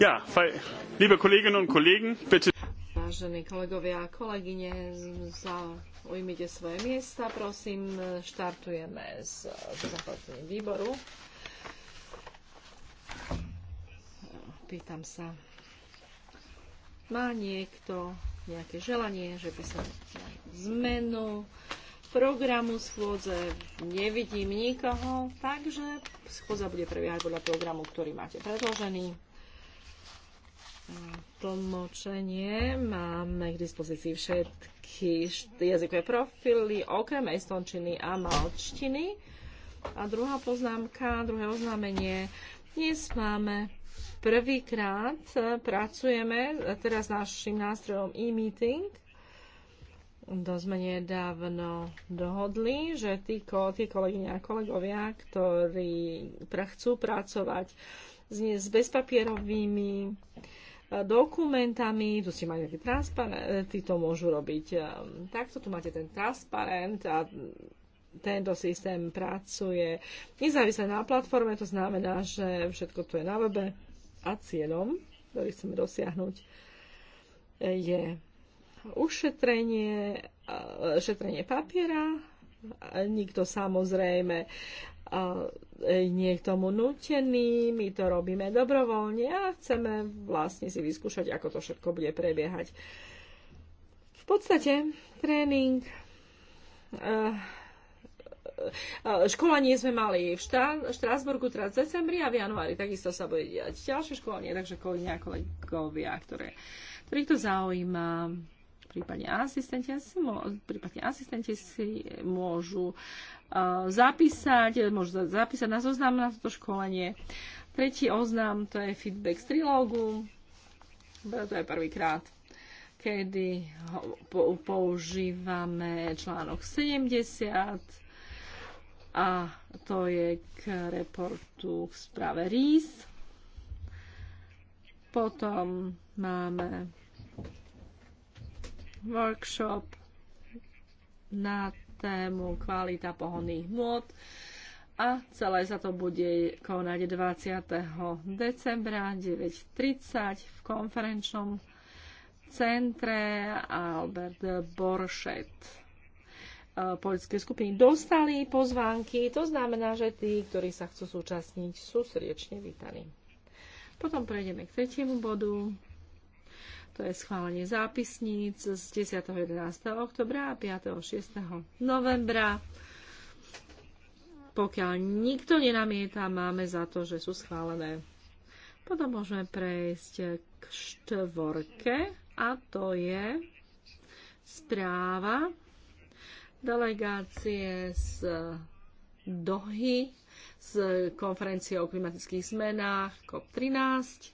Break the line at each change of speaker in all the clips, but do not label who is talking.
Ja, liebe Kolleginnen und Kollegen, bitte.
Vážení kolegovia a kolegyne, zaujmite svoje miesta, prosím. Štartujeme s zapadným výboru. Pýtam sa, má niekto nejaké želanie, že by sa zmenu programu schôdze nevidím nikoho, takže schôdza bude prebiehať podľa programu, ktorý máte predložený tlmočenie. Máme k dispozícii všetky jazykové profily, okrem estončiny a malčtiny. A druhá poznámka, druhé oznámenie. Dnes máme prvýkrát, e, pracujeme teraz našim nástrojom e-meeting. To sme nedávno dohodli, že tí, tí kolegyne a kolegovia, ktorí chcú pracovať s bezpapierovými dokumentami, tu si majú nejaký transparent, e, to môžu robiť e, takto, tu máte ten transparent a tento systém pracuje nezávisle na platforme, to znamená, že všetko tu je na webe a cieľom, ktorý chceme dosiahnuť, je ušetrenie e, šetrenie papiera. Nikto samozrejme E, nie k tomu nutený, my to robíme dobrovoľne a chceme vlastne si vyskúšať, ako to všetko bude prebiehať. V podstate tréning e, e, školanie sme mali v Štrásburgu teraz v decembri a v januári takisto sa bude diať ďalšie školanie, takže kolegyňa a kolegovia, ktoré, ktorých to zaujíma, prípadne asistenti, asi prípadne asistenti si môžu zapísať, môžu zapísať na zoznam na toto školenie. Tretí oznam, to je feedback z trilógu. To je prvýkrát, kedy používame článok 70 a to je k reportu k správe RIS. Potom máme workshop na tému kvalita pohonných hmôt a celé sa to bude konať 20. decembra 9.30 v konferenčnom centre Albert Boršet. E, poľské skupiny dostali pozvánky, to znamená, že tí, ktorí sa chcú zúčastniť, sú srdečne vítaní. Potom prejdeme k tretiemu bodu. To je schválenie zápisníc z 10. 11. oktobra a 5. 6. novembra. Pokiaľ nikto nenamieta, máme za to, že sú schválené. Potom môžeme prejsť k štvorke a to je správa delegácie z Dohy z konferencie o klimatických zmenách COP13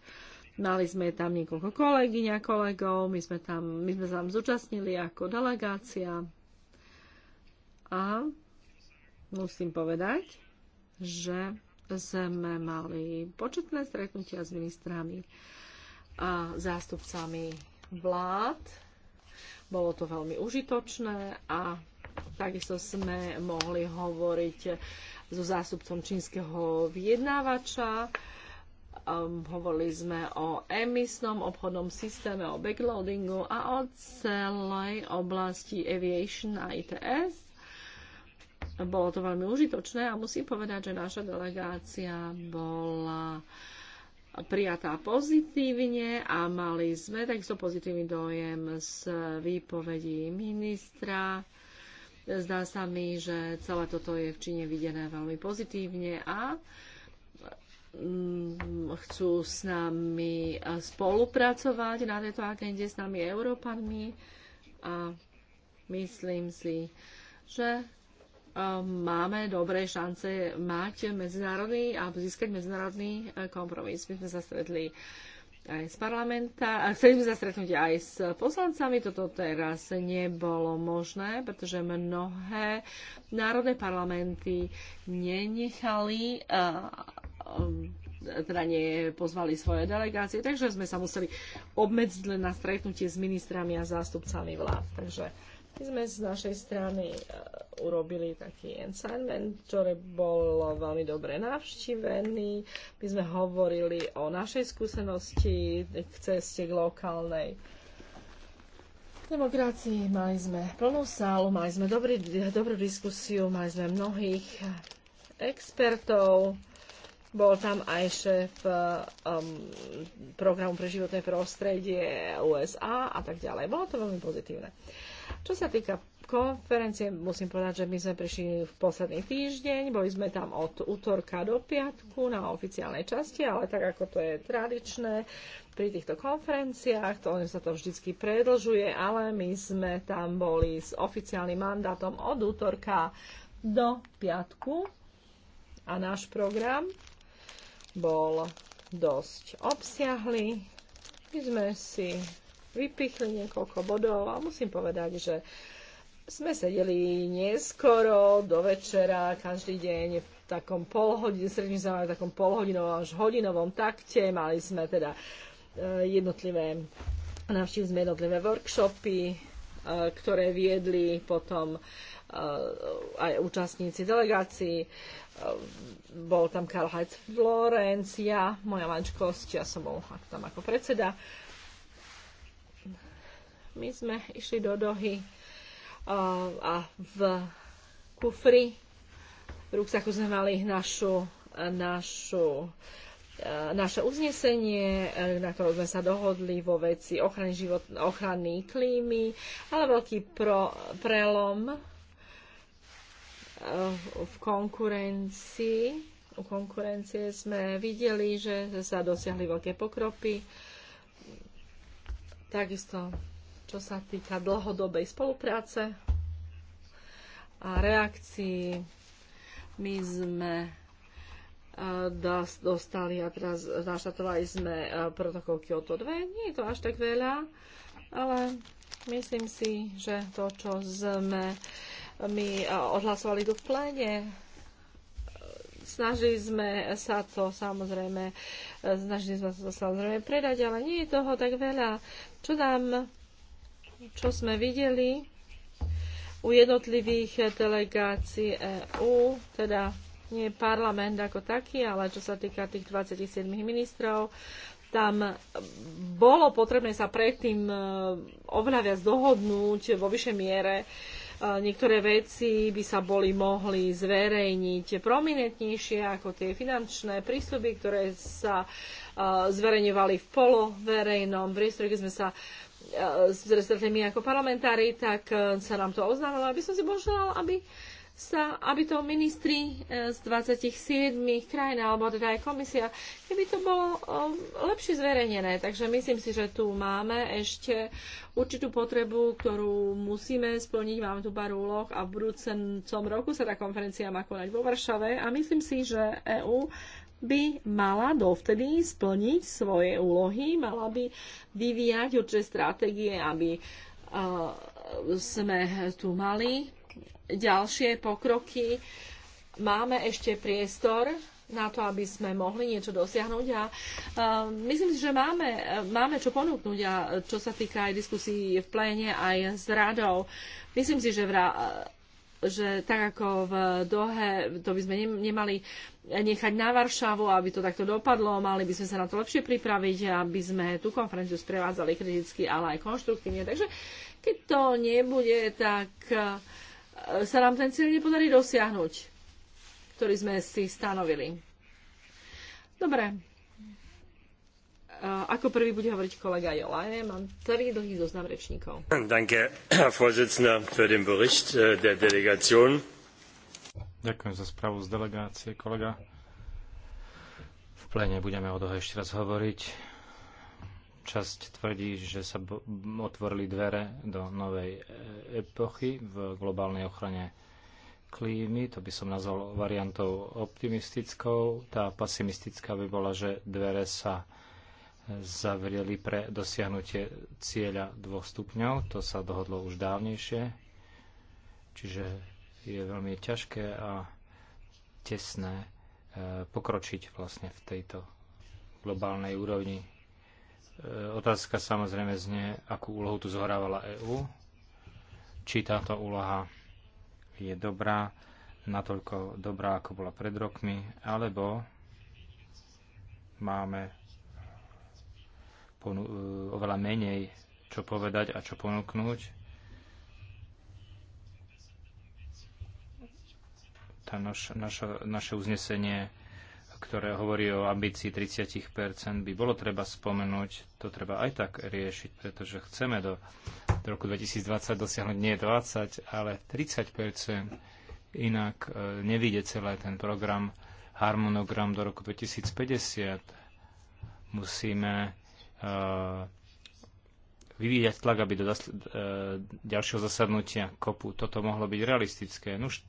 Mali sme tam niekoľko kolegyň a kolegov, my sme, tam, my sme sa tam zúčastnili ako delegácia. A musím povedať, že sme mali početné stretnutia s ministrami a zástupcami vlád. Bolo to veľmi užitočné a takisto sme mohli hovoriť so zástupcom čínskeho vyjednávača Um, hovorili sme o emisnom obchodnom systéme, o backloadingu a o celej oblasti aviation a ITS. Bolo to veľmi užitočné a musím povedať, že naša delegácia bola prijatá pozitívne a mali sme takisto pozitívny dojem z výpovedí ministra. Zdá sa mi, že celé toto je v Číne videné veľmi pozitívne a uh, Mm, chcú s nami eh, spolupracovať na tejto agende s nami Európanmi a myslím si, že eh, máme dobré šance mať medzinárodný a získať medzinárodný eh, kompromis. My sme sa stretli aj z parlamenta, a chceli sme sa stretnúť aj s poslancami, toto teraz nebolo možné, pretože mnohé národné parlamenty nenechali Ehm, teda nepozvali svoje delegácie, takže sme sa museli obmedziť len na stretnutie s ministrami a zástupcami vlád. Takže my sme z našej strany e, urobili taký ensignment, ktorý bol veľmi dobre navštívený. My sme hovorili o našej skúsenosti k ceste k lokálnej demokracii. Mali sme plnú sálu, mali sme dobrý, dobrú diskusiu, mali sme mnohých expertov, bol tam aj šéf um, programu pre životné prostredie USA a tak ďalej. Bolo to veľmi pozitívne. Čo sa týka konferencie, musím povedať, že my sme prišli v posledný týždeň, boli sme tam od útorka do piatku na oficiálnej časti, ale tak ako to je tradičné pri týchto konferenciách, to sa to vždycky predlžuje, ale my sme tam boli s oficiálnym mandátom od útorka do piatku a náš program bol dosť obsiahly. My sme si vypichli niekoľko bodov a musím povedať, že sme sedeli neskoro do večera, každý deň v takom polhodine, sa v takom polhodinovom až hodinovom takte. Mali sme teda e, jednotlivé, navštívili sme jednotlivé workshopy, e, ktoré viedli potom Eh, aj účastníci delegácií. Eh, bol tam Karl Heitz Florencia, moja mančkosť, ja som bol tam ako predseda. My sme išli do Dohy eh, a v kufri v ruksaku sme mali našu, našu naše uznesenie, na ktoré sme sa dohodli vo veci ochrany, život, ochrany klímy, ale veľký pro, prelom Eh, v konkurencii, u konkurencie sme videli, že sa dosiahli veľké pokropy. Takisto, čo sa týka dlhodobej spolupráce a reakcií, my sme eh, dostali a teraz naštatovali sme eh, protokol Kyoto 2. Nie je to až tak veľa, ale myslím si, že to, čo sme my e, odhlasovali tu v pléne. E, snažili sme sa to samozrejme, e, snažili sme sa to samozrejme predať, ale nie je toho tak veľa. Čo nám, čo sme videli u jednotlivých delegácií EÚ, teda nie parlament ako taký, ale čo sa týka tých 27 ministrov, tam bolo potrebné sa predtým oveľa viac dohodnúť vo vyššej miere Niektoré veci by sa boli mohli zverejniť prominentnejšie ako tie finančné prístupy, ktoré sa zverejňovali v poloverejnom priestore, keď sme sa stretli my ako parlamentári, tak sa nám to oznámilo, aby som si božala, aby sa, aby to ministri e, z 27 krajín, alebo teda aj komisia, keby to bolo e, lepšie zverejnené. Takže myslím si, že tu máme ešte určitú potrebu, ktorú musíme splniť. Máme tu pár úloh a v budúcom roku sa tá konferencia má konať vo Varšave a myslím si, že EÚ by mala dovtedy splniť svoje úlohy, mala by vyvíjať určité stratégie, aby e, sme tu mali ďalšie pokroky. Máme ešte priestor na to, aby sme mohli niečo dosiahnuť a uh, myslím si, že máme, máme čo ponúknuť a čo sa týka aj diskusí v pléne aj s radou. Myslím si, že vra, že tak ako v Dohe, to by sme nemali nechať na Varšavu, aby to takto dopadlo, mali by sme sa na to lepšie pripraviť, aby sme tú konferenciu sprevádzali kriticky, ale aj konštruktívne. Takže keď to nebude, tak uh, sa nám ten cieľ nepodarí dosiahnuť, ktorý sme si stanovili. Dobre. Ako prvý bude hovoriť kolega Jolaje, mám celý dlhý zoznam rečníkov.
Danke, den Bericht äh, der Ďakujem za správu z delegácie, kolega. V plene budeme o toho ešte raz hovoriť Časť tvrdí, že sa otvorili dvere do novej e, epochy v globálnej ochrane klímy. To by som nazval variantou optimistickou. Tá pesimistická by bola, že dvere sa zavreli pre dosiahnutie cieľa dvoch stupňov. To sa dohodlo už dávnejšie. Čiže je veľmi ťažké a tesné e, pokročiť vlastne v tejto globálnej úrovni. E, otázka samozrejme znie, akú úlohu tu zohrávala EÚ, či táto úloha je dobrá, natoľko dobrá, ako bola pred rokmi, alebo máme e, oveľa menej čo povedať a čo ponúknuť. Tá naš, naša, naše uznesenie ktoré hovorí o ambícii 30 by bolo treba spomenúť. To treba aj tak riešiť, pretože chceme do, do roku 2020 dosiahnuť nie 20, ale 30 Inak e, nevíde celé ten program, harmonogram do roku 2050. Musíme e, vyvíjať tlak, aby do zasl- e, ďalšieho zasadnutia kopu toto mohlo byť realistické. Nuž,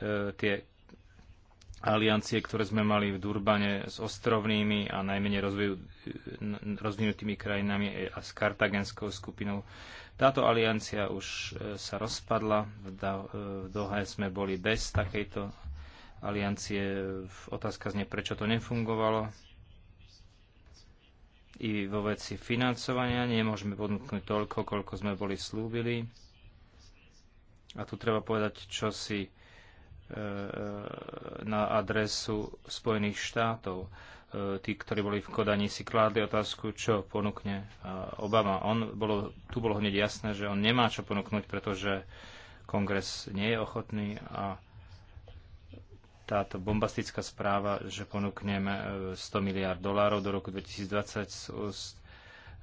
e, tie aliancie, ktoré sme mali v Durbane s ostrovnými a najmenej rozvinutými krajinami a s kartagenskou skupinou. Táto aliancia už e, sa rozpadla. V e, Dohe sme boli bez takejto aliancie. Otázka znie, prečo to nefungovalo. I vo veci financovania nemôžeme podnúknuť toľko, koľko sme boli slúbili. A tu treba povedať, čo si E, e, na adresu Spojených štátov. E, tí, ktorí boli v Kodani, si kládli otázku, čo ponúkne Obama. On bolo, tu bolo hneď jasné, že on nemá čo ponúknuť, pretože kongres nie je ochotný a táto bombastická správa, že ponúkneme 100 miliard dolárov do roku 2020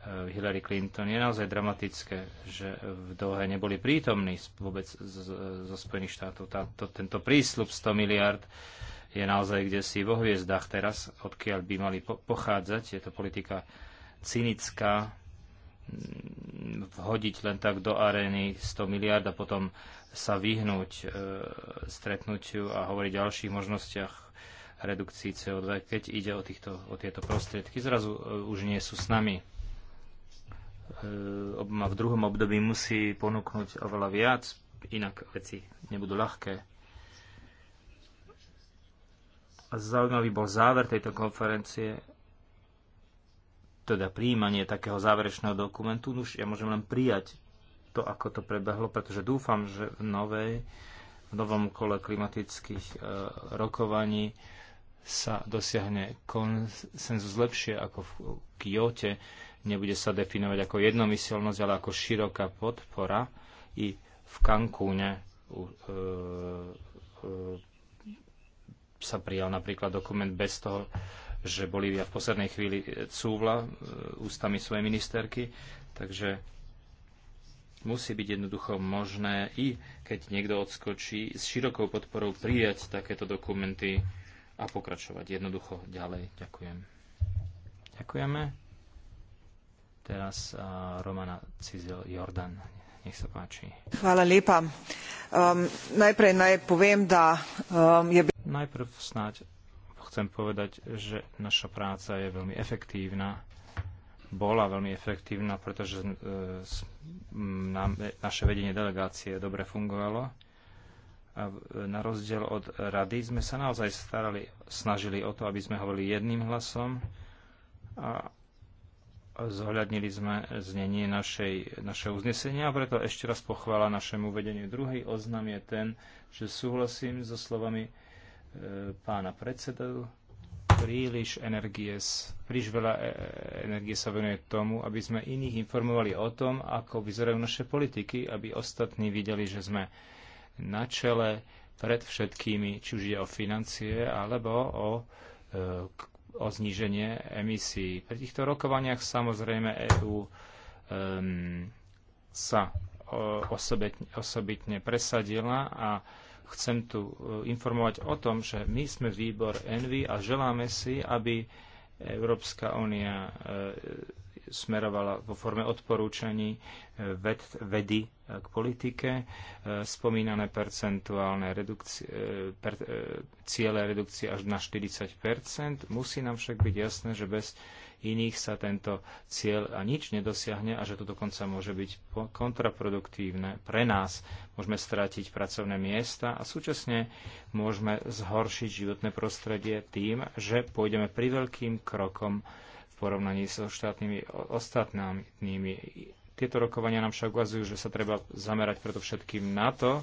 Eh, Hillary Clinton, je naozaj dramatické, že v Dohe neboli prítomní vôbec zo Spojených štátov. Táto, tento prísľub 100 miliard je naozaj kde si vo hviezdách teraz, odkiaľ by mali po- pochádzať. Je to politika cynická, vhodiť len tak do arény 100 miliard a potom sa vyhnúť e, stretnutiu a hovoriť o ďalších možnostiach redukcii CO2, keď ide o, týchto, o tieto prostriedky. Zrazu e, už nie sú s nami. Eh, v druhom období musí ponúknuť oveľa viac, inak veci nebudú ľahké. A zaujímavý bol záver tejto konferencie, teda príjmanie takého záverečného dokumentu. Už ja môžem len prijať to, ako to prebehlo, pretože dúfam, že v, novej, v novom kole klimatických e, rokovaní sa dosiahne konsenzus lepšie ako v Kyote, nebude sa definovať ako jednomyselnosť, ale ako široká podpora i v Cancúne e, e, sa prijal napríklad dokument bez toho, že Bolívia v poslednej chvíli cúvla e, ústami svojej ministerky, takže musí byť jednoducho možné, i keď niekto odskočí, s širokou podporou prijať takéto dokumenty a pokračovať jednoducho ďalej. Ďakujem. Ďakujeme. Teraz Romana Cizel Jordan. Nech sa páči. Hvala lepa. Um, najprej naj poviem, da um, je... Najprv snáď chcem povedať, že naša práca je veľmi efektívna. Bola veľmi efektívna, pretože uh, e, na, e, naše vedenie delegácie dobre fungovalo. A na rozdiel od rady sme sa naozaj starali, snažili o to, aby sme hovorili jedným hlasom a Zohľadnili sme znenie našej, naše uznesenia a preto ešte raz pochvála našemu vedeniu. Druhý oznam je ten, že súhlasím so slovami e, pána predsedu. Príliš energie, príliš veľa e, energie sa venuje tomu, aby sme iných informovali o tom, ako vyzerajú naše politiky, aby ostatní videli, že sme na čele pred všetkými, či už ide o financie alebo o e, o zníženie emisí. Pri týchto rokovaniach samozrejme EÚ um, sa osobitne, osobitne presadila a chcem tu e, informovať o tom, že my sme výbor Envy a želáme si, aby Európska únia e, smerovala vo forme odporúčaní e, ved, vedy e, k politike. E, spomínané percentuálne redukcie, per, ciele redukcie až na 40 Musí nám však byť jasné, že bez iných sa tento cieľ a nič nedosiahne a že to dokonca môže byť kontraproduktívne pre nás. Môžeme strátiť pracovné miesta a súčasne môžeme zhoršiť životné prostredie tým, že pôjdeme pri veľkým krokom porovnaní so štátnymi ostatnými. Tieto rokovania nám však ukazujú, že sa treba zamerať predovšetkým na to,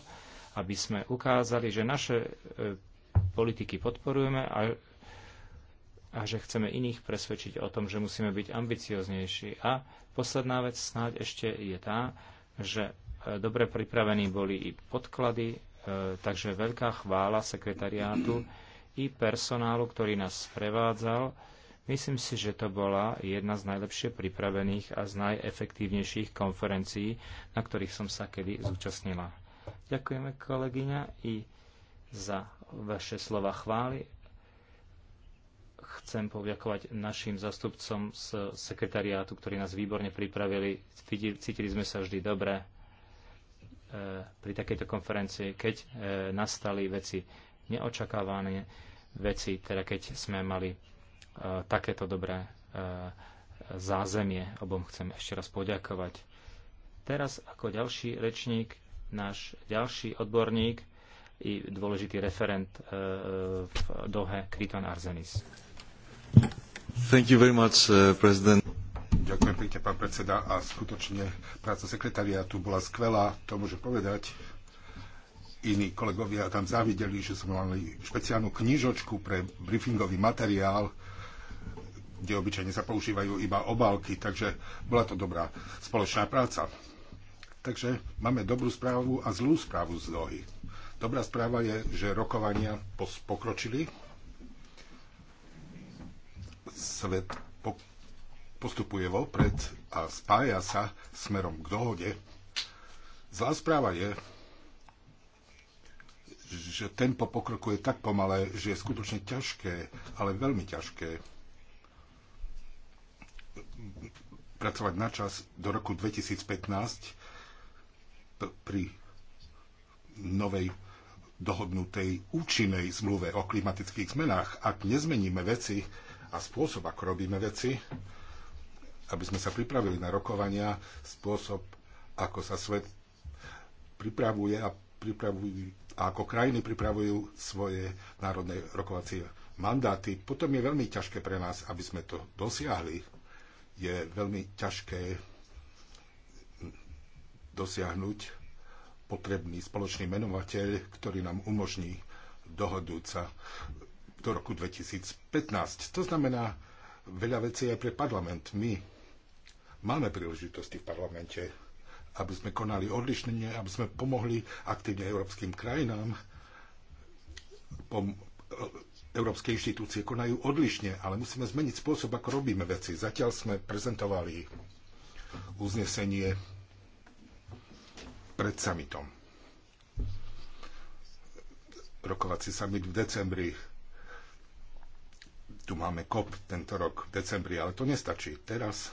aby sme ukázali, že naše e, politiky podporujeme a, a že chceme iných presvedčiť o tom, že musíme byť ambicioznejší. A posledná vec snáď ešte je tá, že e, dobre pripravení boli i podklady, e, takže veľká chvála sekretariátu i personálu, ktorý nás sprevádzal Myslím si, že to bola jedna z najlepšie pripravených a z najefektívnejších konferencií, na ktorých som sa kedy zúčastnila. Ďakujeme kolegyňa i za vaše slova chvály. Chcem poďakovať našim zastupcom z sekretariátu, ktorí nás výborne pripravili. Cítili sme sa vždy dobre e, pri takejto konferencii, keď e, nastali veci neočakávané, veci, teda keď sme mali E, takéto dobré e, zázemie. Obom chcem ešte raz poďakovať. Teraz ako ďalší rečník, náš ďalší odborník i dôležitý referent e, v Dohe, Kriton Arzenis. Thank you very much, uh, President.
Ďakujem pekne, pán predseda. A skutočne práca sekretariátu bola skvelá, to môže povedať. Iní kolegovia tam závideli, že sme mali špeciálnu knížočku pre briefingový materiál, kde obyčajne sa používajú iba obálky, takže bola to dobrá spoločná práca. Takže máme dobrú správu a zlú správu z dohy. Dobrá správa je, že rokovania pokročili. Svet postupuje vopred a spája sa smerom k dohode. Zlá správa je, že tempo pokroku je tak pomalé, že je skutočne ťažké, ale veľmi ťažké pracovať na čas do roku 2015 pri novej dohodnutej účinnej zmluve o klimatických zmenách. Ak nezmeníme veci a spôsob, ako robíme veci, aby sme sa pripravili na rokovania, spôsob, ako sa svet pripravuje a, pripravujú, a ako krajiny pripravujú svoje národné rokovacie mandáty, potom je veľmi ťažké pre nás, aby sme to dosiahli je veľmi ťažké dosiahnuť potrebný spoločný menovateľ, ktorý nám umožní dohodúť sa do roku 2015. To znamená veľa vecí aj pre parlament. My máme príležitosti v parlamente, aby sme konali odlišnenie, aby sme pomohli aktívne európskym krajinám, pom- európske inštitúcie konajú odlišne, ale musíme zmeniť spôsob, ako robíme veci. Zatiaľ sme prezentovali uznesenie pred summitom. Rokovací summit v decembri. Tu máme kop tento rok v decembri, ale to nestačí. Teraz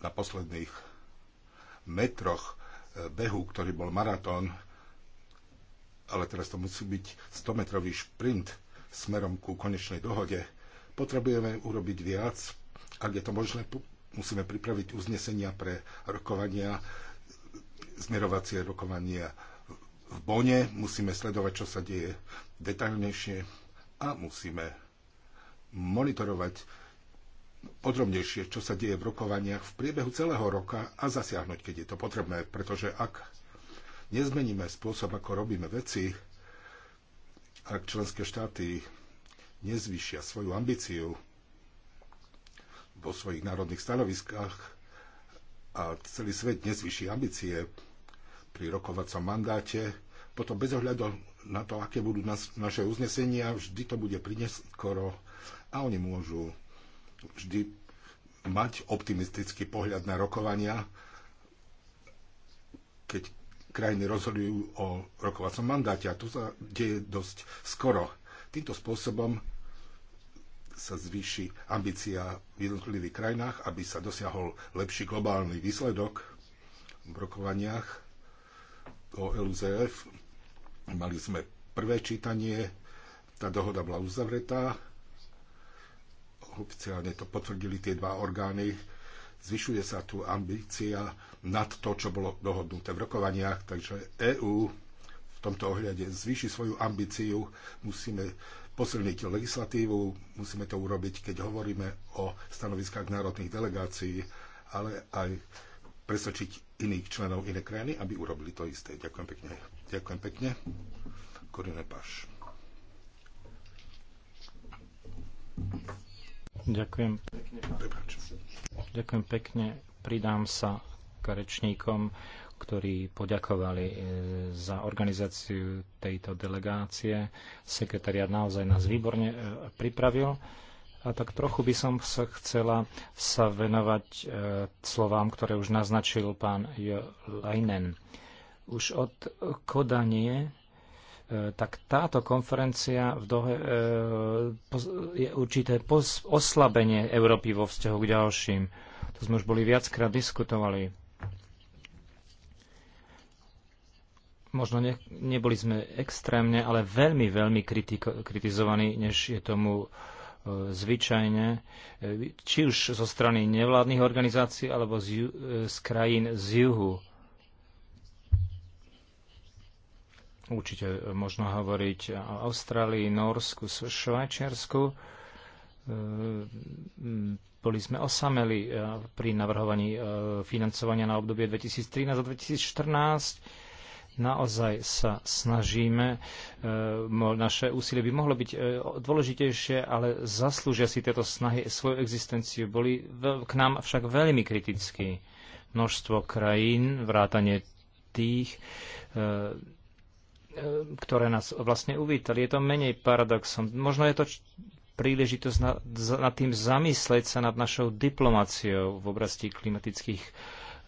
na posledných metroch eh, behu, ktorý bol maratón, ale teraz to musí byť 100-metrový šprint smerom ku konečnej dohode. Potrebujeme urobiť viac, ak je to možné, musíme pripraviť uznesenia pre rokovania, zmierovacie rokovania v Bone, musíme sledovať, čo sa deje detailnejšie a musíme monitorovať podrobnejšie, čo sa deje v rokovaniach v priebehu celého roka a zasiahnuť, keď je to potrebné, pretože ak nezmeníme spôsob, ako robíme veci, ak členské štáty nezvyšia svoju ambíciu vo svojich národných stanoviskách a celý svet nezvyší ambície pri rokovacom mandáte, potom bez ohľadu na to, aké budú nas, naše uznesenia, vždy to bude prineskoro a oni môžu vždy mať optimistický pohľad na rokovania, krajiny rozhodujú o rokovacom mandáte a to sa deje dosť skoro. Týmto spôsobom sa zvýši ambícia v jednotlivých krajinách, aby sa dosiahol lepší globálny výsledok v rokovaniach o LUZF. Mali sme prvé čítanie, tá dohoda bola uzavretá, oficiálne to potvrdili tie dva orgány. Zvyšuje sa tu ambícia nad to, čo bolo dohodnuté v rokovaniach. Takže EÚ v tomto ohľade zvýši svoju ambíciu. Musíme posilniť legislatívu, musíme to urobiť, keď hovoríme o stanoviskách národných delegácií, ale aj presvedčiť iných členov iné krajiny, aby urobili to isté. Ďakujem pekne. Ďakujem pekne. Korine Paš.
Ďakujem. Ďakujem pekne. Pridám sa rečníkom, ktorí poďakovali e, za organizáciu tejto delegácie. Sekretariat naozaj nás výborne e, pripravil. A tak trochu by som sa chcela sa venovať e, slovám, ktoré už naznačil pán Jo Leinen. Už od Kodanie tak táto konferencia v Dohe je určité oslabenie Európy vo vzťahu k ďalším. To sme už boli viackrát diskutovali možno ne, neboli sme extrémne, ale veľmi, veľmi kritiko, kritizovaní, než je tomu e, zvyčajne, e, či už zo strany nevládnych organizácií alebo z, ju, e, z krajín z juhu. Určite možno hovoriť o Austrálii, Norsku, Švajčiarsku. Boli sme osameli pri navrhovaní financovania na obdobie 2013 a 2014 naozaj sa snažíme, e, naše úsilie by mohlo byť e, dôležitejšie, ale zaslúžia si tieto snahy svoju existenciu. Boli k nám však veľmi kritickí množstvo krajín, vrátanie tých, e, ktoré nás vlastne uvítali. Je to menej paradoxom. Možno je to príležitosť nad, nad tým zamysleť sa nad našou diplomáciou v oblasti klimatických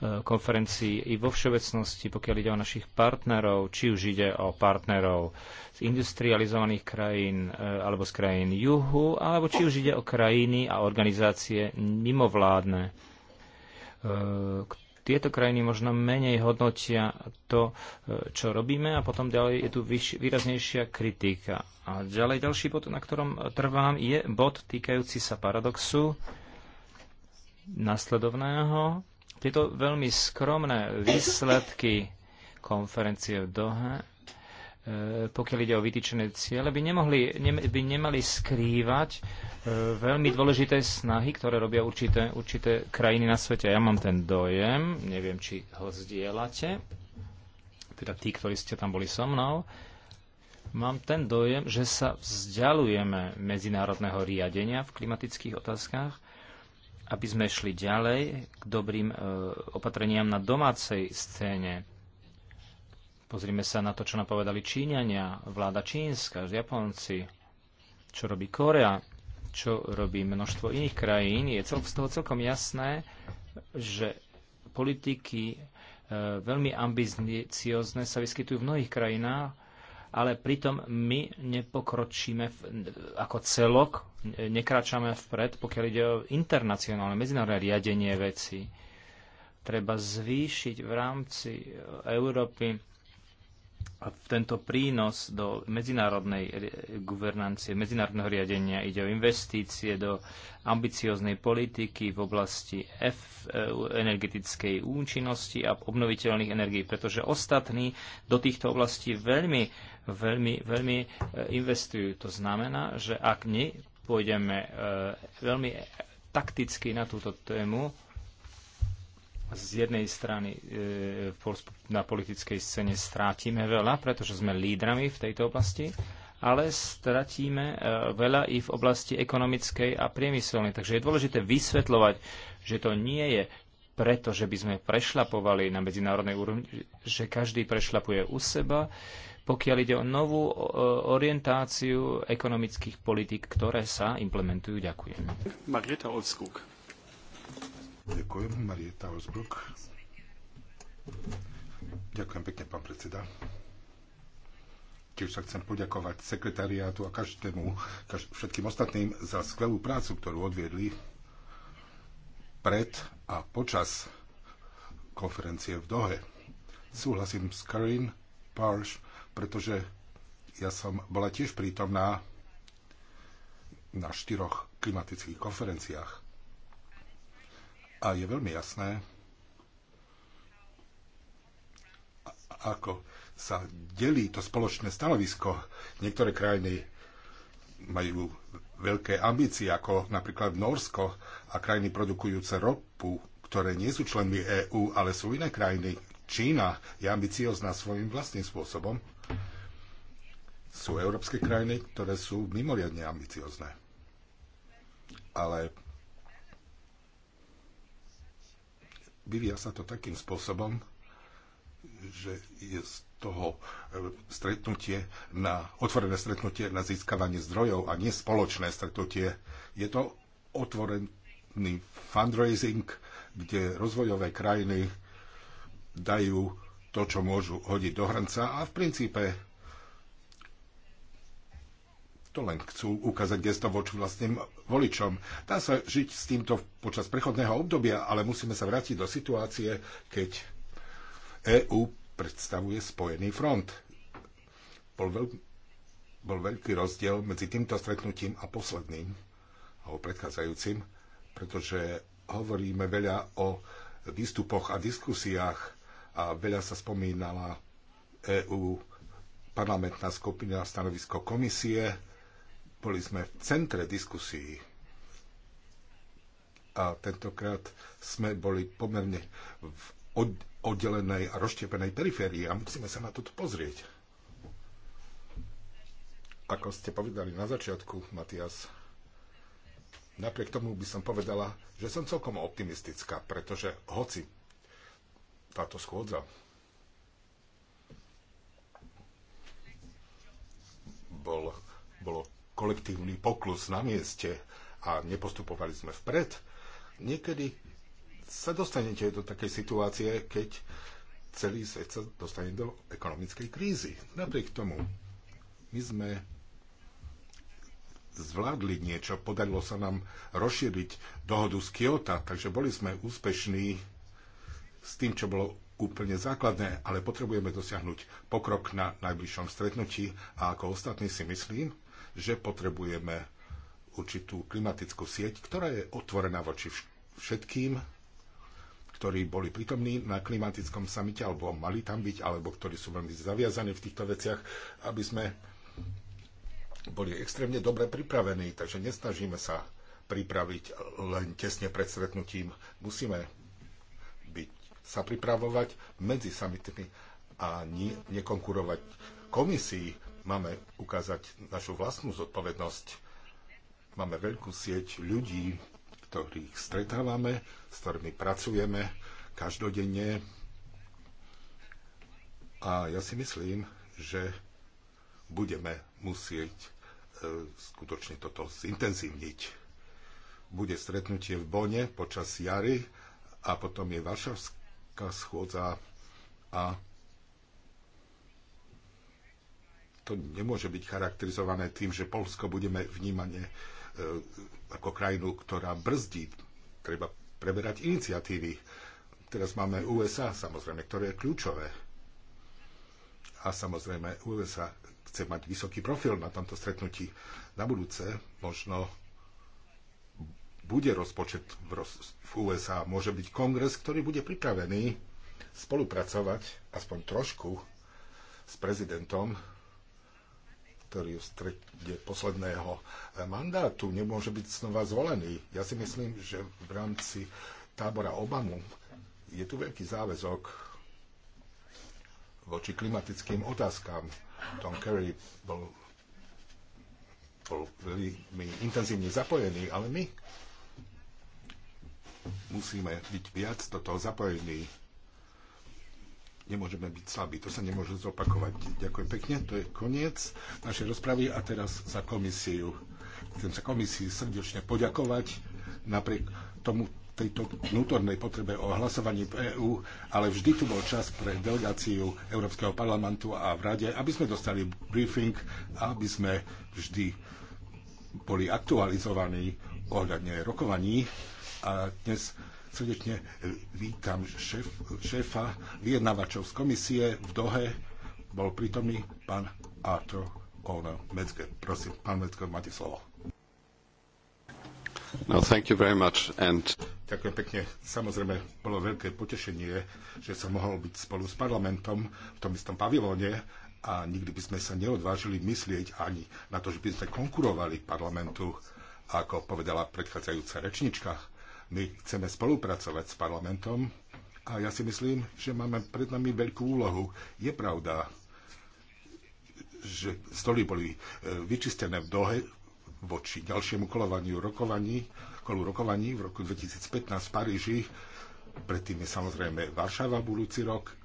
konferencií i vo všeobecnosti, pokiaľ ide o našich partnerov, či už ide o partnerov z industrializovaných krajín e, alebo z krajín juhu, alebo či už ide o krajiny a organizácie mimovládne. E, tieto krajiny možno menej hodnotia to, e, čo robíme a potom ďalej je tu výraznejšia kritika. A ďalej ďalší bod, na ktorom trvám, je bod týkajúci sa paradoxu nasledovného tieto veľmi skromné výsledky konferencie v Doha, e, pokiaľ ide o vytýčené ciele, by, nemohli, ne, by nemali skrývať e, veľmi dôležité snahy, ktoré robia určité, určité krajiny na svete. Ja mám ten dojem, neviem, či ho zdieľate, teda tí, ktorí ste tam boli so mnou, mám ten dojem, že sa vzdialujeme medzinárodného riadenia v klimatických otázkach aby sme šli ďalej k dobrým e, opatreniam na domácej scéne. Pozrime sa na to, čo nám povedali Číňania, vláda Čínska, Japonci, čo robí Korea, čo robí množstvo iných krajín. Je cel, z toho celkom jasné, že politiky e, veľmi ambiciozne sa vyskytujú v mnohých krajinách, ale pritom my nepokročíme ako celok, nekračame vpred, pokiaľ ide o internacionálne, medzinárodné riadenie veci. Treba zvýšiť v rámci Európy tento prínos do medzinárodnej guvernancie, medzinárodného riadenia. Ide o investície do ambicioznej politiky v oblasti F, e, energetickej účinnosti a obnoviteľných energií, pretože ostatní do týchto oblastí veľmi veľmi, veľmi e, investujú. To znamená, že ak my pôjdeme e, veľmi takticky na túto tému, z jednej strany e, na politickej scéne strátime veľa, pretože sme lídrami v tejto oblasti, ale stratíme veľa i v oblasti ekonomickej a priemyselnej. Takže je dôležité vysvetľovať, že to nie je preto, že by sme prešlapovali na medzinárodnej úrovni, že každý prešlapuje u seba, pokiaľ ide o novú orientáciu ekonomických politik, ktoré sa implementujú. Ďakujem.
Marieta Olskuk. Ďakujem, Marieta Olskuk. Ďakujem pekne, pán predseda. Tiež sa chcem poďakovať sekretariátu a každému, kaž, všetkým ostatným za skvelú prácu, ktorú odviedli pred a počas konferencie v Dohe. Súhlasím s Karin Parsh, pretože ja som bola tiež prítomná na štyroch klimatických konferenciách. A je veľmi jasné, ako sa delí to spoločné stanovisko. Niektoré krajiny majú veľké ambície, ako napríklad Norsko a krajiny produkujúce ropu, ktoré nie sú členmi EÚ, ale sú iné krajiny. Čína je ambiciozná svojím vlastným spôsobom sú európske krajiny, ktoré sú mimoriadne ambiciozne. Ale vyvíja sa to takým spôsobom, že je z toho e, stretnutie na, otvorené stretnutie na získavanie zdrojov a nie spoločné stretnutie. Je to otvorený fundraising, kde rozvojové krajiny dajú to, čo môžu hodiť do hranca a v princípe to len chcú ukázať gesto voči vlastným voličom. Dá sa žiť s týmto počas prechodného obdobia, ale musíme sa vrátiť do situácie, keď EÚ predstavuje spojený front. Bol, veľ, bol veľký rozdiel medzi týmto stretnutím a posledným, alebo predchádzajúcim, pretože hovoríme veľa o výstupoch a diskusiách a veľa sa spomínala EÚ parlamentná skupina stanovisko komisie boli sme v centre diskusí a tentokrát sme boli pomerne v oddelenej a rozštiepenej periférii a musíme sa na toto pozrieť. Ako ste povedali na začiatku, Matias, napriek tomu by som povedala, že som celkom optimistická, pretože hoci táto schôdza bol, bolo kolektívny poklus na mieste a nepostupovali sme vpred, niekedy sa dostanete do takej situácie, keď celý svet sa dostane do ekonomickej krízy. Napriek tomu, my sme zvládli niečo, podarilo sa nám rozšíriť dohodu z Kyoto, takže boli sme úspešní s tým, čo bolo úplne základné, ale potrebujeme dosiahnuť pokrok na najbližšom stretnutí a ako ostatní si myslím, že potrebujeme určitú klimatickú sieť, ktorá je otvorená voči všetkým, ktorí boli prítomní na klimatickom samite, alebo mali tam byť, alebo ktorí sú veľmi zaviazaní v týchto veciach, aby sme boli extrémne dobre pripravení. Takže nesnažíme sa pripraviť len tesne pred stretnutím. Musíme byť, sa pripravovať medzi samitmi a nie, nekonkurovať komisii Máme ukázať našu vlastnú zodpovednosť. Máme veľkú sieť ľudí, ktorých stretávame, s ktorými pracujeme každodenne. A ja si myslím, že budeme musieť e, skutočne toto zintenzívniť bude stretnutie v Bone počas jary a potom je Varšavská schôdza a to nemôže byť charakterizované tým, že Polsko budeme vnímanie e, ako krajinu, ktorá brzdí. Treba preberať iniciatívy. Teraz máme USA, samozrejme, ktoré je kľúčové. A samozrejme, USA chce mať vysoký profil na tomto stretnutí. Na budúce možno bude rozpočet v, roz, v USA, môže byť kongres, ktorý bude pripravený spolupracovať aspoň trošku s prezidentom ktorý v strede posledného eh, mandátu nemôže byť znova zvolený. Ja si myslím, že v rámci tábora Obamu je tu veľký záväzok voči klimatickým otázkam. Tom Kerry bol, bol veľmi intenzívne zapojený, ale my musíme byť viac do toho zapojení nemôžeme byť slabí. To sa nemôže zopakovať. Ďakujem pekne. To je koniec našej rozpravy a teraz za komisiu. Chcem sa komisii srdečne poďakovať napriek tomu tejto vnútornej potrebe o hlasovaní v EÚ, ale vždy tu bol čas pre delegáciu Európskeho parlamentu a v Rade, aby sme dostali briefing, aby sme vždy boli aktualizovaní ohľadne rokovaní. A dnes Srdečne vítam šéf, šéfa vyjednávačov z komisie v Dohe. Bol prítomný pán Arthur Ono Metzger. Prosím, pán Metzger, máte slovo. No, thank you very much and... Ďakujem pekne. Samozrejme, bolo veľké potešenie, že som mohol byť spolu s parlamentom v tom istom pavilóne a nikdy by sme sa neodvážili myslieť ani na to, že by sme konkurovali parlamentu, ako povedala predchádzajúca rečnička my chceme spolupracovať s parlamentom a ja si myslím, že máme pred nami veľkú úlohu. Je pravda, že stoly boli e, vyčistené v dohe voči ďalšiemu kolovaniu rokovaní, kolu rokovaní v roku 2015 v Paríži. Predtým je samozrejme Varšava budúci rok.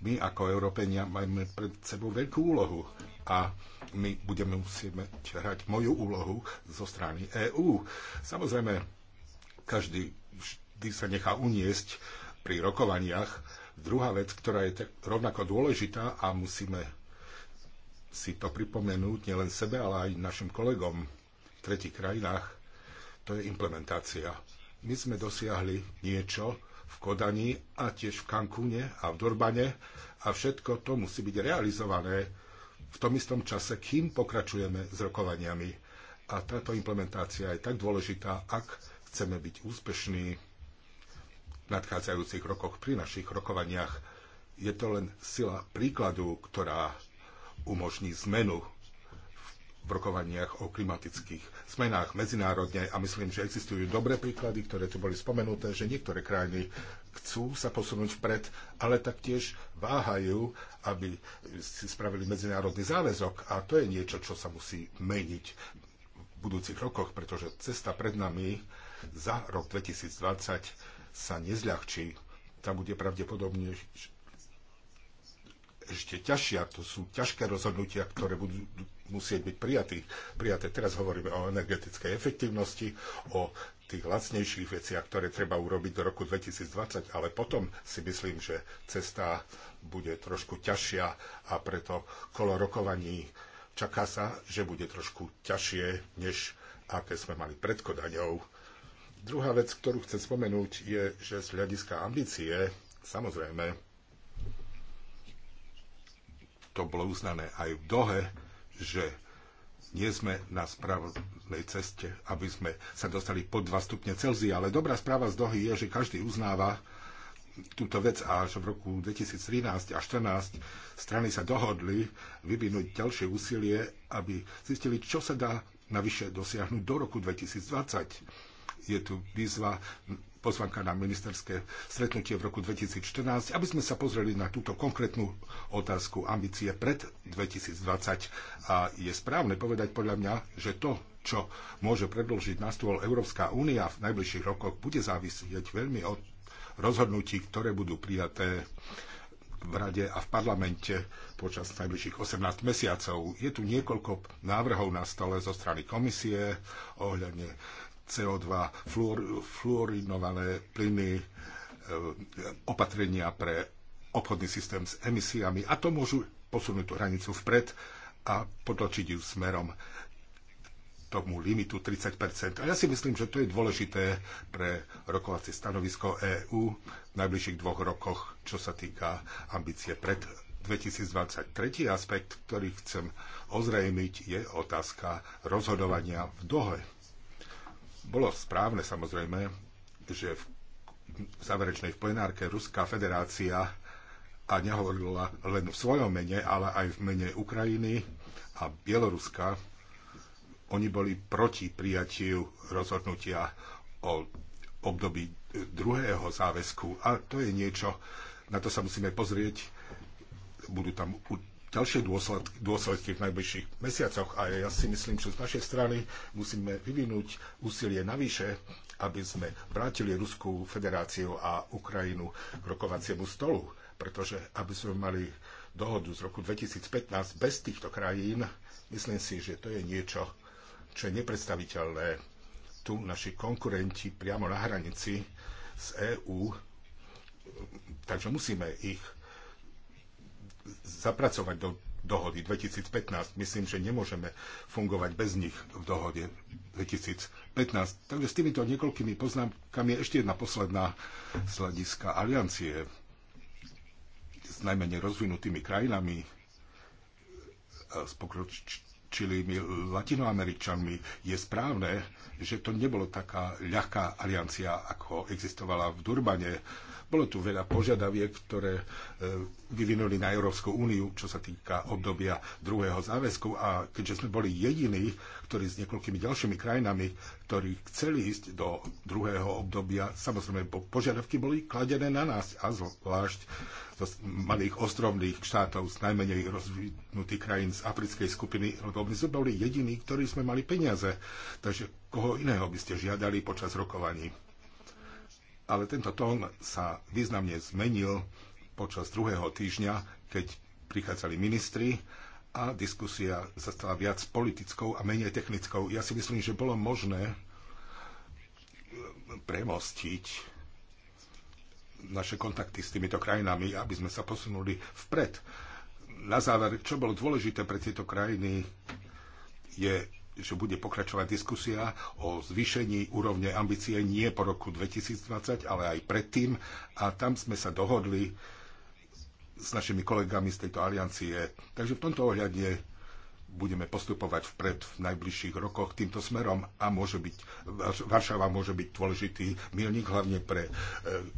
My ako Európenia máme pred sebou veľkú úlohu a my budeme musieť hrať moju úlohu zo strany EÚ. Samozrejme, každý vždy sa nechá uniesť pri rokovaniach. Druhá vec, ktorá je rovnako dôležitá a musíme si to pripomenúť nielen sebe, ale aj našim kolegom v tretich krajinách, to je implementácia. My sme dosiahli niečo v Kodani a tiež v Kankúne a v Durbane a všetko to musí byť realizované v tom istom čase, kým pokračujeme s rokovaniami. A táto implementácia je tak dôležitá, ak chceme byť úspešní v nadchádzajúcich rokoch pri našich rokovaniach, je to len sila príkladu, ktorá umožní zmenu v rokovaniach o klimatických zmenách medzinárodne a myslím, že existujú dobré príklady, ktoré tu boli spomenuté, že niektoré krajiny chcú sa posunúť vpred, ale taktiež váhajú, aby si spravili medzinárodný záväzok a to je niečo, čo sa musí meniť v budúcich rokoch, pretože cesta pred nami za rok 2020 sa nezľahčí, tam bude pravdepodobne ešte ťažšia. To sú ťažké rozhodnutia, ktoré budú musieť byť prijatí. prijaté. Teraz hovoríme o energetickej efektivnosti, o tých lacnejších veciach, ktoré treba urobiť do roku 2020, ale potom si myslím, že cesta bude trošku ťažšia a preto kolo rokovaní čaká sa, že bude trošku ťažšie, než aké sme mali pred Kodaňou Druhá vec, ktorú chcem spomenúť, je, že z hľadiska ambície, samozrejme, to bolo uznané aj v Dohe, že nie sme na správnej ceste, aby sme sa dostali pod 2 stupne Celzia, ale dobrá správa z Dohy je, že každý uznáva túto vec a že v roku 2013 a 2014 strany sa dohodli vyvinúť ďalšie úsilie, aby zistili, čo sa dá navyše dosiahnuť do roku 2020 je tu výzva pozvanka na ministerské stretnutie v roku 2014, aby sme sa pozreli na túto konkrétnu otázku ambície pred 2020. A je správne povedať podľa mňa, že to, čo môže predložiť na stôl Európska únia v najbližších rokoch, bude závisieť veľmi od rozhodnutí, ktoré budú prijaté v Rade a v parlamente počas najbližších 18 mesiacov. Je tu niekoľko návrhov na stole zo strany komisie ohľadne CO2, fluor, fluorinované plyny, e, opatrenia pre obchodný systém s emisiami a to môžu posunúť tú hranicu vpred a potočiť ju smerom tomu limitu 30 A ja si myslím, že to je dôležité pre rokovacie stanovisko EÚ v najbližších dvoch rokoch, čo sa týka ambície pred 2023. Tretí aspekt, ktorý chcem ozrejmiť, je otázka rozhodovania v dohe bolo správne samozrejme, že v záverečnej v plenárke Ruská federácia a nehovorila len v svojom mene, ale aj v mene Ukrajiny a Bieloruska. Oni boli proti prijatiu rozhodnutia o období druhého záväzku. A to je niečo, na to sa musíme pozrieť. Budú tam ďalšie dôsledky, dôsledky v najbližších mesiacoch a ja si myslím, že z našej strany musíme vyvinúť úsilie navyše, aby sme vrátili Ruskú federáciu a Ukrajinu k rokovaciemu stolu, pretože aby sme mali dohodu z roku 2015 bez týchto krajín, myslím si, že to je niečo, čo je nepredstaviteľné. Tu naši konkurenti priamo na hranici z EÚ, takže musíme ich zapracovať do dohody 2015. Myslím, že nemôžeme fungovať bez nich v dohode 2015. Takže s týmito niekoľkými poznámkami ešte jedna posledná z hľadiska aliancie s najmenej rozvinutými krajinami, s pokročilými latinoameričanmi, je správne, že to nebolo taká ľahká aliancia, ako existovala v Durbane bolo tu veľa požiadaviek, ktoré e, vyvinuli na Európsku úniu, čo sa týka obdobia druhého záväzku a keďže sme boli jediní, ktorí s niekoľkými ďalšími krajinami, ktorí chceli ísť do druhého obdobia, samozrejme požiadavky boli kladené na nás a zvlášť zo malých ostrovných štátov, z najmenej rozvinutých krajín z africkej skupiny, lebo my sme boli jediní, ktorí sme mali peniaze. Takže koho iného by ste žiadali počas rokovaní? Ale tento tón sa významne zmenil počas druhého týždňa, keď prichádzali ministri a diskusia sa stala viac politickou a menej technickou. Ja si myslím, že bolo možné e, premostiť naše kontakty s týmito krajinami, aby sme sa posunuli vpred. Na záver, čo bolo dôležité pre tieto krajiny, je že bude pokračovať diskusia o zvýšení úrovne ambície nie po roku 2020, ale aj predtým. A tam sme sa dohodli s našimi kolegami z tejto aliancie. Takže v tomto ohľade budeme postupovať vpred v najbližších rokoch týmto smerom a môže byť, Varšava môže byť dôležitý milník hlavne pre e,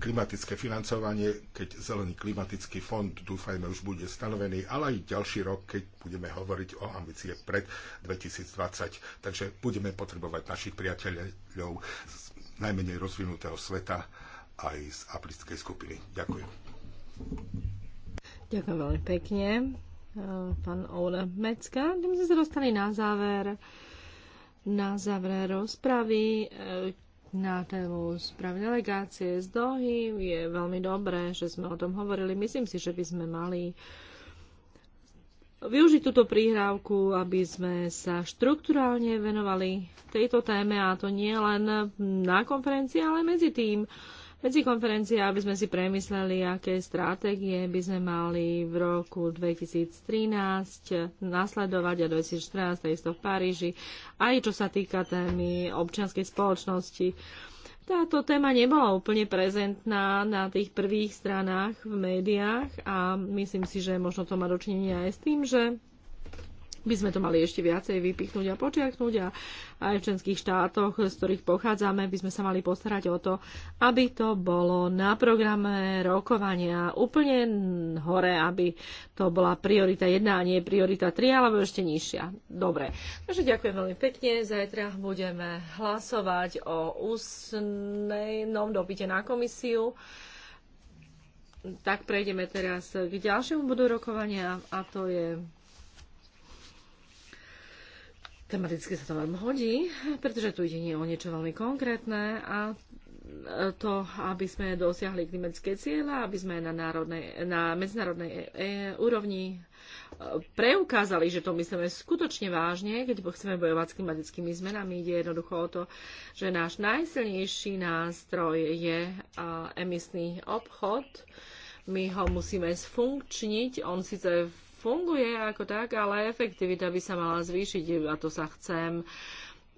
klimatické financovanie, keď Zelený klimatický fond dúfajme už bude stanovený, ale aj ďalší rok, keď budeme hovoriť o ambície pred 2020. Takže budeme potrebovať našich priateľov z najmenej rozvinutého sveta aj z africkej skupiny. Ďakujem.
Ďakujem veľmi pekne pán Ole Mecka. Tým sme sa dostali na záver na záver rozpravy e, na tému správne delegácie z Dohy. Je veľmi dobré, že sme o tom hovorili. Myslím si, že by sme mali využiť túto príhrávku, aby sme sa štruktúrálne venovali tejto téme a to nie len na konferencii, ale medzi tým medzikonferencie, aby sme si premysleli, aké stratégie by sme mali v roku 2013 nasledovať a 2014 takisto v Paríži, aj čo sa týka témy občianskej spoločnosti. Táto téma nebola úplne prezentná na tých prvých stranách v médiách a myslím si, že možno to má dočinenie aj s tým, že by sme to mali ešte viacej vypichnúť a počiarknúť a aj v členských štátoch, z ktorých pochádzame, by sme sa mali postarať o to, aby to bolo na programe rokovania úplne hore, aby to bola priorita 1 a nie priorita 3 alebo ešte nižšia. Dobre, takže ďakujem veľmi pekne. Zajtra budeme hlasovať o ústnom dopite na komisiu. Tak prejdeme teraz k ďalšiemu bodu rokovania a to je Tematicky sa to veľmi hodí, pretože tu ide nie o niečo veľmi konkrétne a e, to, aby sme dosiahli klimatické cieľa, aby sme na, národnej, na medzinárodnej e, e, úrovni preukázali, že to myslíme skutočne vážne, keď chceme bojovať s klimatickými zmenami. Ide jednoducho o to, že náš najsilnejší nástroj je e, emisný obchod. My ho musíme sfunkčniť. On síce v funguje ako tak, ale efektivita by sa mala zvýšiť a to sa chcem uh,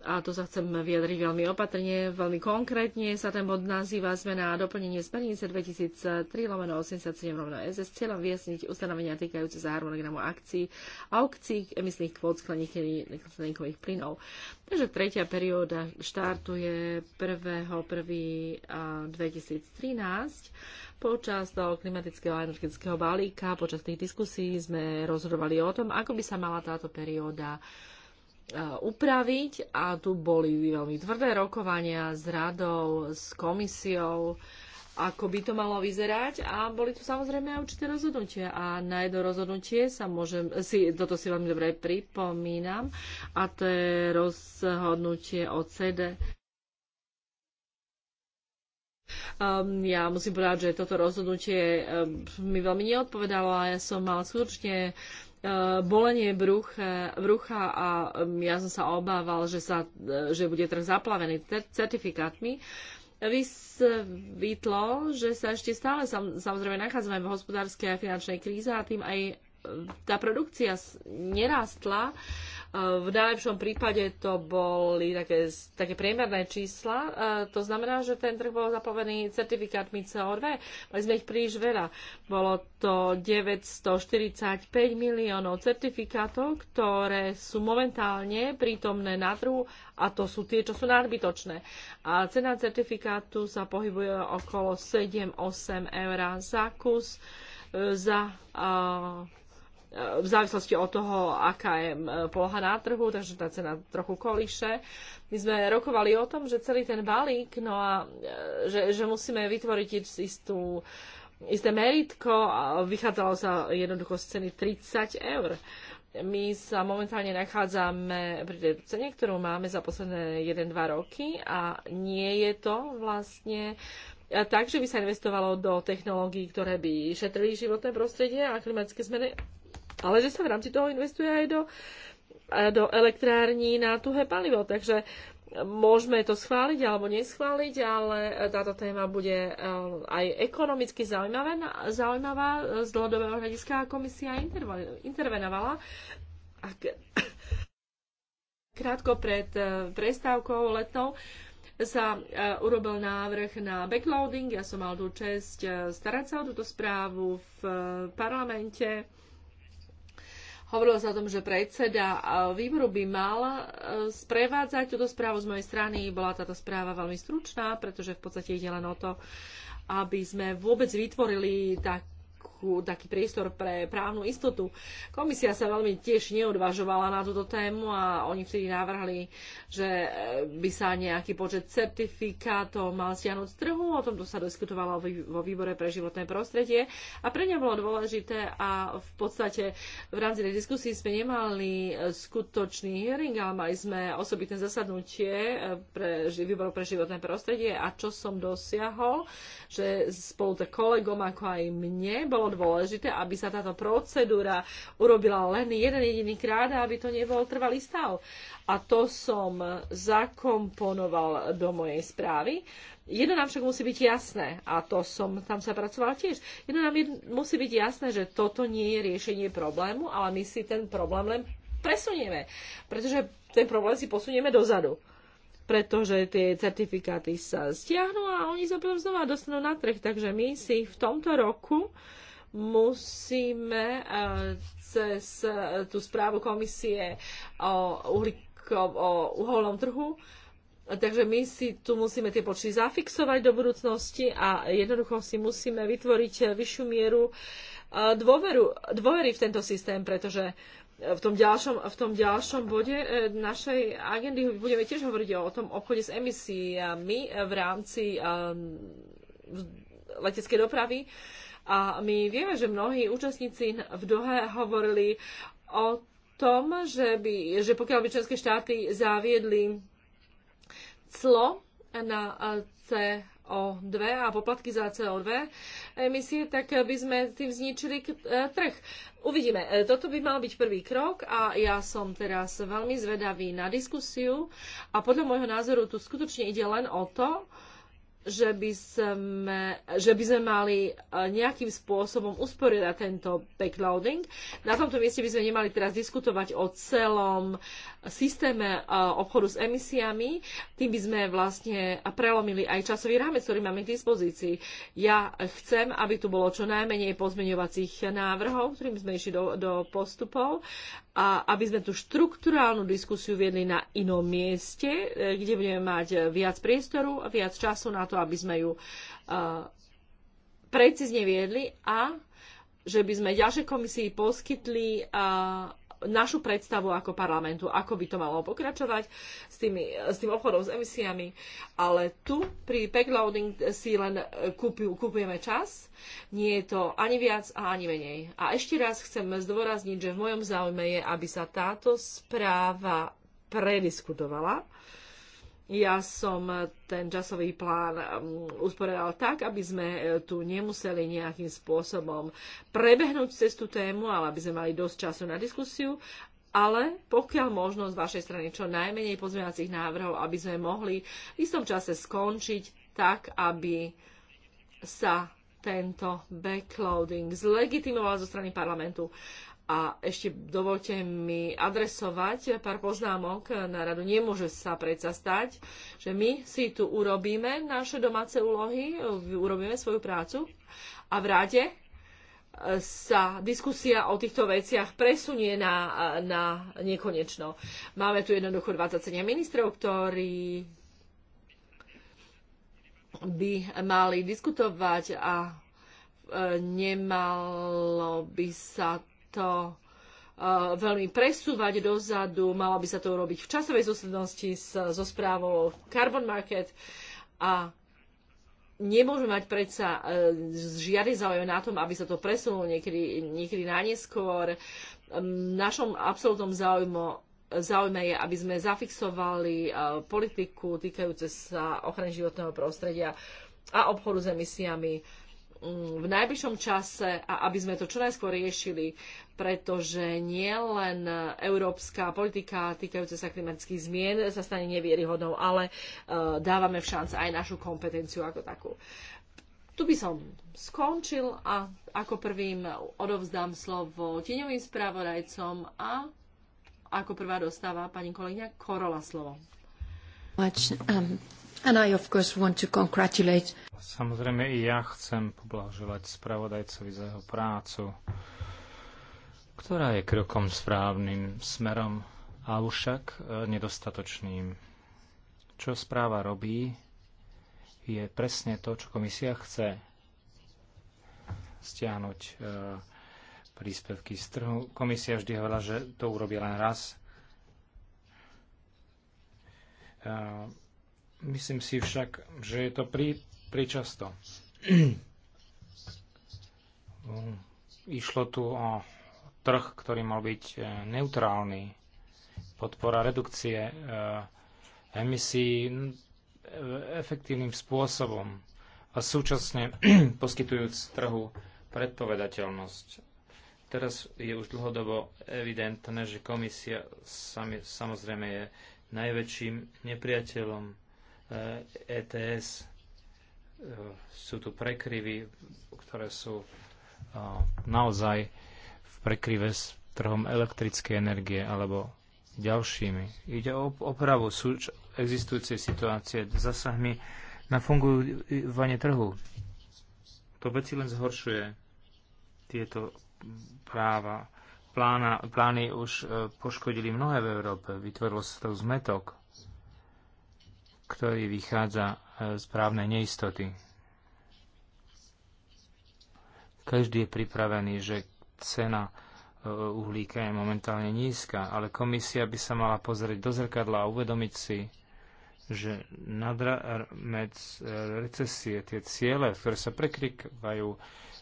a tu sa chcem vyjadriť veľmi opatrne, veľmi konkrétne sa ten bod nazýva zmena a doplnenie smernice 2003 lomeno 87 lomeno s cieľom vyjasniť ustanovenia týkajúce sa harmonogramu akcií a aukcií emisných kvót skleníkových plynov. Takže tretia perióda štartuje 1.1.2013 Počas toho klimatického a energetického balíka, počas tých diskusí sme rozhodovali o tom, ako by sa mala táto perióda Eh, upraviť a tu boli veľmi tvrdé rokovania s radou, s komisiou, ako by to malo vyzerať a boli tu samozrejme aj určité rozhodnutia a na jedno rozhodnutie sa môžem, si, toto si veľmi dobre pripomínam a to je rozhodnutie o CD. Um, ehm, ja musím povedať, že toto rozhodnutie um, mi veľmi neodpovedalo a ja som mal skutočne Eh, bolenie brucha, brucha a ja som sa obával, že, sa, eh, že bude trh zaplavený certifikátmi, Vysvítlo, že sa ešte stále sam, samozrejme nachádzame v hospodárskej a finančnej kríze a tým aj eh, tá produkcia nerástla v najlepšom prípade to boli také, také priemerné čísla. To znamená, že ten trh bol zapovený certifikátmi CO2. Mali sme ich príliš veľa. Bolo to 945 miliónov certifikátov, ktoré sú momentálne prítomné na trhu a to sú tie, čo sú nadbytočné. A cena certifikátu sa pohybuje okolo 7-8 eur za kus e, za uh, v závislosti od toho, aká je poloha na trhu, takže tá cena trochu kolíše. My sme rokovali o tom, že celý ten balík, no a e, že, že musíme vytvoriť istú, isté meritko a vychádzalo sa jednoducho z ceny 30 eur. My sa momentálne nachádzame pri tej cene, ktorú máme za posledné 1-2 roky a nie je to vlastne e, tak, že by sa investovalo do technológií, ktoré by šetrili životné prostredie a klimatické zmeny ale že sa v rámci toho investuje aj do, do elektrární na tuhé palivo. Takže môžeme to schváliť alebo neschváliť, ale táto téma bude eh, aj ekonomicky zaujímavá, zaujímavá z dlhodobého hľadiska komisia intervenovala. Ak, krátko pred eh, prestávkou letnou sa eh, urobil návrh na backloading. Ja som mal tú čest starať sa o túto správu v parlamente Hovorilo sa o tom, že predseda výboru by mal e, sprevádzať túto správu z mojej strany. Bola táto správa veľmi stručná, pretože v podstate ide len o to, aby sme vôbec vytvorili tak, taký priestor pre právnu istotu. Komisia sa veľmi tiež neodvažovala na túto tému a oni vtedy navrhli, že e, by sa nejaký počet certifikátov mal stiahnuť z trhu. O tomto sa diskutovalo vo výbore pre životné prostredie a pre ňa bolo dôležité a v podstate v rámci tej diskusie sme nemali e, skutočný hearing, ale mali sme osobitné zasadnutie e, pre výbor pre životné prostredie a čo som dosiahol, že spolu kolegom ako aj mne nebolo dôležité, aby sa táto procedúra urobila len jeden jediný krát a aby to nebol trvalý stav. A to som zakomponoval do mojej správy. Jedno nám však musí byť jasné, a to som tam sa pracovala tiež, jedno nám musí byť jasné, že toto nie je riešenie problému, ale my si ten problém len presunieme, pretože ten problém si posunieme dozadu pretože tie certifikáty sa stiahnu a oni sa potom znova dostanú na trh. Takže my si v tomto roku musíme e, cez e, tú správu komisie o, uhlíko, o uholnom trhu Takže my si tu musíme tie počty zafixovať do budúcnosti a jednoducho si musíme vytvoriť e, vyššiu mieru dôveru, dôvery v tento systém, pretože uh, v tom ďalšom, v tom ďalšom bode e, našej agendy budeme tiež hovoriť o tom obchode s emisiami v rámci ehm, leteckej dopravy. A my vieme, že mnohí účastníci v Dohe hovorili o tom, že, by, že pokiaľ by členské štáty zaviedli clo na CO e, CO2 a poplatky za CO2 emisie, tak by sme tým zničili e, trh. Uvidíme. E, toto by mal byť prvý krok a ja som teraz veľmi zvedavý na diskusiu a podľa môjho názoru tu skutočne ide len o to, že by sme, že by sme mali e, nejakým spôsobom usporiadať tento backloading. Na tomto mieste by sme nemali teraz diskutovať o celom systéme e, obchodu s emisiami, tým by sme vlastne prelomili aj časový rámec, ktorý máme k dispozícii. Ja chcem, aby tu bolo čo najmenej pozmeňovacích návrhov, ktorým sme išli do, do postupov a aby sme tú štruktúrálnu diskusiu viedli na inom mieste, e, kde budeme mať viac priestoru a viac času na to, aby sme ju uh, precízne viedli a že by sme ďalšej komisii poskytli uh, našu predstavu ako parlamentu, ako by to malo pokračovať s, tými, s tým obchodom s emisiami. Ale tu pri backloading si len kúpi, kúpujeme čas. Nie je to ani viac a ani menej. A ešte raz chcem zdôrazniť, že v mojom záujme je, aby sa táto správa prediskutovala ja som ten časový plán um, usporiadal tak, aby sme e, tu nemuseli nejakým spôsobom prebehnúť cez tú tému, ale aby sme mali dosť času na diskusiu, ale pokiaľ možno z vašej strany čo najmenej pozmeňacích návrhov, aby sme mohli v istom čase skončiť tak, aby sa tento backloading zlegitimoval zo strany parlamentu a ešte dovolte mi adresovať pár poznámok na radu. Nemôže sa predsa stať, že my si tu urobíme naše domáce úlohy, urobíme svoju prácu a v rade sa diskusia o týchto veciach presunie na, na nekonečno. Máme tu jednoducho 27 ministrov, ktorí by mali diskutovať a e, nemalo by sa to eh, veľmi presúvať dozadu, malo by sa to urobiť v časovej zúslednosti so správou Carbon Market a nemôžeme mať predsa eh, žiadny záujem na tom, aby sa to presunulo niekedy, niekedy na neskôr. Našom absolútnom záujmo, záujme je, aby sme zafixovali eh, politiku týkajúce sa ochrany životného prostredia a obchodu s emisiami Mm, v najbližšom čase a aby sme to čo najskôr riešili, pretože nie len európska politika týkajúca sa klimatických zmien sa stane nevieryhodnou, ale e, dávame v šance aj našu kompetenciu ako takú. Tu by som skončil a ako prvým odovzdám slovo tieňovým spravodajcom a ako prvá dostáva pani kolegyňa Korola slovo. Much, um, And I of course want to congratulate.
Samozrejme i ja chcem poblahoželať spravodajcovi za jeho prácu, ktorá je krokom správnym smerom, a však e, nedostatočným. Čo správa robí, je presne to, čo komisia chce stiahnuť e, príspevky z trhu. Komisia vždy hovorila, že to urobí len raz. E, Myslím si však, že je to prí, príčasto. Išlo tu o trh, ktorý mal byť e, neutrálny. Podpora redukcie e, emisí e, efektívnym spôsobom a súčasne poskytujúc trhu predpovedateľnosť. Teraz je už dlhodobo evidentné, že komisia sami, samozrejme je najväčším nepriateľom ETS. E e, sú tu prekryvy, ktoré sú e, naozaj v prekryve s trhom elektrickej energie alebo ďalšími. Ide o opravu súč- existujúcej situácie zasahmi na fungovanie trhu. To veci len zhoršuje tieto práva. Plána, plány už poškodili mnohé v Európe. Vytvoril sa to zmetok ktorý vychádza e, z právnej neistoty. Každý je pripravený, že cena e, uhlíka je momentálne nízka, ale komisia by sa mala pozrieť do zrkadla a uvedomiť si, že nad e, recesie tie ciele, ktoré sa prekrývajú,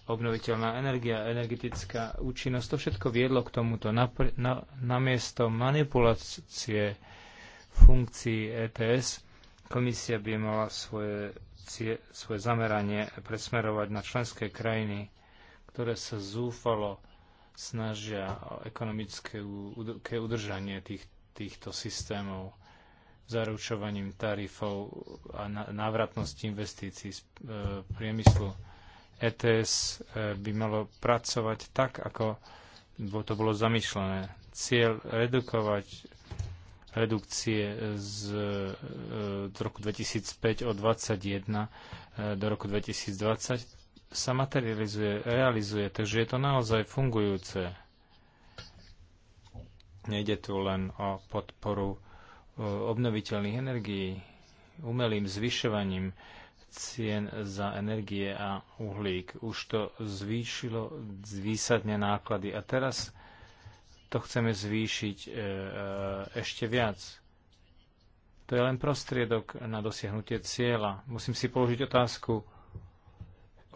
obnoviteľná energia, energetická účinnosť, to všetko viedlo k tomuto. Namiesto na, na manipulácie funkcií ETS Komisia by mala svoje, svoje zameranie presmerovať na členské krajiny, ktoré sa zúfalo snažia o ekonomické udržanie tých, týchto systémov zaručovaním tarifov a návratnosti investícií z e, priemyslu. ETS e, by malo pracovať tak, ako to bolo zamýšľané. Cieľ redukovať redukcie z, e, z roku 2005 o 21 e, do roku 2020 sa materializuje, realizuje, takže je to naozaj fungujúce. Nejde tu len o podporu e, obnoviteľných energií, umelým zvyšovaním cien za energie a uhlík. Už to zvýšilo výsadne náklady. A teraz to chceme zvýšiť e, e, ešte viac. To je len prostriedok na dosiahnutie cieľa. Musím si položiť otázku,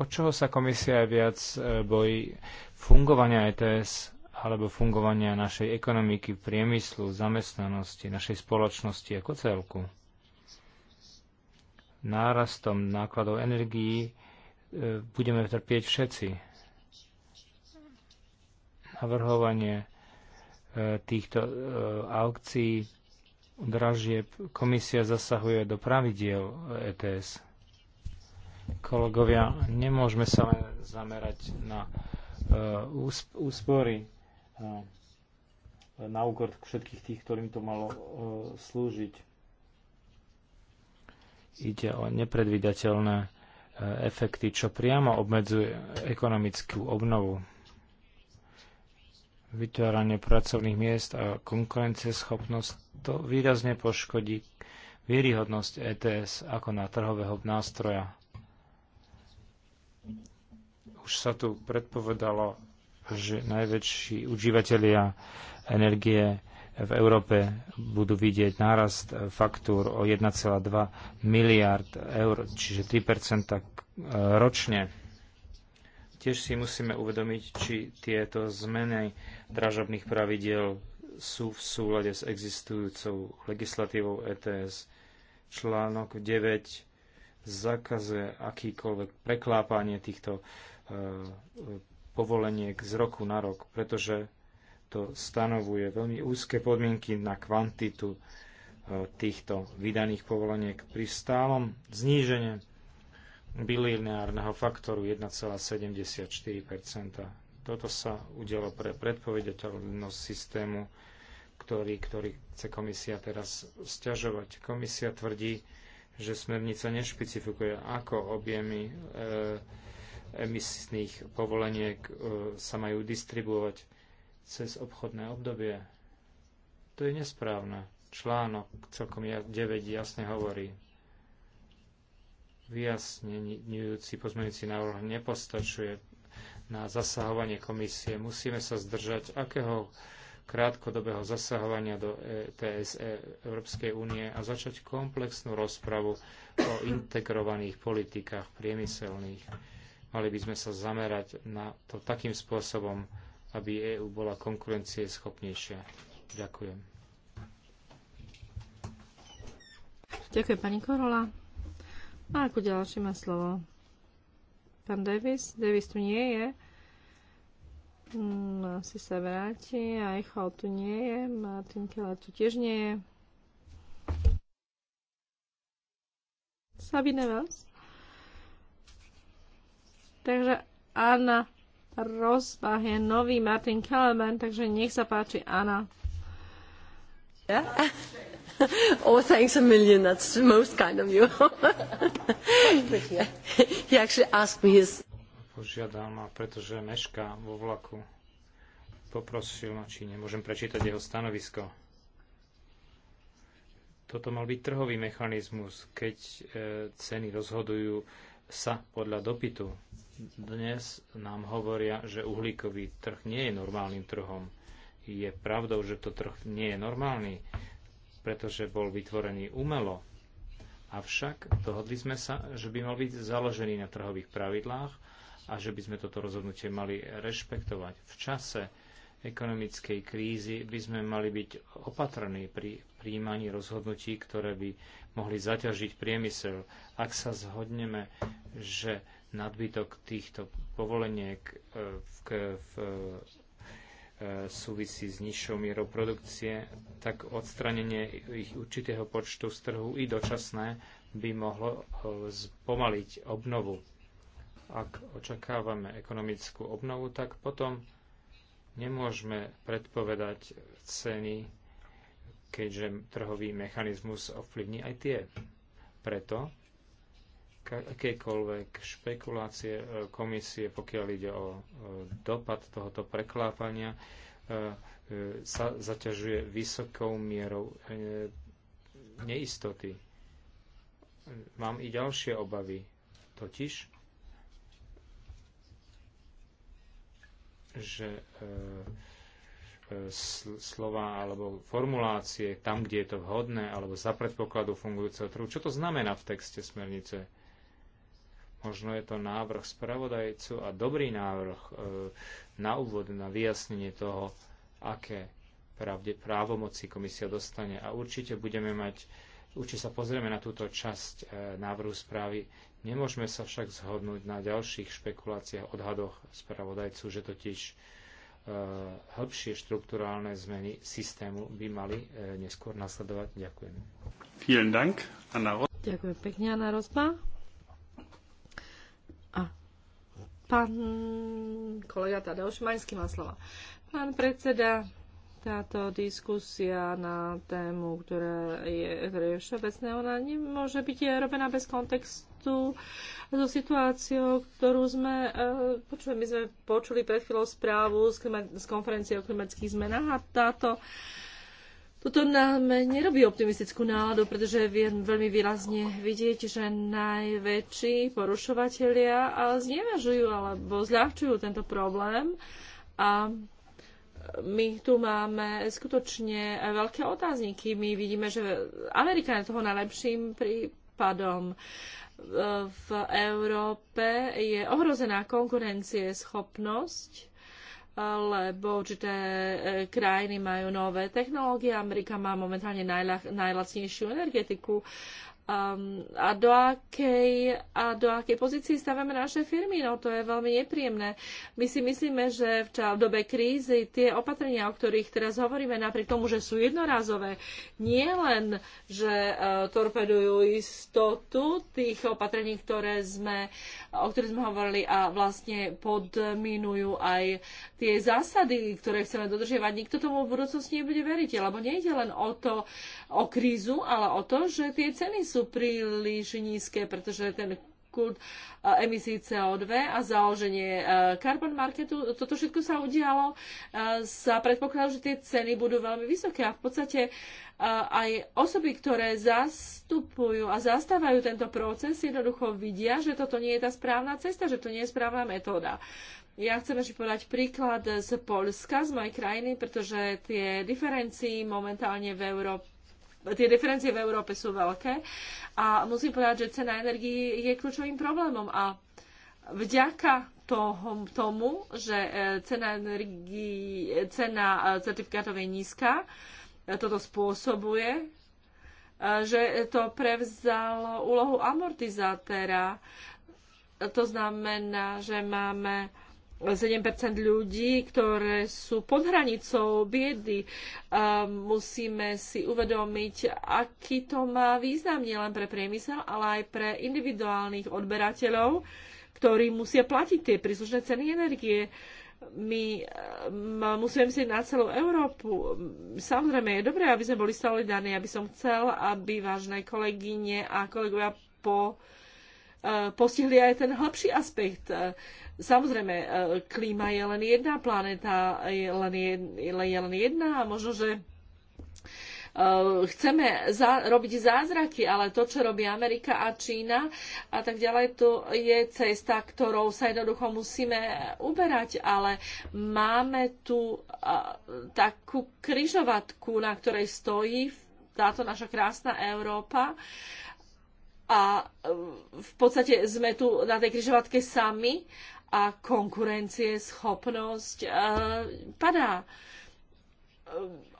od čoho sa komisia viac e, bojí fungovania ETS alebo fungovania našej ekonomiky, priemyslu, zamestnanosti, našej spoločnosti ako celku. Nárastom nákladov energií budeme trpieť všetci. Navrhovanie týchto e, aukcií dražieb komisia zasahuje do pravidiel ETS. Kolegovia, nemôžeme sa len zamerať na e, úspory e, na úkor všetkých tých, ktorým to malo slúžiť. Ide o nepredvydateľné efekty, čo priamo obmedzuje ekonomickú obnovu vytváranie pracovných miest a konkurencieschopnosť, to výrazne poškodí vieryhodnosť ETS ako na trhového nástroja. Už sa tu predpovedalo, že najväčší užívateľia energie v Európe budú vidieť nárast faktúr o 1,2 miliard eur, čiže 3 ročne Tiež si musíme uvedomiť, či tieto zmeny dražobných pravidiel sú v súlade s existujúcou legislatívou ETS. Článok 9 zakazuje akýkoľvek preklápanie týchto eh, povoleniek z roku na rok, pretože to stanovuje veľmi úzke podmienky na kvantitu eh, týchto vydaných povoleniek pri stálom znížení bilineárneho faktoru 1,74 Toto sa udelo pre predpovedateľnosť systému, ktorý, ktorý chce komisia teraz sťažovať. Komisia tvrdí, že smernica nešpecifikuje, ako objemy e, emisných povoleniek e, sa majú distribuovať cez obchodné obdobie. To je nesprávne. Článok celkom 9 jasne hovorí, vyjasňujúci pozmeňujúci návrh nepostačuje na zasahovanie komisie. Musíme sa zdržať akého krátkodobého zasahovania do ETS e Európskej únie a začať komplexnú rozpravu o integrovaných politikách priemyselných. Mali by sme sa zamerať na to takým spôsobom, aby EÚ bola konkurencieschopnejšia. Ďakujem.
Ďakujem, pani Korola. A ako ďalší má slovo? Pán Davis? Davis tu nie je. Mm, asi sa vráti. A Eichel tu nie je. Martin Keller tu tiež nie je. Sabine vás. Takže Anna Rosbach je nový Martin Kellerman, takže nech sa páči Anna. Ja? oh, thanks a million. That's most kind of you. he actually asked me his...
Požiadal ma, pretože meška vo vlaku. Poprosil ma, či nemôžem prečítať jeho stanovisko. Toto mal byť trhový mechanizmus, keď e, ceny rozhodujú sa podľa dopytu. Dnes nám hovoria, že uhlíkový trh nie je normálnym trhom. Je pravdou, že to trh nie je normálny pretože bol vytvorený umelo. Avšak dohodli sme sa, že by mal byť založený na trhových pravidlách a že by sme toto rozhodnutie mali rešpektovať. V čase ekonomickej krízy by sme mali byť opatrní pri príjmaní rozhodnutí, ktoré by mohli zaťažiť priemysel. Ak sa zhodneme, že nadbytok týchto povoleniek e, v, v, v E, súvisí s nižšou mierou produkcie, tak odstranenie ich určitého počtu z trhu i dočasné by mohlo e, spomaliť obnovu. Ak očakávame ekonomickú obnovu, tak potom nemôžeme predpovedať ceny, keďže trhový mechanizmus ovplyvní aj tie. Preto akékoľvek špekulácie e, komisie, pokiaľ ide o e, dopad tohoto preklápania, e, sa zaťažuje vysokou mierou neistoty. Mám i ďalšie obavy, totiž, že slova alebo formulácie tam, kde je to vhodné, alebo za predpokladu fungujúceho trhu. Čo to znamená v texte smernice? Možno je to návrh spravodajcu a dobrý návrh e, na úvod, na vyjasnenie toho, aké pravde, právomoci komisia dostane. A určite budeme mať, určite sa pozrieme na túto časť e, návrhu správy. Nemôžeme sa však zhodnúť na ďalších špekuláciách, odhadoch spravodajcu, že totiž e, hĺbšie štruktúrálne zmeny systému by mali neskôr nasledovať. Ďakujem.
Vielen Dank, Anna
Ďakujem pekne, Anna Rosma. A pán kolega Tadeusz Maňský má slova. Pán predseda, táto diskusia na tému, ktorá je, ktorá je všeobecná, ona nemôže byť robená bez kontextu so situáciou, ktorú sme eh, počuli. My sme počuli pred chvíľou správu z, z konferencie o klimatických zmenách a táto toto nám nerobí optimistickú náladu, pretože viem veľmi výrazne vidieť, že najväčší porušovatelia znevažujú alebo zľahčujú tento problém a my tu máme skutočne veľké otázniky. My vidíme, že Amerika je toho najlepším prípadom. V Európe je ohrozená konkurencieschopnosť lebo určité e, krajiny majú nové technológie. Amerika má momentálne najlacnejšiu energetiku um, a, do akej, a do akej pozícii stavíme naše firmy. No to je veľmi nepríjemné. My si myslíme, že v, v dobe krízy tie opatrenia, o ktorých teraz hovoríme, napriek tomu, že sú jednorázové, nie len, že uh, torpedujú istotu tých opatrení, ktoré sme, o ktorých sme hovorili a vlastne podminujú aj tie zásady, ktoré chceme dodržiavať. Nikto tomu v budúcnosti nebude veriť, lebo nejde len o to, uh, o krízu, ale o to, že tie ceny sú príliš nízke, pretože ten kult e, emisí CO2 a založenie e, carbon marketu. Toto všetko sa udialo sa e, predpokladu, že tie ceny budú veľmi vysoké a v podstate aj osoby, ktoré zastupujú a zastávajú tento proces, jednoducho vidia, že toto nie je tá správna cesta, že to nie je správna metóda. Ja chcem ešte povedať príklad z Polska, z mojej krajiny, pretože tie diferencii momentálne v Európe tie diferencie v Európe sú veľké a musím povedať, že cena energii je kľúčovým problémom a vďaka toho, tomu, že e, cena, energii, e, cena e, certifikátov je nízka, toto spôsobuje, že to prevzalo úlohu amortizátora. To znamená, že máme 7 ľudí, ktoré sú pod hranicou biedy. Musíme si uvedomiť, aký to má význam nielen pre priemysel, ale aj pre individuálnych odberateľov, ktorí musia platiť tie príslušné ceny energie. My e, musíme myslieť na celú Európu. Samozrejme, je dobré, aby sme boli solidárni. aby som chcel, aby vážne kolegyne a kolegovia po, e, postihli aj ten hĺbší aspekt Samozrejme, e, klíma je len jedna, planéta je len, jedna, je len jedna a možno, že e, chceme za, robiť zázraky, ale to, čo robí Amerika a Čína a tak ďalej, to je cesta, ktorou sa jednoducho musíme uberať, ale máme tu a, e, takú kryžovatku, na ktorej stojí táto naša krásna Európa a v podstate sme tu na tej kryžovatke sami a konkurencie, schopnosť eh, padá.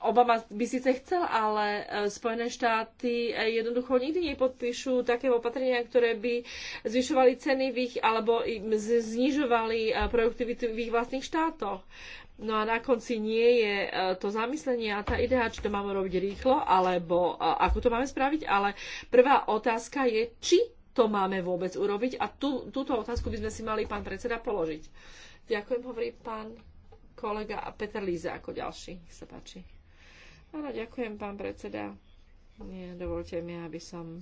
Obama by síce chcel, ale eh, Spojené štáty eh, jednoducho nikdy nepodpíšu také opatrenia, ktoré by zvyšovali ceny v ich, alebo im znižovali produktivitu v ich vlastných štátoch. No a na konci nie je to zamyslenie a tá idea, či to máme robiť rýchlo, alebo ako to máme spraviť, ale prvá otázka je, či to máme vôbec urobiť? A tú, túto otázku by sme si mali, pán predseda, položiť. Ďakujem, hovorí pán kolega a Peter Líza ako ďalší. Nech sa páči. Áno, ďakujem, pán predseda. Nie, dovolte mi, aby som eh,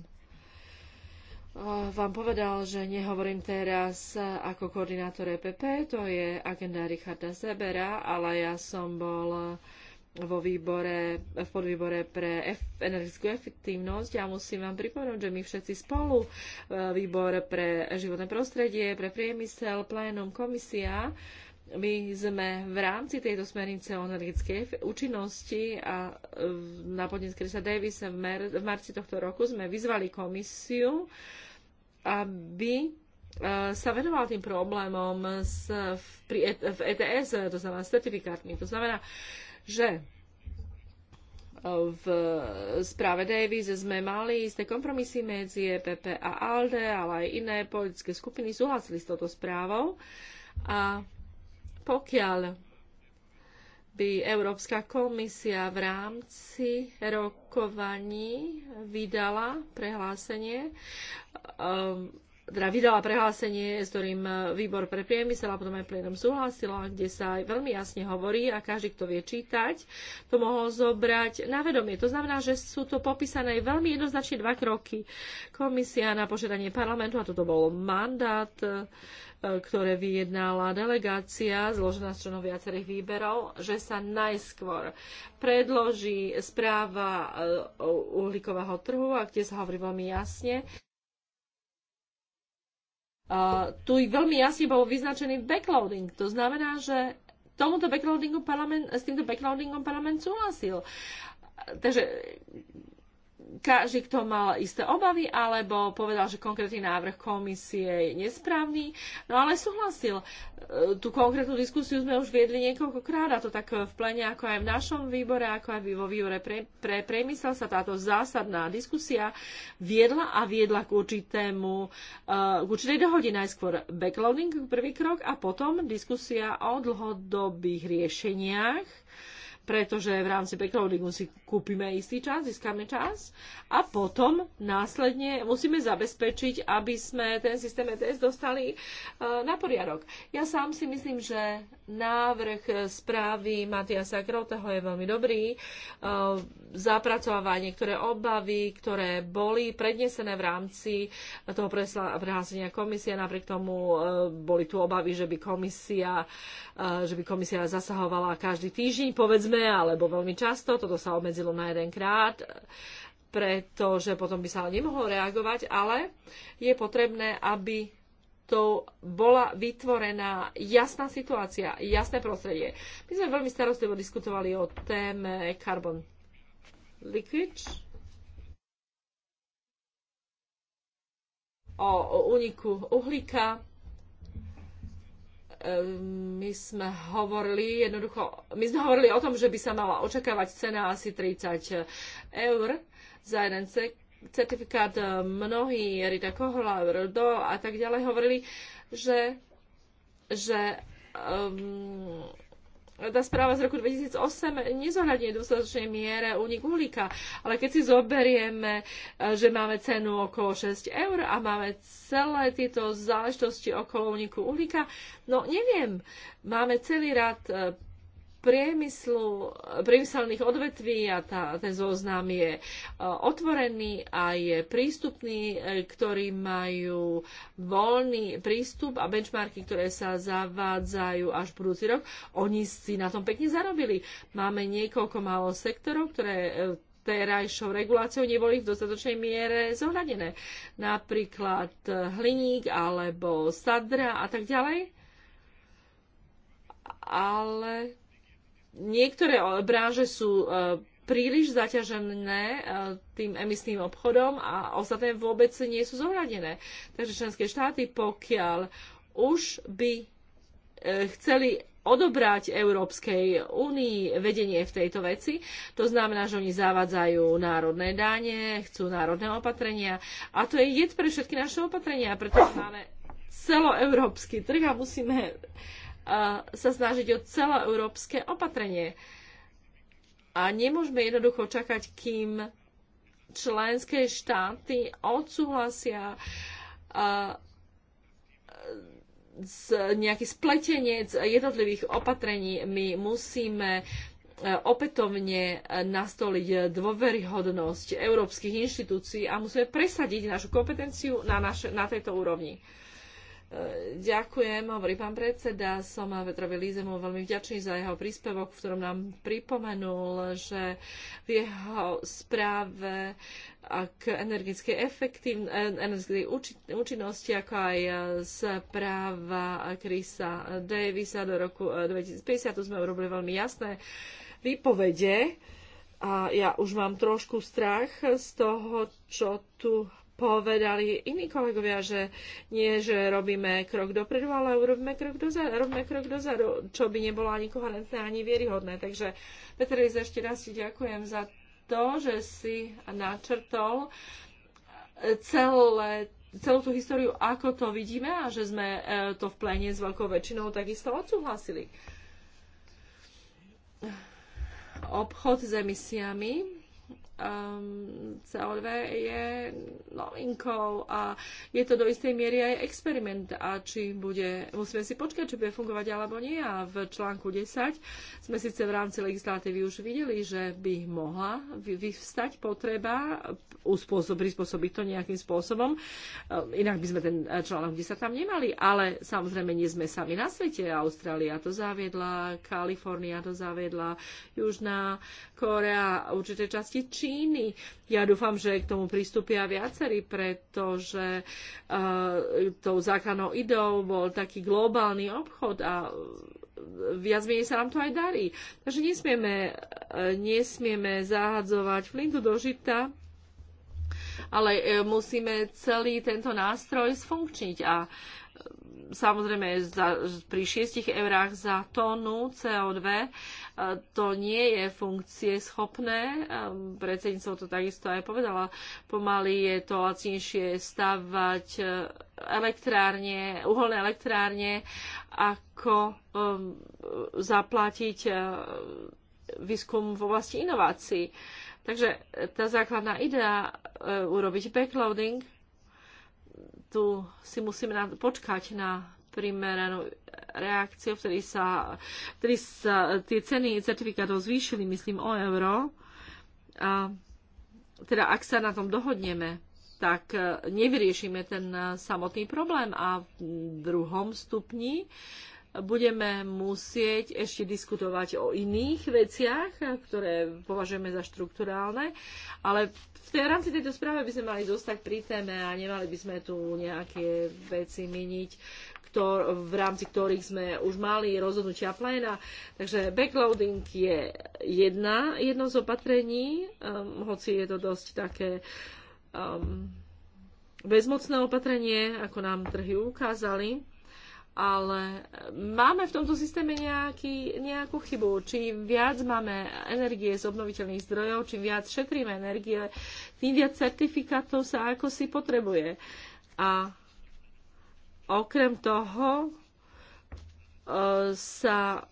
vám povedal, že nehovorím teraz ako koordinátor EPP, to je agenda Richarda Zebera, ale ja som bol vo výbore, v podvýbore pre energetickú efektívnosť a ja musím vám pripomenúť, že my všetci spolu, e, výbor pre životné prostredie, pre priemysel, plénum, komisia, my sme v rámci tejto smernice o energetickej účinnosti a e, na podnet Krisa Davisa v, mer- v marci tohto roku sme vyzvali komisiu, aby e, sa venoval tým problémom s, pri, v ETS, to znamená s certifikátmi. To znamená, uh, že e, v správe Davis sme mali isté kompromisy medzi EPP a ALDE, ale aj iné politické skupiny súhlasili s touto správou. A pokiaľ by Európska komisia v rámci rokovaní vydala prehlásenie, um, teda vydala prehlásenie, s ktorým e, výbor pre priemysel a potom aj plénom súhlasila, kde sa aj veľmi jasne hovorí a každý, kto vie čítať, to mohol zobrať na vedomie. To znamená, že sú to popísané veľmi jednoznačne dva kroky. Komisia na požiadanie parlamentu, a toto bol mandát, e, ktoré vyjednala delegácia zložená z členov viacerých výberov, že sa najskôr predloží správa e, uhlíkového trhu, a kde sa hovorí veľmi jasne, Eh, tu veľmi jasne bol vyznačený backloading. To znamená, že tomuto backloadingu parlament, s týmto backloadingom parlament súhlasil. Takže každý, kto mal isté obavy, alebo povedal, že konkrétny návrh komisie je nesprávny, no ale súhlasil. E, tú konkrétnu diskusiu sme už viedli niekoľkokrát, a to tak v plene, ako aj v našom výbore, ako aj vo výbore pre, pre priemysel sa táto zásadná diskusia viedla a viedla k určitému, e, k určitej dohode najskôr backloading, prvý krok, a potom diskusia o dlhodobých riešeniach, pretože v rámci backloadingu si kúpime istý čas, získame čas a potom následne musíme zabezpečiť, aby sme ten systém ETS dostali e, na poriadok. Ja sám si myslím, že návrh správy Matiasa Kroteho je veľmi dobrý. E, Zapracováva niektoré obavy, ktoré boli prednesené v rámci toho prehlásenia komisie. Napriek tomu e, boli tu obavy, že by komisia, že by komisia zasahovala každý týždeň, povedzme sme, alebo veľmi často, toto sa obmedzilo na jeden krát, pretože potom by sa nemohlo reagovať, ale je potrebné, aby to bola vytvorená jasná situácia, jasné prostredie. My sme veľmi starostlivo diskutovali o téme carbon leakage, o, o uniku uhlíka, Ehm, my sme hovorili jednoducho, my sme hovorili o tom, že by sa mala očakávať cena asi 30 eur za jeden certifikát. Mnohí, Rita Kohola, Rodo a tak ďalej hovorili, že, že um, tá správa z roku 2008 nezohľadňuje v dostatočnej miere únik uhlíka. Ale keď si zoberieme, e, že máme cenu okolo 6 eur a máme celé tieto záležitosti okolo úniku uhlíka, no neviem, máme celý rad e, priemyslu, priemyselných odvetví a tá, ten zoznam je e, otvorený a je prístupný, e, ktorí majú voľný prístup a benchmarky, ktoré sa zavádzajú až budúci rok, oni si na tom pekne zarobili. Máme niekoľko málo sektorov, ktoré e, terajšou reguláciou neboli v dostatočnej miere zohľadené. Napríklad hliník alebo sadra a tak ďalej. Ale niektoré branže sú e, príliš zaťažené e, tým emisným obchodom a ostatné vôbec nie sú zohľadené. Takže členské štáty, pokiaľ už by e, chceli odobrať Európskej únii vedenie v tejto veci. To znamená, že oni zavádzajú národné dáne, chcú národné opatrenia a to je jed pre všetky naše opatrenia, pretože máme celoeurópsky trh a musíme sa snažiť o celoeurópske opatrenie. A nemôžeme jednoducho čakať, kým členské štáty odsúhlasia z nejaký spletenec jednotlivých opatrení. My musíme e, opätovne e, nastoliť dôveryhodnosť európskych inštitúcií a musíme presadiť našu kompetenciu na, naše, na tejto úrovni. Ďakujem, hovorí pán predseda. Som Petrovi Lízemu veľmi vďačný za jeho príspevok, v ktorom nám pripomenul, že v jeho správe k energetickej energetickej účinnosti, ako aj správa Krisa Davisa do roku 2050, eh, tu sme urobili veľmi jasné výpovede. A ja už mám trošku strach z toho, čo tu povedali iní kolegovia, že nie, že robíme krok dopredu, ale robíme krok dozadu, robíme krok dozadu, čo by nebolo ani koherentné, ani vieryhodné. Takže Petr, ešte raz ti ďakujem za to, že si načrtol celé celú tú históriu, ako to vidíme a že sme e, to v pléne s veľkou väčšinou takisto odsúhlasili. Obchod s emisiami um, CO2 je novinkou a je to do istej miery aj experiment a či bude, musíme si počkať, či bude fungovať alebo nie a v článku 10 sme síce v rámci legislatívy už videli, že by mohla vyvstať potreba prispôsobiť to nejakým spôsobom. Um, inak by sme ten článok 10 tam nemali, ale samozrejme nie sme sami na svete. Austrália to zaviedla, Kalifornia to zaviedla, Južná Korea, určité časti Číny Číny. Ja dúfam, že k tomu pristúpia viacerí, pretože uh, tou základnou ideou bol taký globálny obchod a viac menej sa nám to aj darí. Takže nesmieme, uh, nesmieme zahadzovať flintu do žita, ale eh, musíme celý tento nástroj sfunkčniť a uh, Samozrejme, za, pri 6 eurách za tónu CO2 e, to nie je funkcie schopné. E, Predsednícov to takisto aj povedala. Pomaly je to lacnejšie stavať e, elektrárne, uholné elektrárne, ako um, zaplatiť výskum v oblasti inovácií. Takže tá základná idea urobiť backloading tu si musíme na, počkať na primeranú reakciu, vtedy sa, vtedy sa tie ceny certifikátov zvýšili, myslím, o euro. A, teda ak sa na tom dohodneme, tak eh, nevyriešime ten eh, samotný problém. A v druhom stupni budeme musieť ešte diskutovať o iných veciach, ktoré považujeme za štruktúrálne, ale v tej rámci tejto správy by sme mali zostať pri téme a nemali by sme tu nejaké veci miniť, ktor- v rámci ktorých sme už mali rozhodnutia pléna. Takže backloading je jedna, jedno z opatrení, um, hoci je to dosť také um, bezmocné opatrenie, ako nám trhy ukázali ale máme v tomto systéme nejaký, nejakú chybu. či viac máme energie z obnoviteľných zdrojov, či viac šetríme energie, tým viac certifikátov sa ako si potrebuje. A okrem toho e, sa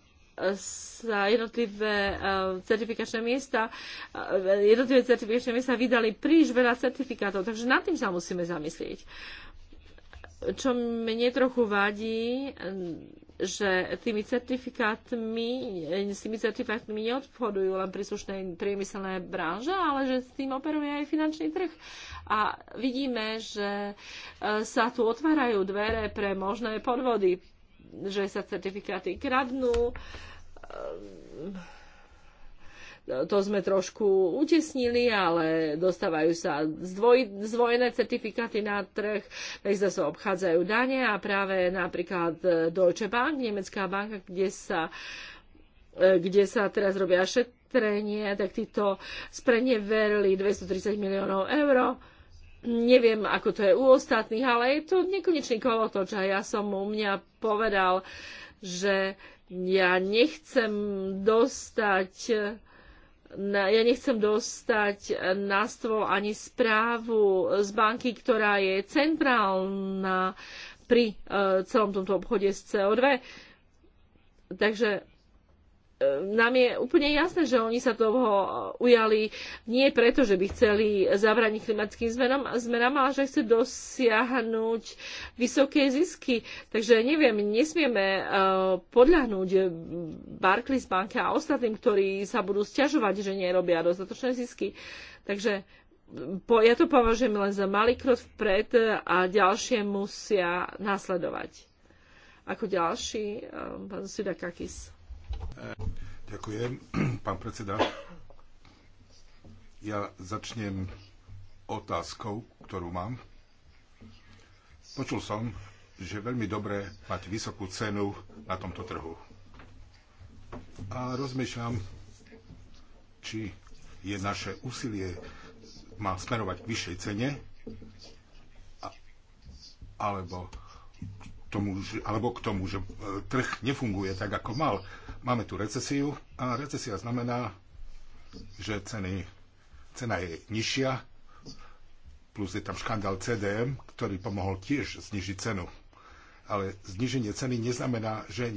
sa jednotlivé e, certifikačné miesta, e, jednotlivé certifikačné miesta vydali príliš veľa certifikátov, takže nad tým sa musíme zamyslieť. Uh, čo mne trochu vadí, že tými certifikátmi, s tými certifikátmi neobchodujú len príslušné priemyselné branže, ale že s tým operuje aj finančný trh. A vidíme, že e, sa tu otvárajú dvere pre možné podvody, že sa certifikáty kradnú, ehm, to sme trošku utesnili, ale dostávajú sa zdvoj, zdvojené certifikáty na trh, takže sa obchádzajú dane a práve napríklad e, Deutsche Bank, nemecká banka, kde sa, e, kde sa teraz robia šetrenie, tak títo spreneverili 230 miliónov eur neviem, ako to je u ostatných, ale je to nekonečný kolotoč a ja som u mňa povedal, že ja nechcem dostať e, ja nechcem dostať e, na stôl ani správu z banky, ktorá je centrálna pri e, celom tomto obchode s CO2. Takže nám je úplne jasné, že oni sa toho ujali nie preto, že by chceli zabraniť klimatickým zmenám, zmenám ale že chcú dosiahnuť vysoké zisky. Takže neviem, nesmieme e, podľahnúť Barclays banke a ostatným, ktorí sa budú sťažovať, že nerobia dostatočné zisky. Takže po, ja to považujem len za malý krok vpred a ďalšie musia nasledovať. Ako ďalší, e, pán Sudakakis.
Ďakujem, pán predseda. Ja začnem otázkou, ktorú mám. Počul som, že veľmi dobré mať vysokú cenu na tomto trhu. A rozmýšľam, či je naše úsilie má smerovať k vyššej cene, alebo tomu, alebo k tomu, že e, trh nefunguje tak, ako mal. Máme tu recesiu a recesia znamená, že ceny, cena je nižšia, plus je tam škandál CDM, ktorý pomohol tiež znižiť cenu. Ale zniženie ceny neznamená, že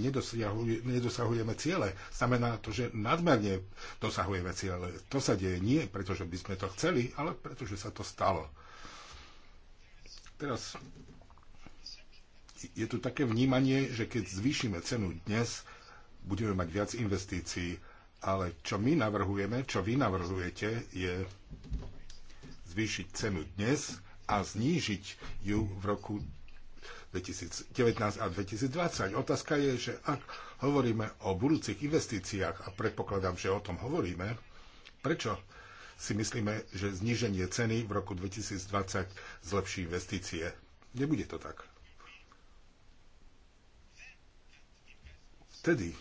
nedosahujeme ciele. Znamená to, že nadmerne dosahujeme ciele. To sa deje nie, pretože by sme to chceli, ale pretože sa to stalo. Teraz je tu také vnímanie, že keď zvýšime cenu dnes, budeme mať viac investícií. Ale čo my navrhujeme, čo vy navrhujete, je zvýšiť cenu dnes a znížiť ju v roku 2019 a 2020. Otázka je, že ak hovoríme o budúcich investíciách, a predpokladám, že o tom hovoríme, prečo si myslíme, že zníženie ceny v roku 2020 zlepší investície? Nebude to tak. vtedy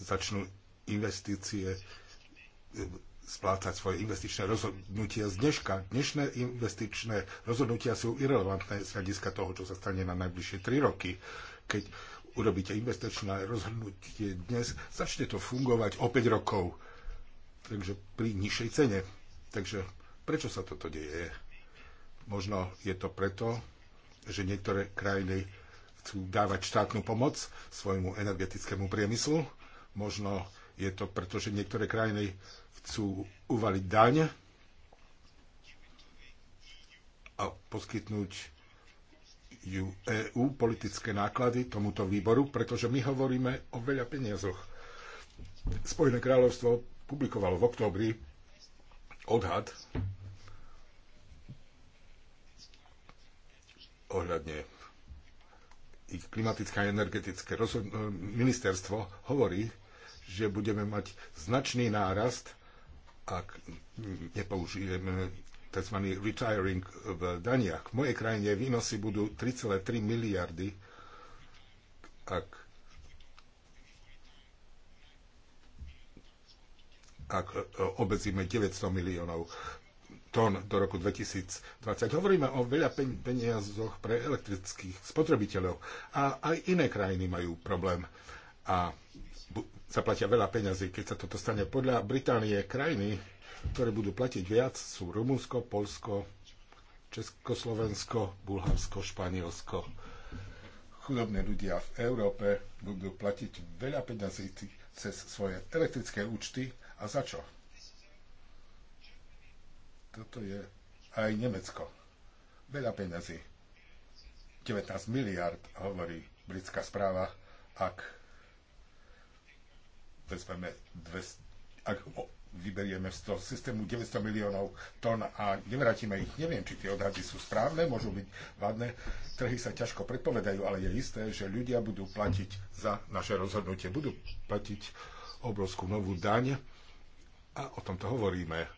začnú investície e, splácať svoje investičné rozhodnutia z dneška. Dnešné investičné rozhodnutia sú irrelevantné z hľadiska toho, čo sa stane na najbližšie 3 roky. Keď urobíte investičné rozhodnutie dnes, začne to fungovať o 5 rokov. Takže pri nižšej cene. Takže prečo sa toto deje? Možno je to preto, že niektoré krajiny chcú dávať štátnu pomoc svojmu energetickému priemyslu. Možno je to preto, že niektoré krajiny chcú uvaliť daň a poskytnúť ju EU politické náklady tomuto výboru, pretože my hovoríme o veľa peniazoch. Spojené kráľovstvo publikovalo v októbri odhad ohľadne klimatické a energetické eh, ministerstvo hovorí, že budeme mať značný nárast, ak nepoužijeme tzv. retiring v daniach. V mojej krajine výnosy budú 3,3 miliardy, ak, ak eh, obezíme 900 miliónov tón do roku 2020. Hovoríme o veľa peniazoch pre elektrických spotrebiteľov a aj iné krajiny majú problém a zaplatia veľa peniazy, Keď sa toto stane podľa Británie, krajiny, ktoré budú platiť viac, sú Rumunsko, Polsko, Československo, Bulharsko, Španielsko. Chudobní ľudia v Európe budú platiť veľa peňazí cez svoje elektrické účty. A za čo? Toto je aj Nemecko. Veľa peňazí. 19 miliard, hovorí britská správa, ak vezmeme 200, ak vyberieme z toho systému 900 miliónov tón a nevrátime ich. Neviem, či tie odhady sú správne, môžu byť vádne, Trhy sa ťažko predpovedajú, ale je isté, že ľudia budú platiť za naše rozhodnutie. Budú platiť obrovskú novú daň a o tomto hovoríme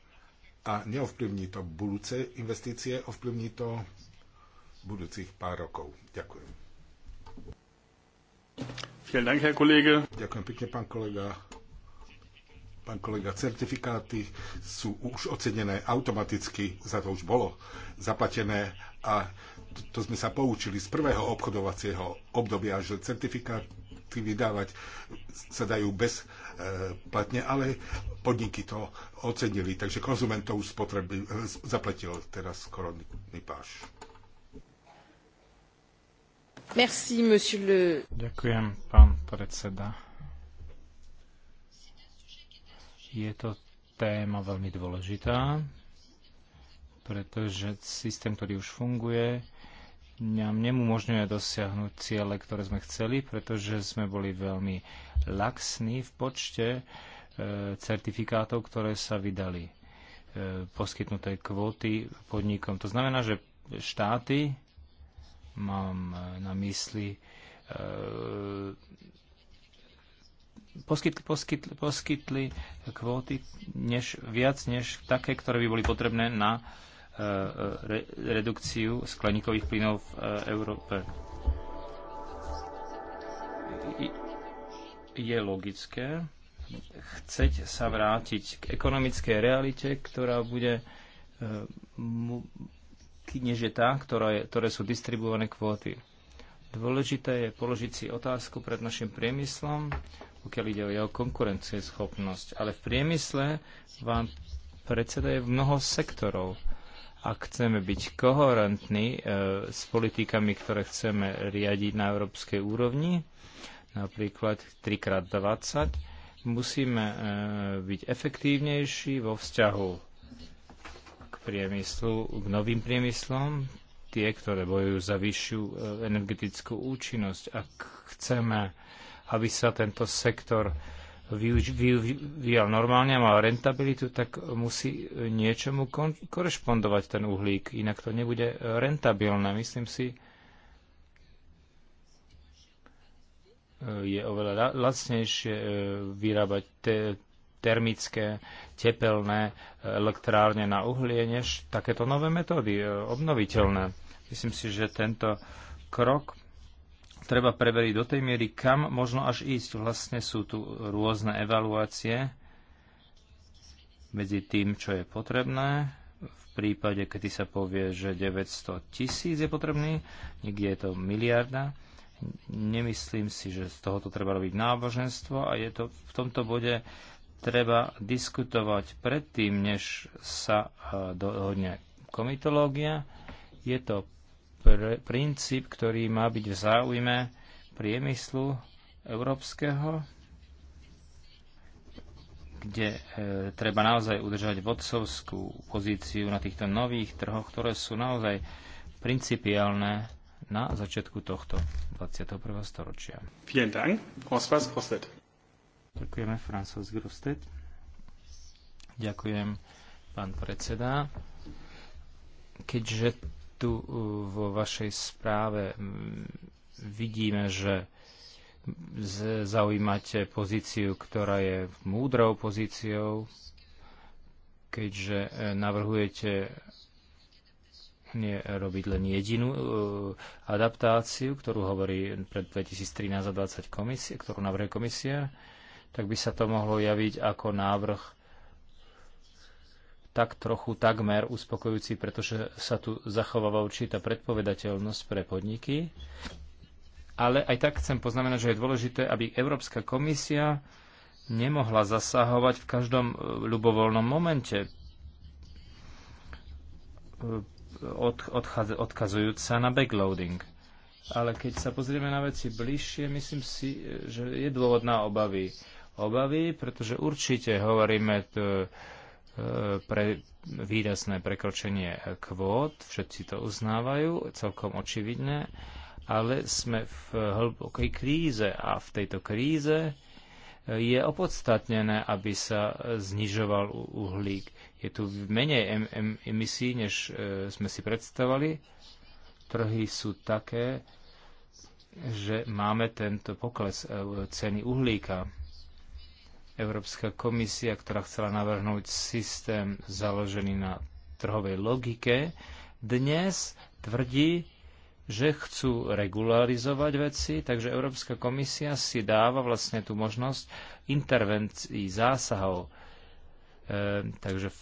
a neovplyvní to budúce investície, ovplyvní to budúcich pár rokov. Ďakujem. Ďakujem pekne, pán kolega. Pán kolega, certifikáty sú už ocenené automaticky, za to už bolo zaplatené a to, to sme sa poučili z prvého obchodovacieho obdobia, že certifikáty vydávať sa dajú bez E, platne, ale podniky to ocenili, takže konzument to už spotreby, e, zaplatil teraz koronný páš.
Merci, monsieur le... Ďakujem, pán predseda. Je to téma veľmi dôležitá, pretože systém, ktorý už funguje, nám nemumožňuje dosiahnuť ciele, ktoré sme chceli, pretože sme boli veľmi laxní v počte e, certifikátov, ktoré sa vydali e, poskytnuté kvóty podnikom. To znamená, že štáty, mám na mysli, e, poskytli, poskytli, poskytli kvóty než, viac než také, ktoré by boli potrebné na Eh, re, redukciu skleníkových plynov v eh, Európe. Je logické chceť sa vrátiť k ekonomickej realite, ktorá bude eh, než je tá, ktorá je, ktoré sú distribuované kvóty. Dôležité je položiť si otázku pred našim priemyslom, pokiaľ ide o jeho konkurencieschopnosť. Ale v priemysle vám predseda je mnoho sektorov ak chceme byť koherentní e, s politikami, ktoré chceme riadiť na európskej úrovni, napríklad 3x20, musíme e, byť efektívnejší vo vzťahu k priemyslu, k novým priemyslom, tie, ktoré bojujú za vyššiu e, energetickú účinnosť. Ak chceme, aby sa tento sektor vyvíjal normálne a mal rentabilitu, tak musí niečomu korešpondovať ten uhlík, inak to nebude rentabilné. Myslím si, je oveľa lacnejšie e, vyrábať te termické, tepelné e, elektrárne na uhlie, než takéto nové metódy, e, obnoviteľné. Myslím si, že tento krok treba preveriť do tej miery, kam možno až ísť. Vlastne sú tu rôzne evaluácie medzi tým, čo je potrebné. V prípade, kedy sa povie, že 900 tisíc je potrebný, niekde je to miliarda. Nemyslím si, že z tohoto treba robiť náboženstvo a je to v tomto bode treba diskutovať predtým, než sa eh, dohodne komitológia. Je to pr- princíp, ktorý má byť v záujme priemyslu európskeho, kde e, treba naozaj udržať vodcovskú pozíciu na týchto nových trhoch, ktoré sú naozaj principiálne na začiatku tohto 21. storočia. Vielen Ďakujeme, François Grostet. Ďakujem, pán predseda. Keďže tu eh, vo vašej správe mm, vidíme, že zaujímate pozíciu, ktorá je múdrou pozíciou, keďže eh, navrhujete nie robiť len jedinú eh, adaptáciu, ktorú hovorí pred 2013 a 2020 komisie, ktorú navrhuje komisia, tak by sa to mohlo javiť ako návrh tak trochu takmer uspokojujúci, pretože sa tu zachováva určitá predpovedateľnosť pre podniky. Ale aj tak chcem poznamenať, že je dôležité, aby Európska komisia nemohla zasahovať v každom e, ľubovoľnom momente, e, od, odchaz, odkazujúc sa na backloading. Ale keď sa pozrieme na veci bližšie, myslím si, e, že je dôvod na obavy. Obavy, pretože určite hovoríme t- E, pre výrazné prekročenie kvót, všetci to uznávajú, celkom očividne, ale sme v hlbokej kríze a v tejto kríze je opodstatnené, aby sa znižoval uhlík. Je tu menej emisí, než e, sme si predstavovali. Trhy sú také, že máme tento pokles e, ceny uhlíka Európska komisia, ktorá chcela navrhnúť systém založený na trhovej logike, dnes tvrdí, že chcú regularizovať veci, takže Európska komisia si dáva vlastne tú možnosť intervencií, zásahov. E, takže f,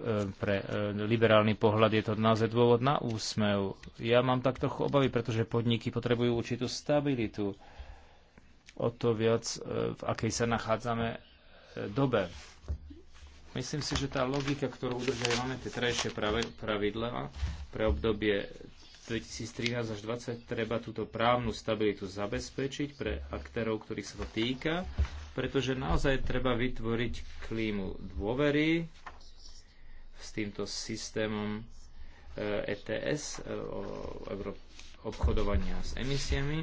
e, pre e, liberálny pohľad je to naozaj dôvod na úsmev. Ja mám tak trochu obavy, pretože podniky potrebujú určitú stabilitu. E, o to viac, e, v akej sa nachádzame e, dobe. Myslím si, že tá logika, ktorú udržiavame tie trajšie pravidlá pre obdobie 2013 až 2020, treba túto právnu stabilitu zabezpečiť pre aktérov, ktorých sa to týka, pretože naozaj treba vytvoriť klímu dôvery s týmto systémom ETS, e obchodovania s emisiami,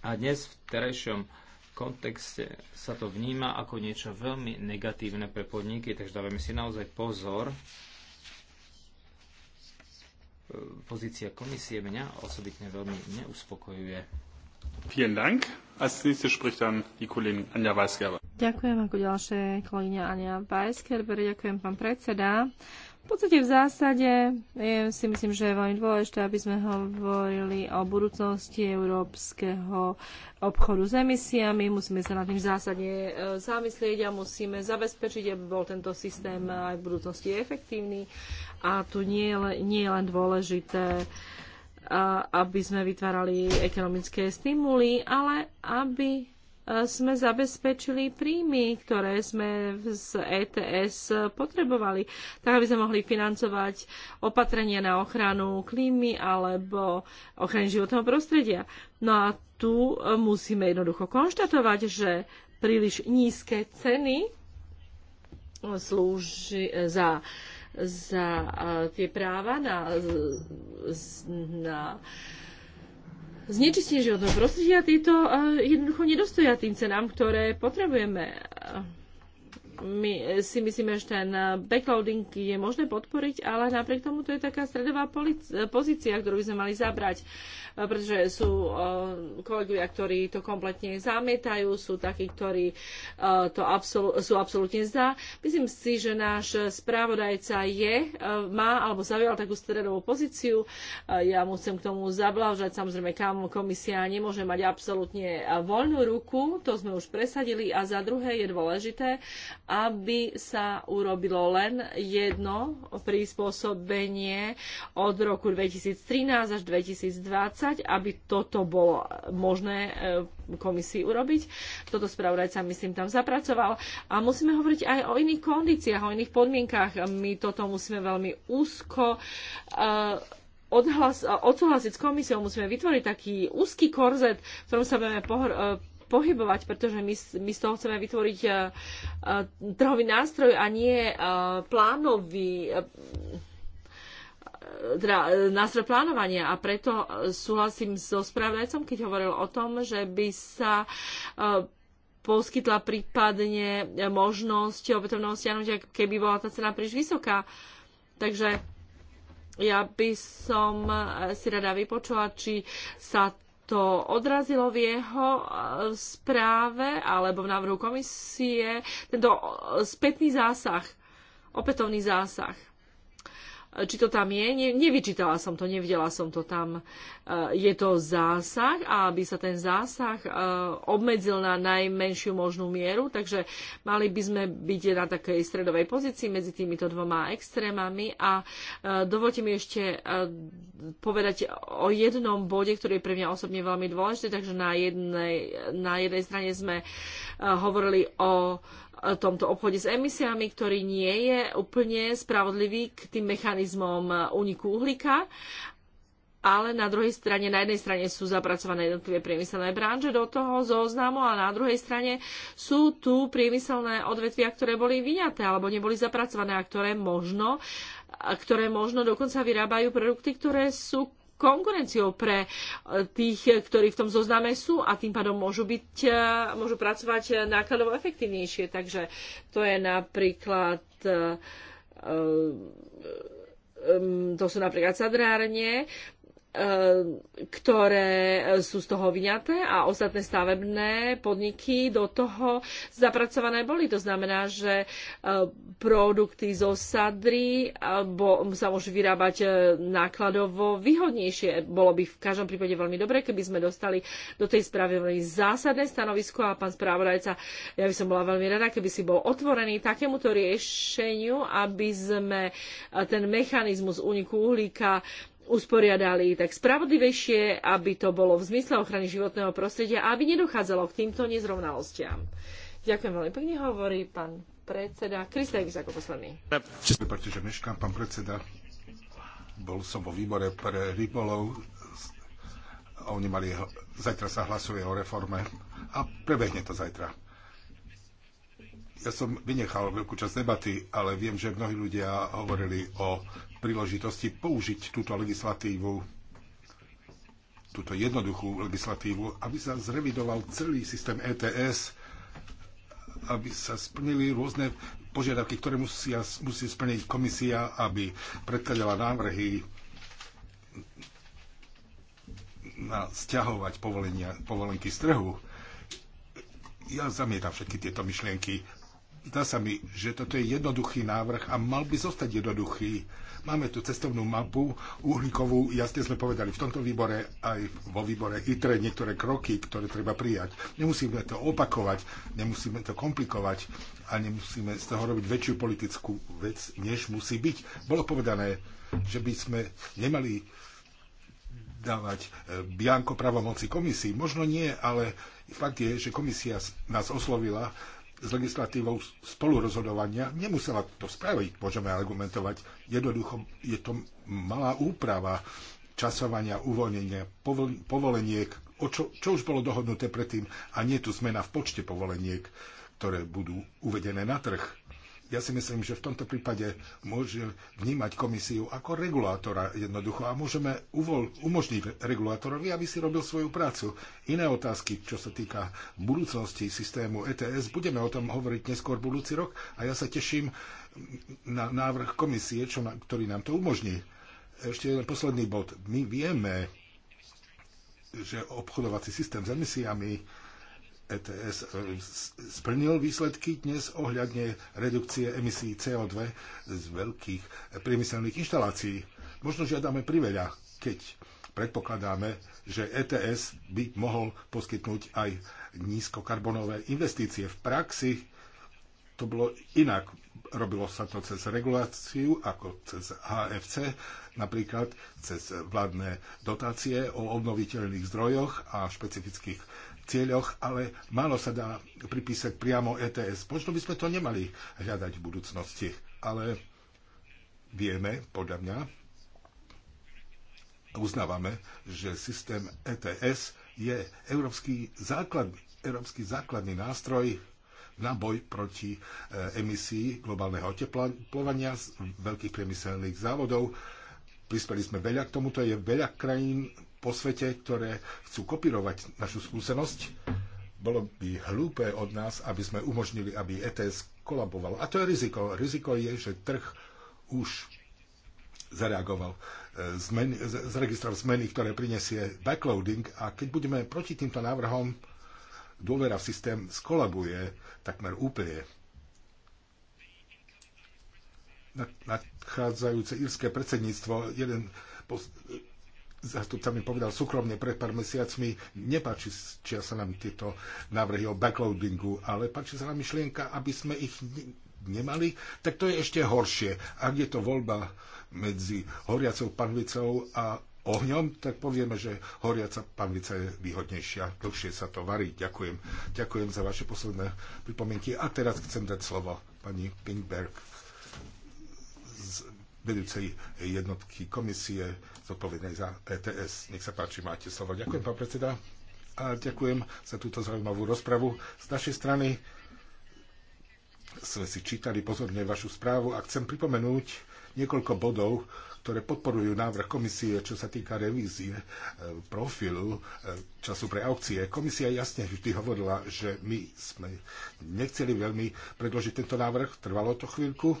a dnes v terajšom kontexte sa to vníma ako niečo veľmi negatívne pre podniky, takže dávame si naozaj pozor. Pozícia komisie mňa osobitne veľmi neuspokojuje. Vielen Dank. Als nächstes spricht dann die Kollegin Anja Weisgerber.
Ďakujem ako ďalšie kolegyňa Anja Weisgerber. Ďakujem pán predseda. V podstate v zásade ja si myslím, že je veľmi dôležité, aby sme hovorili o budúcnosti európskeho obchodu s emisiami. Musíme sa nad tým zásadne e, zamyslieť a musíme zabezpečiť, aby bol tento systém aj v budúcnosti efektívny. A tu nie je, nie je len dôležité e, aby sme vytvárali ekonomické stimuly, ale aby sme zabezpečili príjmy, ktoré sme z ETS potrebovali, tak aby sme mohli financovať opatrenia na ochranu klímy alebo ochranu životného prostredia. No a tu e, musíme jednoducho konštatovať, že príliš nízke ceny slúži e, za za e, tie práva na, na znečistení životného prostredia, títo jednoducho nedostoja tým cenám, ktoré potrebujeme my si myslíme, že ten backloading je možné podporiť, ale napriek tomu to je taká stredová pozícia, ktorú by sme mali zabrať, pretože sú eh, kolegovia, ktorí to kompletne zamietajú, sú takí, ktorí eh, to absol- sú absolútne za. Myslím si, že náš správodajca je, eh, má alebo zaujal takú stredovú pozíciu. Ja mu chcem k tomu zablahožať, samozrejme, kam komisia nemôže mať absolútne voľnú ruku, to sme už presadili a za druhé je dôležité, aby sa urobilo len jedno prispôsobenie od roku 2013 až 2020, aby toto bolo možné e, komisii urobiť. Toto spravodajca, myslím, tam zapracoval. A musíme hovoriť aj o iných kondíciách, o iných podmienkách. My toto musíme veľmi úzko e, odhlas, odsúhlasiť s komisiou, musíme vytvoriť taký úzky korzet, v ktorom sa budeme e, pohybovať, pretože my, my z toho chceme vytvoriť e, e, trhový nástroj a nie e, plánový teda nástroj plánovania a preto súhlasím so spravodajcom, keď hovoril o tom, že by sa poskytla prípadne možnosť opätovného stiahnutia, keby bola tá cena príliš vysoká. Takže ja by som si rada vypočula, či sa to odrazilo v jeho e, správe alebo v návrhu komisie tento e, spätný zásah, opätovný zásah či to tam je. Ne, nevyčítala som to, nevidela som to tam. E, je to zásah a aby sa ten zásah e, obmedzil na najmenšiu možnú mieru, takže mali by sme byť na takej stredovej pozícii medzi týmito dvoma extrémami a e, dovolte mi ešte povedať o jednom bode, ktorý je pre mňa osobne veľmi dôležitý, takže na jednej, na jednej strane sme hovorili o tomto obchode s emisiami, ktorý nie je úplne spravodlivý k tým mechanizmom úniku uhlíka. Ale na druhej strane, na jednej strane sú zapracované jednotlivé priemyselné branže do toho zoznamu a na druhej strane sú tu priemyselné odvetvia, ktoré boli vyňaté alebo neboli zapracované a ktoré možno, ktoré možno dokonca vyrábajú produkty, ktoré sú konkurenciou pre e, tých, ktorí v tom zozname sú a tým pádom môžu, byť, e, môžu pracovať e, nákladovo efektívnejšie. Takže to je napríklad to sú napríklad sadrárne, Eh, ktoré sú z toho vyňaté a ostatné stavebné podniky do toho zapracované boli. To znamená, že eh, produkty zo sadry sa môžu vyrábať eh, nákladovo výhodnejšie. Bolo by v každom prípade veľmi dobre, keby sme dostali do tej správy veľmi zásadné stanovisko a pán správodajca, ja by som bola veľmi rada, keby si bol otvorený takémuto riešeniu, aby sme ten mechanizmus úniku uhlíka usporiadali tak spravodlivejšie, aby to bolo v zmysle ochrany životného prostredia a aby nedochádzalo k týmto nezrovnalostiam. Ďakujem veľmi pekne, hovorí pán predseda. Chris ako posledný.
Prepáčte, že meškám, pán predseda. Bol som vo výbore pre rybolov a oni mali, zajtra sa hlasuje o reforme a prebehne to zajtra. Ja som vynechal veľkú časť debaty, ale viem, že mnohí ľudia hovorili o príležitosti použiť túto legislatívu, túto jednoduchú legislatívu, aby sa zrevidoval celý systém ETS, aby sa splnili rôzne požiadavky, ktoré musia, musí splniť komisia, aby predkladala návrhy na stiahovať povolenia, povolenky z trhu. Ja zamietam všetky tieto myšlienky. Zdá sa mi, že toto je jednoduchý návrh a mal by zostať jednoduchý Máme tu cestovnú mapu uhlíkovú, jasne sme povedali v tomto výbore aj vo výbore ITRE niektoré kroky, ktoré treba prijať. Nemusíme to opakovať, nemusíme to komplikovať a nemusíme z toho robiť väčšiu politickú vec, než musí byť. Bolo povedané, že by sme nemali dávať e, bianko pravomoci komisii. Možno nie, ale fakt je, že komisia nás oslovila s legislatívou spolurozhodovania. Nemusela to spraviť, môžeme argumentovať. Jednoducho je to malá úprava časovania, uvoľnenia, povoleniek, o čo, čo už bolo dohodnuté predtým a nie tu zmena v počte povoleniek, ktoré budú uvedené na trh. Ja si myslím, že v tomto prípade môže vnímať komisiu ako regulátora jednoducho a môžeme uvol, umožniť regulátorovi, aby si robil svoju prácu. Iné otázky, čo sa týka budúcnosti systému ETS, budeme o tom hovoriť neskôr budúci rok a ja sa teším na návrh komisie, čo na, ktorý nám to umožní. Ešte jeden posledný bod. My vieme, že obchodovací systém s emisiami ETS e, splnil výsledky dnes ohľadne redukcie emisí CO2 z veľkých e, priemyselných inštalácií. Možno žiadame priveľa, keď predpokladáme, že ETS by mohol poskytnúť aj nízkokarbonové investície. V praxi to bolo inak. Robilo sa to cez reguláciu, ako cez HFC, napríklad cez vládne dotácie o obnoviteľných zdrojoch a špecifických cieľoch, ale málo sa dá pripísať priamo ETS. Možno by sme to nemali hľadať v budúcnosti, ale vieme, podľa mňa, uznávame, že systém ETS je európsky, základ, európsky základný nástroj na boj proti e, emisii globálneho oteplovania z veľkých priemyselných závodov. Prispeli sme veľa k tomuto, je veľa krajín po svete, ktoré chcú kopírovať našu skúsenosť. Bolo by hlúpe od nás, aby sme umožnili, aby ETS kolaboval. A to je riziko. Riziko je, že trh už zareagoval. E, Zmen, zregistroval zmeny, ktoré prinesie backloading a keď budeme proti týmto návrhom, dôvera v systém skolabuje takmer úplne. Nadchádzajúce írske predsedníctvo jeden zastupca mi povedal súkromne pred pár mesiacmi, nepáči čia sa nám tieto návrhy o backloadingu, ale páči sa nám myšlienka, aby sme ich nemali, tak to je ešte horšie. Ak je to voľba medzi horiacou panvicou a ohňom, tak povieme, že horiaca panvica je výhodnejšia, dlhšie sa to varí. Ďakujem. Ďakujem za vaše posledné pripomienky. A teraz chcem dať slovo pani Pinkberg vedúcej jednotky komisie zodpovednej za ETS. Nech sa páči, máte slovo. Ďakujem, pán predseda. A ďakujem za túto zaujímavú rozpravu. Z našej strany sme si čítali pozorne vašu správu a chcem pripomenúť niekoľko bodov, ktoré podporujú návrh komisie, čo sa týka revízie e, profilu e, času pre aukcie. Komisia jasne vždy hovorila, že my sme nechceli veľmi predložiť tento návrh, trvalo to chvíľku,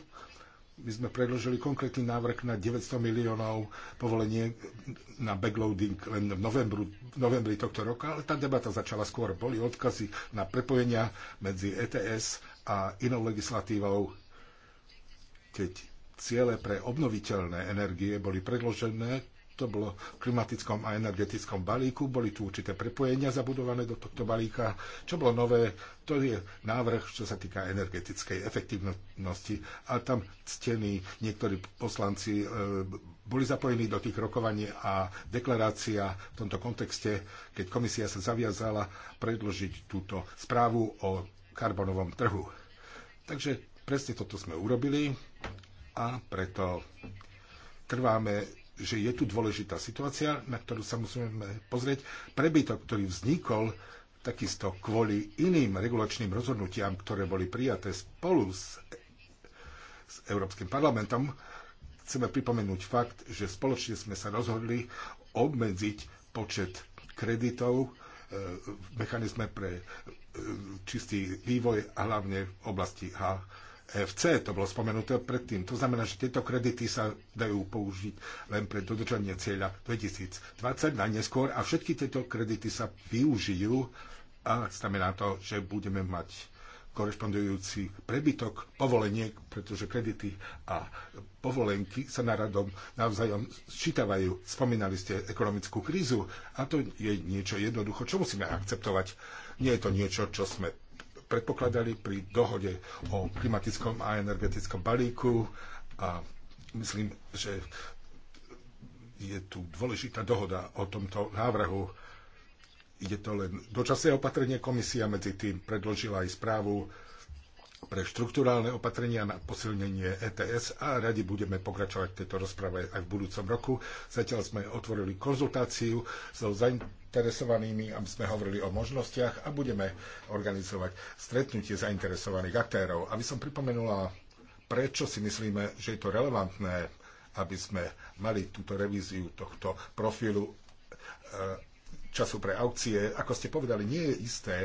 my sme predložili konkrétny návrh na 900 miliónov povolenie na backloading len v novembru, v novembri tohto roka, ale tá debata začala skôr. Boli odkazy na prepojenia medzi ETS a inou legislatívou, keď ciele pre obnoviteľné energie boli predložené to bolo v klimatickom a energetickom balíku. Boli tu určité prepojenia zabudované do tohto balíka. Čo bolo nové, to je návrh, čo sa týka energetickej efektívnosti. A tam ctení niektorí poslanci e, boli zapojení do tých rokovaní a deklarácia v tomto kontexte, keď komisia sa zaviazala predložiť túto správu o karbonovom trhu. Takže presne toto sme urobili a preto trváme že je tu dôležitá situácia, na ktorú sa musíme pozrieť. Prebytok, ktorý vznikol takisto kvôli iným regulačným rozhodnutiam, ktoré boli prijaté spolu s, s Európskym parlamentom, chceme pripomenúť fakt, že spoločne sme sa rozhodli obmedziť počet kreditov e, v mechanizme pre e, čistý vývoj a hlavne v oblasti H FC, to bolo spomenuté predtým. To znamená, že tieto kredity sa dajú použiť len pre dodržanie cieľa 2020 na neskôr a všetky tieto kredity sa využijú a znamená to, že budeme mať korešpondujúci prebytok povolenie, pretože kredity a povolenky sa naradom navzájom sčítavajú. Spomínali ste ekonomickú krízu a to je niečo jednoducho, čo musíme akceptovať. Nie je to niečo, čo sme predpokladali pri dohode o klimatickom a energetickom balíku a myslím, že je tu dôležitá dohoda o tomto návrhu. Je to len dočasné opatrenie. Komisia medzi tým predložila aj správu pre štruktúrálne opatrenia na posilnenie ETS a radi budeme pokračovať v tejto rozprave aj v budúcom roku. Zatiaľ sme otvorili konzultáciu so zainteresovanými, aby sme hovorili o možnostiach a budeme organizovať stretnutie zainteresovaných aktérov. Aby som pripomenula, prečo si myslíme, že je to relevantné, aby sme mali túto revíziu tohto profilu e, času pre aukcie. Ako ste povedali, nie je isté,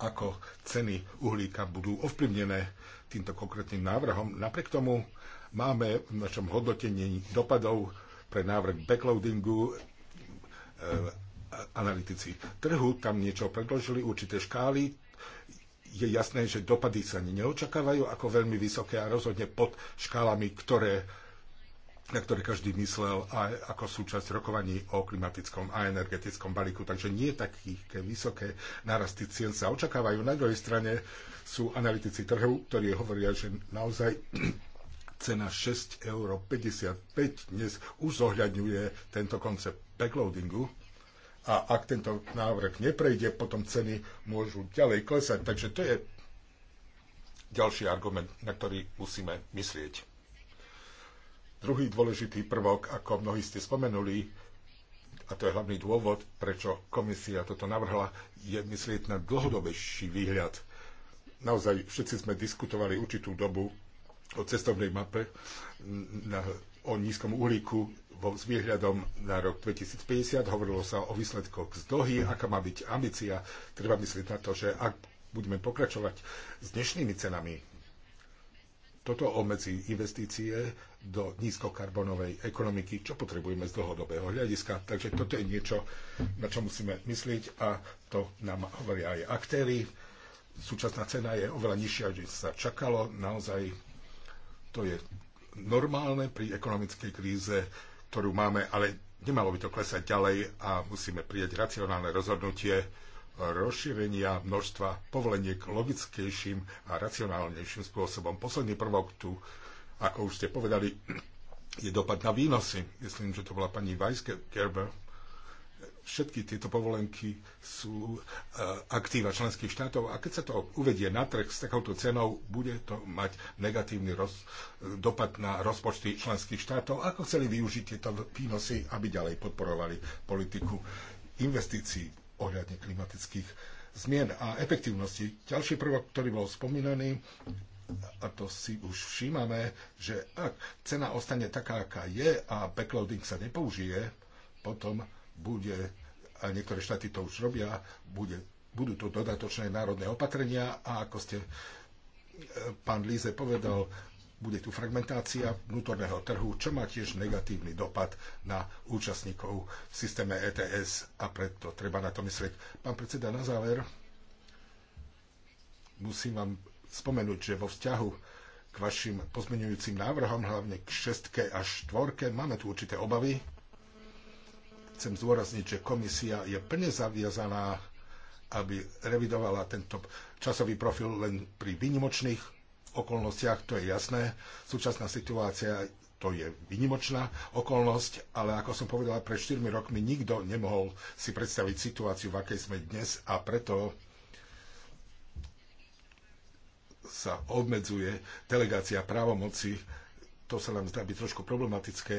ako ceny uhlíka budú ovplyvnené týmto konkrétnym návrhom. Napriek tomu máme v našom hodnotení dopadov pre návrh backloadingu e, analytici trhu, tam niečo predložili, určité škály. Je jasné, že dopady sa neočakávajú ako veľmi vysoké a rozhodne pod škálami, ktoré na ktoré každý myslel aj ako súčasť rokovaní o klimatickom a energetickom balíku. Takže nie takých vysoké narasty cien sa očakávajú. Na druhej strane sú analytici trhu, ktorí hovoria, že naozaj cena 6,55 eur dnes už zohľadňuje tento koncept backloadingu. A ak tento návrh neprejde, potom ceny môžu ďalej klesať. Takže to je ďalší argument, na ktorý musíme myslieť. Druhý dôležitý prvok, ako mnohí ste spomenuli, a to je hlavný dôvod, prečo komisia toto navrhla, je myslieť na dlhodobejší výhľad. Naozaj všetci sme diskutovali určitú dobu o cestovnej mape na, o nízkom uhlíku vo, s výhľadom na rok 2050. Hovorilo sa o výsledkoch z dohy, aká má byť ambícia. Treba myslieť na to, že ak budeme pokračovať s dnešnými cenami, toto obmedzí investície do nízkokarbonovej ekonomiky, čo potrebujeme z dlhodobého hľadiska. Takže toto je niečo, na čo musíme myslieť a to nám hovoria aj aktéry. Súčasná cena je oveľa nižšia, než sa čakalo. Naozaj to je normálne pri ekonomickej kríze, ktorú máme, ale nemalo by to klesať ďalej a musíme prijať racionálne rozhodnutie rozšírenia množstva povoleniek logickejším a racionálnejším spôsobom. Posledný prvok tu ako už ste povedali, je dopad na výnosy. Myslím, že to bola pani Weisgerber. Všetky tieto povolenky sú e, aktíva členských štátov a keď sa to uvedie na trh s takouto cenou, bude to mať negatívny roz, dopad na rozpočty členských štátov. Ako chceli využiť tieto výnosy, aby ďalej podporovali politiku investícií ohľadne klimatických zmien a efektívnosti. Ďalší prvok, ktorý bol spomínaný, a to si už všímame, že ak cena ostane taká, aká je a backloading sa nepoužije, potom bude, a niektoré štáty to už robia, bude, budú to dodatočné národné opatrenia a ako ste e, pán Líze povedal, bude tu fragmentácia vnútorného trhu, čo má tiež negatívny dopad na účastníkov v systéme ETS a preto treba na to myslieť. Pán predseda, na záver musím vám spomenúť, že vo vzťahu k vašim pozmenujúcim návrhom, hlavne k šestke a štvorke, máme tu určité obavy. Chcem zdôrazniť, že komisia je plne zaviazaná, aby revidovala tento časový profil len pri výnimočných okolnostiach, to je jasné. Súčasná situácia to je výnimočná okolnosť, ale ako som povedala, pred 4 rokmi nikto nemohol si predstaviť situáciu, v akej sme dnes a preto sa obmedzuje delegácia právomoci. To sa nám zdá byť trošku problematické,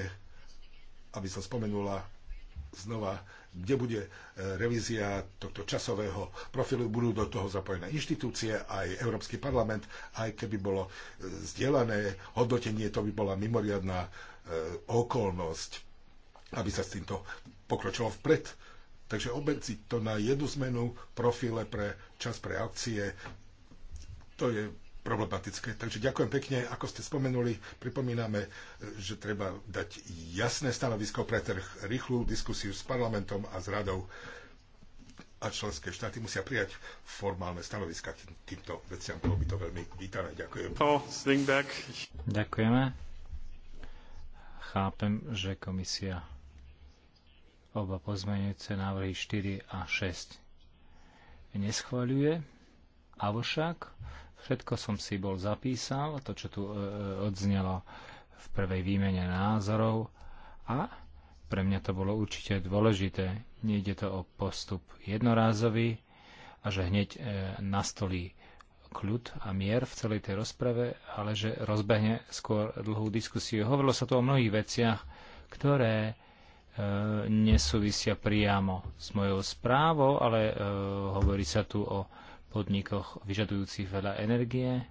aby som spomenula znova, kde bude e, revízia tohto časového profilu, budú do toho zapojené inštitúcie, aj Európsky parlament, aj keby bolo e, zdieľané hodnotenie, to by bola mimoriadná e, okolnosť, aby sa s týmto pokročilo vpred. Takže obmedziť to na jednu zmenu profile pre čas pre akcie to je problematické. Takže ďakujem pekne. Ako ste spomenuli, pripomíname, e, že treba dať jasné stanovisko pre trh, rýchlu diskusiu s parlamentom a s radou a členské štáty musia prijať formálne stanoviska tým, týmto veciam. Bolo by to veľmi vítané. Ďakujem.
Ďakujeme. Chápem, že komisia oba pozmeňujúce návrhy 4 a 6 neschváľuje. Avšak Všetko som si bol zapísal, to, čo tu e, e, odznelo v prvej výmene názorov a pre mňa to bolo určite dôležité. Nejde to o postup jednorázový a že hneď e, nastolí kľud a mier v celej tej rozprave, ale že rozbehne skôr dlhú diskusiu. Hovorilo sa tu o mnohých veciach, ktoré e, nesúvisia priamo s mojou správou, ale e, hovorí sa tu o podnikoch vyžadujúcich veľa energie. E,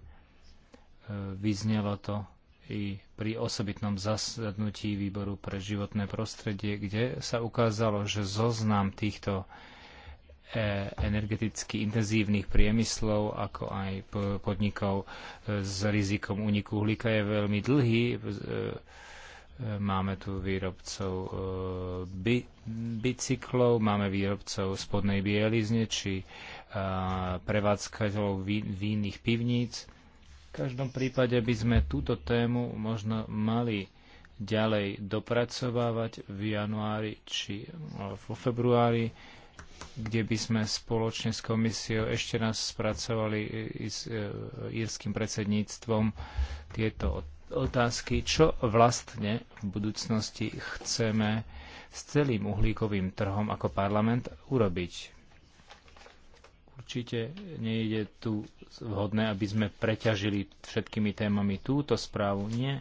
vyznelo to i pri osobitnom zasadnutí výboru pre životné prostredie, kde sa ukázalo, že zoznam týchto e, energeticky intenzívnych priemyslov, ako aj podnikov e, s rizikom uniku uhlíka je veľmi dlhý máme tu výrobcov e, by, bicyklov, máme výrobcov spodnej bielizne či e, prevádzkateľov vínnych pivníc. V každom prípade by sme túto tému možno mali ďalej dopracovávať v januári či no, v februári, kde by sme spoločne s komisiou ešte raz spracovali s e, írským predsedníctvom tieto otázky, čo vlastne v budúcnosti chceme s celým uhlíkovým trhom ako parlament urobiť. Určite nejde tu vhodné, aby sme preťažili všetkými témami túto správu. Nie.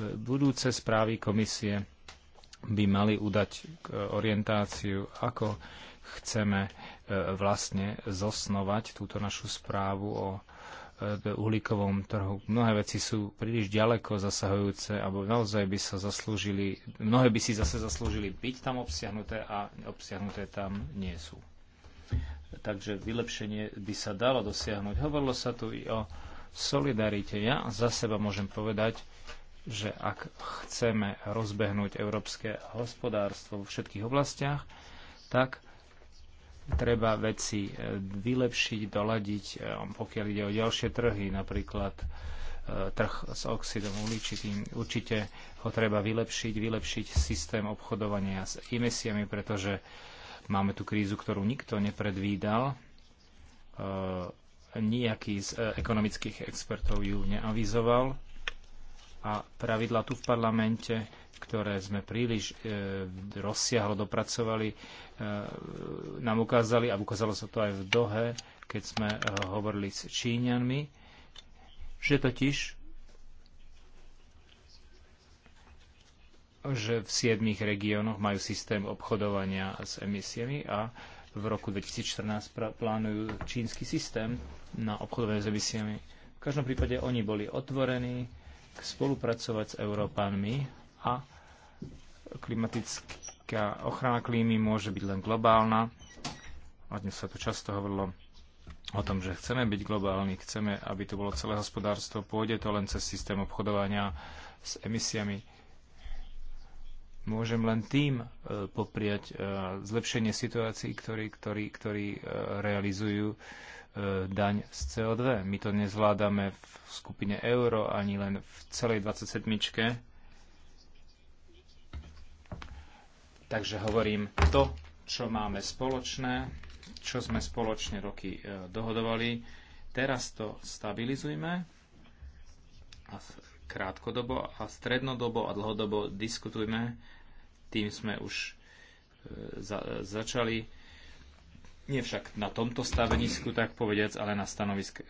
Budúce správy komisie by mali udať orientáciu, ako chceme e, vlastne zosnovať túto našu správu o v uhlíkovom trhu. Mnohé veci sú príliš ďaleko zasahujúce, alebo naozaj by sa zaslúžili, mnohé by si zase zaslúžili byť tam obsiahnuté a obsiahnuté tam nie sú. Takže vylepšenie by sa dalo dosiahnuť. Hovorilo sa tu i o solidarite. Ja za seba môžem povedať, že ak chceme rozbehnúť európske hospodárstvo vo všetkých oblastiach, tak treba veci e, vylepšiť, doladiť, e, pokiaľ ide o ďalšie trhy, napríklad e, trh s oxidom uličitým, Určite ho treba vylepšiť, vylepšiť systém obchodovania s emisiami, pretože máme tu krízu, ktorú nikto nepredvídal. Nijaký z ekonomických expertov ju neavizoval a pravidla tu v parlamente, ktoré sme príliš e, rozsiahlo dopracovali, e, nám ukázali, a ukázalo sa to aj v Dohe, keď sme e, hovorili s Číňanmi, že totiž že v siedmých regiónoch majú systém obchodovania s emisiami a v roku 2014 plánujú čínsky systém na obchodovanie s emisiami. V každom prípade oni boli otvorení, spolupracovať s Európanmi a klimatická ochrana klímy môže byť len globálna. A dnes sa tu často hovorilo o tom, že chceme byť globálni, chceme, aby to bolo celé hospodárstvo, pôjde to len cez systém obchodovania s emisiami. Môžem len tým e, popriať e, zlepšenie situácií, ktorí e, realizujú E, daň z CO2. My to nezvládame v skupine euro ani len v celej 27. -čke. Takže hovorím to, čo máme spoločné, čo sme spoločne roky e, dohodovali. Teraz to stabilizujme a krátkodobo a strednodobo a dlhodobo diskutujme. Tým sme už e, za, začali nie však na tomto stavenisku, tak povediac, ale na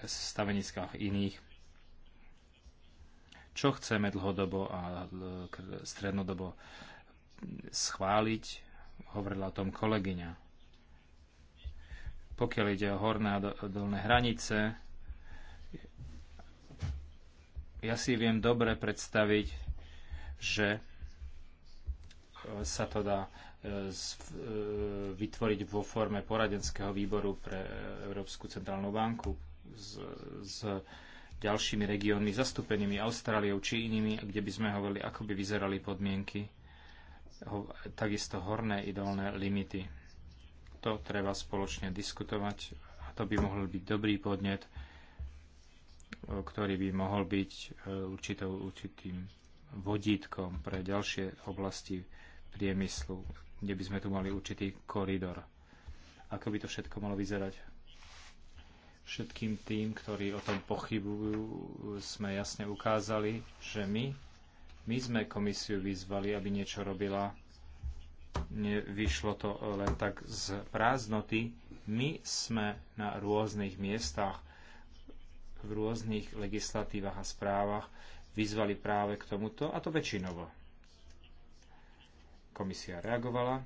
staveniskách iných. Čo chceme dlhodobo a e, strednodobo schváliť, hovorila o tom kolegyňa. Pokiaľ ide o horné a dolné hranice, ja si viem dobre predstaviť, že e, sa to dá E, vytvoriť vo forme poradenského výboru pre Európsku centrálnu banku s, s ďalšími regiónmi zastúpenými Austráliou či inými, kde by sme hovorili, ako by vyzerali podmienky, takisto horné i dolné limity. To treba spoločne diskutovať a to by mohol byť dobrý podnet, e, ktorý by mohol byť e, určitou, určitým vodítkom pre ďalšie oblasti priemyslu, kde by sme tu mali určitý koridor. Ako by to všetko malo vyzerať? Všetkým tým, ktorí o tom pochybujú, sme jasne ukázali, že my, my sme komisiu vyzvali, aby niečo robila. Nevyšlo to len tak z prázdnoty. My sme na rôznych miestach, v rôznych legislatívach a správach vyzvali práve k tomuto, a to väčšinovo Komisia reagovala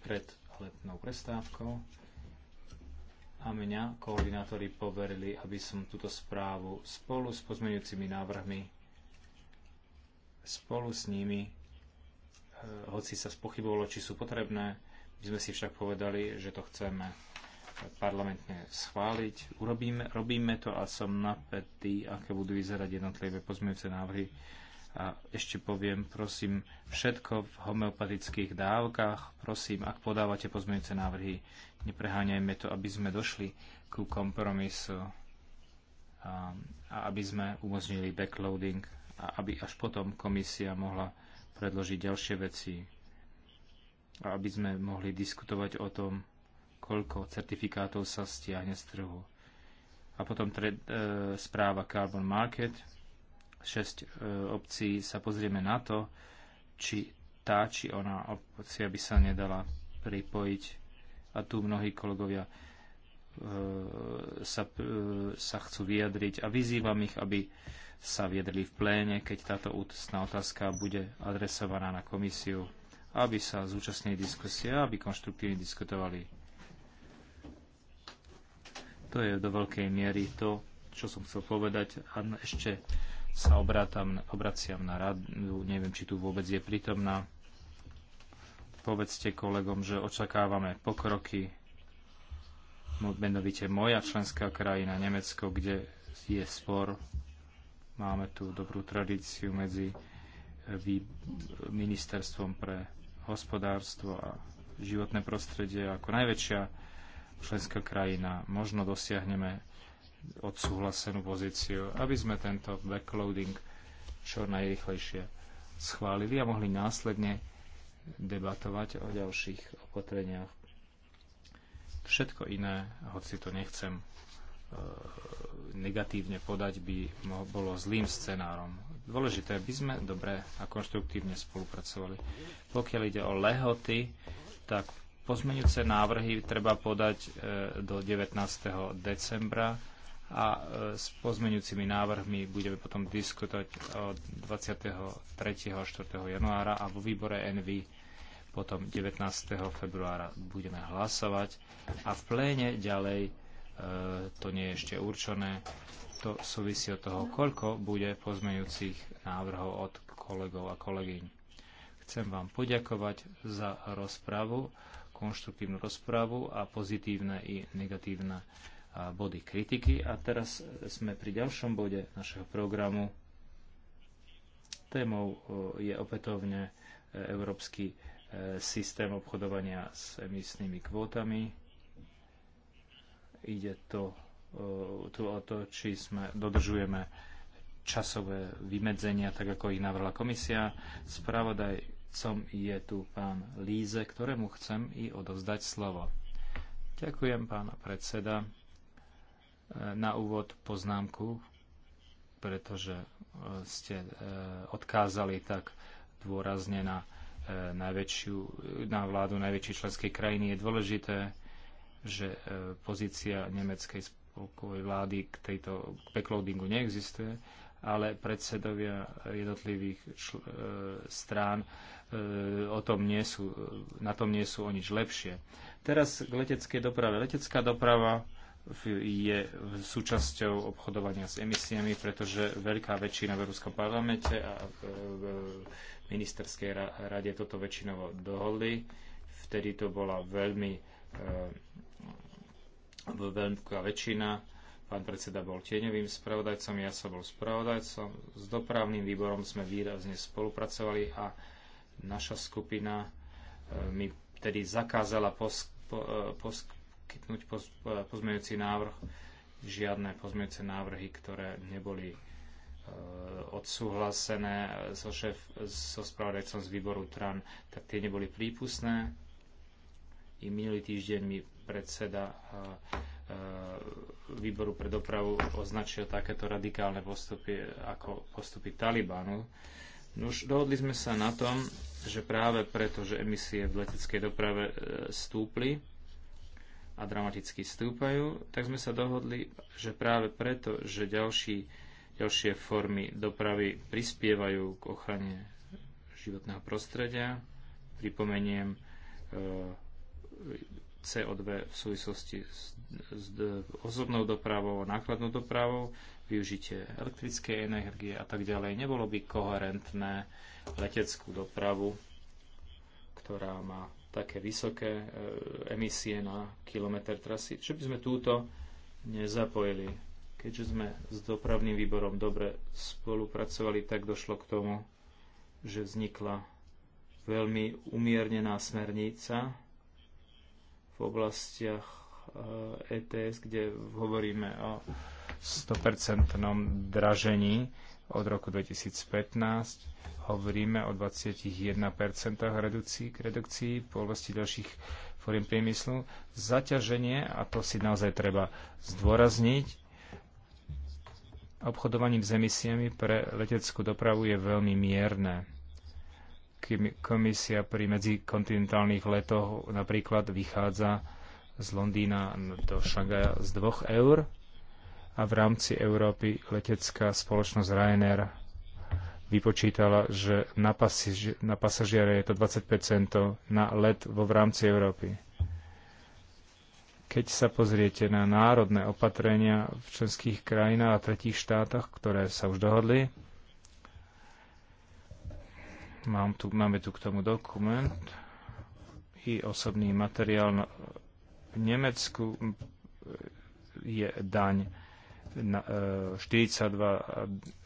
pred letnou prestávkou a mňa koordinátori poverili, aby som túto správu spolu s pozmeňujúcimi návrhmi, spolu s nimi, e, hoci sa spochybovalo, či sú potrebné, my sme si však povedali, že to chceme parlamentne schváliť. Urobíme, robíme to a som napätý, aké budú vyzerať jednotlivé pozmeňujúce návrhy a ešte poviem, prosím, všetko v homeopatických dávkach. Prosím, ak podávate pozmeňujúce návrhy, nepreháňajme to, aby sme došli ku kompromisu a, um, a aby sme umožnili backloading a aby až potom komisia mohla predložiť ďalšie veci a aby sme mohli diskutovať o tom, koľko certifikátov sa stiahne z trhu. A potom tre, e, správa Carbon Market – 6 e, obcí sa pozrieme na to, či tá či ona obcia by sa nedala pripojiť. A tu mnohí kolegovia e, sa, e, sa chcú vyjadriť a vyzývam ich, aby sa vyjadrili v pléne, keď táto ústná otázka bude adresovaná na komisiu, aby sa zúčastnili diskusie, aby konštruktívne diskutovali. To je do veľkej miery to, čo som chcel povedať. A ešte sa obrátam, obraciam na radu, neviem, či tu vôbec je prítomná. Povedzte kolegom, že očakávame pokroky, menovite moja členská krajina, Nemecko, kde je spor. Máme tu dobrú tradíciu medzi eh, ministerstvom pre hospodárstvo a životné prostredie ako najväčšia členská krajina. Možno dosiahneme odsúhlasenú pozíciu, aby sme tento backloading čo najrychlejšie schválili a mohli následne debatovať o ďalších opatreniach. Všetko iné, hoci to nechcem eh, negatívne podať, by bolo zlým scenárom. Dôležité, aby sme dobre a konštruktívne spolupracovali. Pokiaľ ide o lehoty, tak pozmeňujúce návrhy treba podať eh, do 19. decembra a e, s pozmeňujúcimi návrhmi budeme potom diskutovať od 23. a 4. januára a vo výbore NV potom 19. februára budeme hlasovať a v pléne ďalej e, to nie je ešte určené. To súvisí od toho, koľko bude pozmeňujúcich návrhov od kolegov a kolegyň. Chcem vám poďakovať za rozpravu, konštruktívnu rozpravu a pozitívne i negatívne body kritiky a teraz sme pri ďalšom bode našeho programu. Témou e, je opätovne e, Európsky e, systém obchodovania s emisnými kvótami. Ide to, tu o to, či sme, dodržujeme časové vymedzenia, tak ako ich navrhla komisia. Spravodajcom je tu pán Líze, ktorému chcem i odovzdať slovo. Ďakujem, pán predseda na úvod poznámku, pretože e, ste e, odkázali tak dôrazne na, e, najväčšiu, na vládu najväčšej členskej krajiny. Je dôležité, že pozícia nemeckej spolkovej vlády k tejto backloadingu neexistuje, ale predsedovia jednotlivých čl- strán o tom nie sú, na tom nie sú o nič lepšie. Teraz k leteckej doprave. Letecká doprava je súčasťou obchodovania s emisiami, pretože veľká väčšina v Európskom parlamente a v ministerskej rade toto väčšinovo dohodli. Vtedy to bola veľmi eh, veľká väčšina. Pán predseda bol tieňovým spravodajcom, ja som bol spravodajcom. S dopravným výborom sme výrazne spolupracovali a naša skupina eh, mi tedy zakázala posk, po, eh, posk, poskytnúť poz, e, pozmeňujúci návrh, žiadne pozmeňujúce návrhy, ktoré neboli e, odsúhlasené so, šéf, so spravodajcom z výboru TRAN, tak tie neboli prípustné. I minulý týždeň mi predseda e, výboru pre dopravu označil takéto radikálne postupy ako postupy Talibanu. No už dohodli sme sa na tom, že práve preto, že emisie v leteckej doprave stúpli, a dramaticky stúpajú, tak sme sa dohodli, že práve preto, že ďalší, ďalšie formy dopravy prispievajú k ochrane životného prostredia, pripomeniem e, CO2 v súvislosti s, s osobnou dopravou, nákladnou dopravou, využitie elektrickej energie a tak ďalej. Nebolo by koherentné leteckú dopravu, ktorá má také vysoké e, emisie na kilometr trasy. Čo by sme túto nezapojili? Keďže sme s dopravným výborom dobre spolupracovali, tak došlo k tomu, že vznikla veľmi umiernená smernica v oblastiach ETS, e kde hovoríme o 100% dražení od roku 2015 hovoríme o 21% redukcii redukcii v oblasti ďalších fóriem priemyslu. Zaťaženie, a to si naozaj treba zdôrazniť, obchodovaním s emisiami pre leteckú dopravu je veľmi mierne. Komisia pri medzikontinentálnych letoch napríklad vychádza z Londýna do Šangaja z 2 eur a v rámci Európy letecká spoločnosť Ryanair vypočítala, že na, pasiž, na pasažiare je to 25 centov na let vo v rámci Európy. Keď sa pozriete na národné opatrenia v členských krajinách a tretích štátoch, ktoré sa už dohodli, mám tu, máme tu k tomu dokument i osobný materiál. No, v Nemecku je daň 42, e,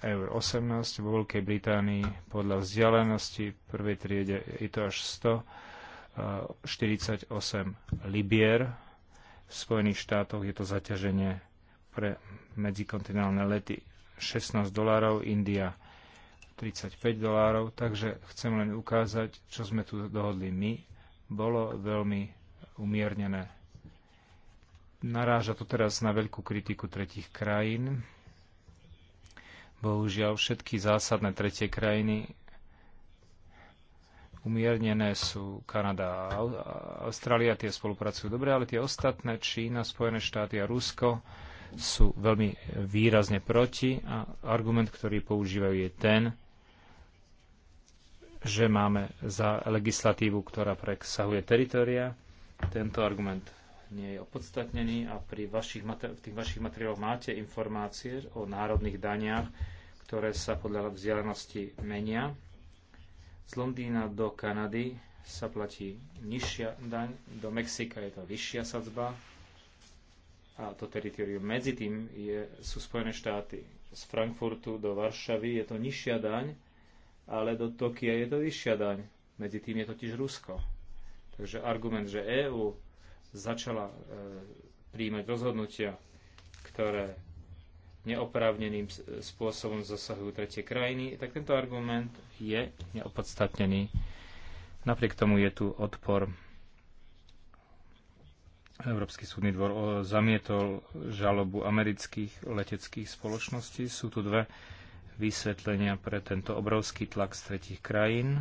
eur vo Veľkej Británii. Podľa vzdialenosti v prvej triede je to až 148 e, libier. V Spojených štátoch je to zaťaženie pre medzikontinentálne lety 16 dolárov, India 35 dolárov, takže chcem len ukázať, čo sme tu dohodli my. Bolo veľmi umiernené Naráža to teraz na veľkú kritiku tretich krajín. Bohužiaľ, všetky zásadné tretie krajiny umiernené sú Kanada a Austrália, tie spolupracujú dobre, ale tie ostatné, Čína, Spojené štáty a Rusko, sú veľmi výrazne proti a argument, ktorý používajú, je ten, že máme za legislatívu, ktorá presahuje teritoria. Tento argument nie je opodstatnený a pri vašich, v tých vašich materiáloch máte informácie o národných daniach, ktoré sa podľa vzdialenosti menia. Z Londýna do Kanady sa platí nižšia daň, do Mexika je to vyššia sadzba a to teritorium medzi tým je, sú Spojené štáty. Z Frankfurtu do Varšavy je to nižšia daň, ale do Tokia je to vyššia daň. Medzi tým je totiž Rusko. Takže argument, že EÚ začala e, príjmať rozhodnutia, ktoré neoprávneným spôsobom zasahujú tretie krajiny, tak tento argument je neopodstatnený. Napriek tomu je tu odpor. Európsky súdny dvor e, zamietol žalobu amerických leteckých spoločností. Sú tu dve vysvetlenia pre tento obrovský tlak z tretich krajín.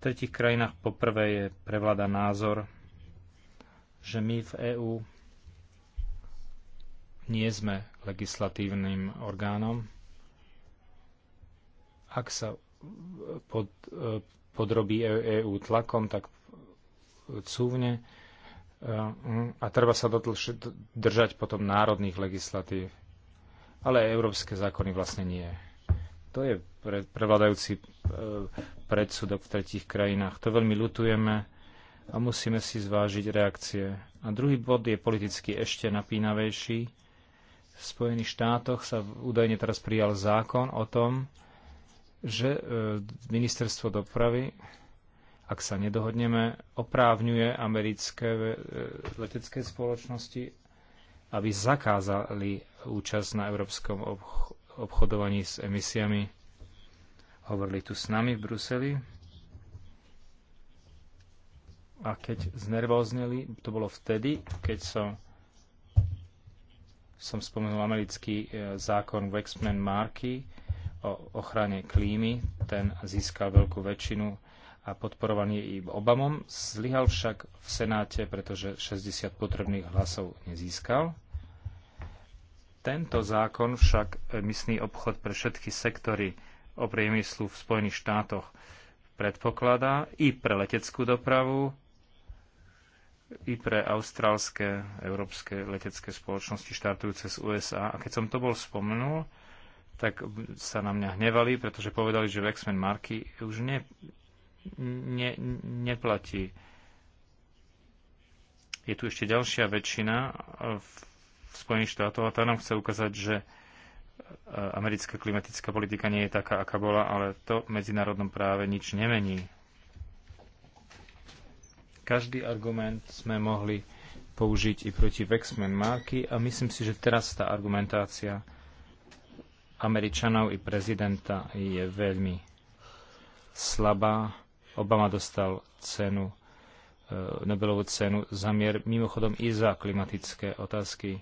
V tretich krajinách poprvé je prevláda názor, že my v EÚ nie sme legislatívnym orgánom. Ak sa pod, podrobí EÚ e tlakom, tak cúvne e, a treba sa dotlž, držať potom národných legislatív. Ale európske zákony vlastne nie. To je pre, prevladajúci e, predsudok v tretích krajinách. To veľmi ľutujeme a musíme si zvážiť reakcie. A druhý bod je politicky ešte napínavejší. V Spojených štátoch sa údajne teraz prijal zákon o tom, že e, ministerstvo dopravy, ak sa nedohodneme, oprávňuje americké e, letecké spoločnosti, aby zakázali účasť na európskom obchodovaní s emisiami. Hovorili tu s nami v Bruseli a keď znervozneli, to bolo vtedy, keď som, som spomenul americký e, zákon Waxman Marky o ochrane klímy. Ten získal veľkú väčšinu a podporovaný je i Obamom. Zlyhal však v Senáte, pretože 60 potrebných hlasov nezískal. Tento zákon však emisný obchod pre všetky sektory o priemyslu v Spojených štátoch predpokladá i pre leteckú dopravu, i pre austrálske, európske letecké spoločnosti štartujúce z USA. A keď som to bol spomenul, tak sa na mňa hnevali, pretože povedali, že Vexman marky už ne, ne, neplatí. Je tu ešte ďalšia väčšina v Spojených štátoch a tá nám chce ukázať, že e, americká klimatická politika nie je taká, aká bola, ale to v medzinárodnom práve nič nemení. Každý argument sme mohli použiť i proti Vexman Marky a myslím si, že teraz tá argumentácia Američanov i prezidenta je veľmi slabá. Obama dostal cenu, e, Nobelovú cenu za mier, mimochodom i za klimatické otázky.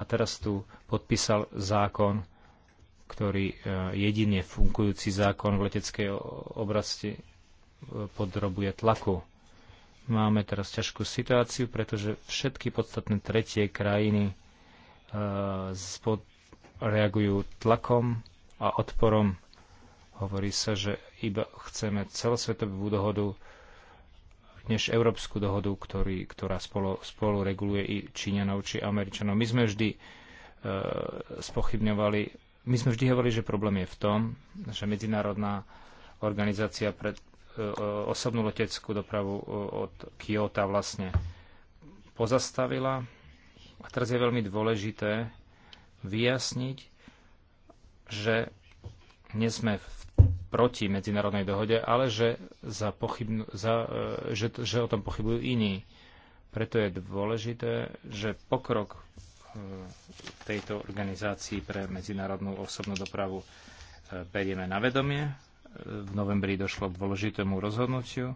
A teraz tu podpísal zákon, ktorý e, jedine funkujúci zákon v leteckej oblasti e, podrobuje tlaku. Máme teraz ťažkú situáciu, pretože všetky podstatné tretie krajiny e, spod, reagujú tlakom a odporom. Hovorí sa, že iba chceme celosvetovú dohodu, než európsku dohodu, ktorý, ktorá spolu, spolu reguluje i Číňanov či Američanov. My sme vždy e, spochybňovali, my sme vždy hovorili, že problém je v tom, že medzinárodná organizácia pre E, e, osobnú leteckú dopravu e, od Kyoto vlastne pozastavila. A teraz je veľmi dôležité vyjasniť, že nie sme proti medzinárodnej dohode, ale že, za pochybn- za, že, že o tom pochybujú iní. Preto je dôležité, že pokrok tejto organizácii pre medzinárodnú osobnú dopravu berieme na vedomie v novembri došlo k dôležitému rozhodnutiu.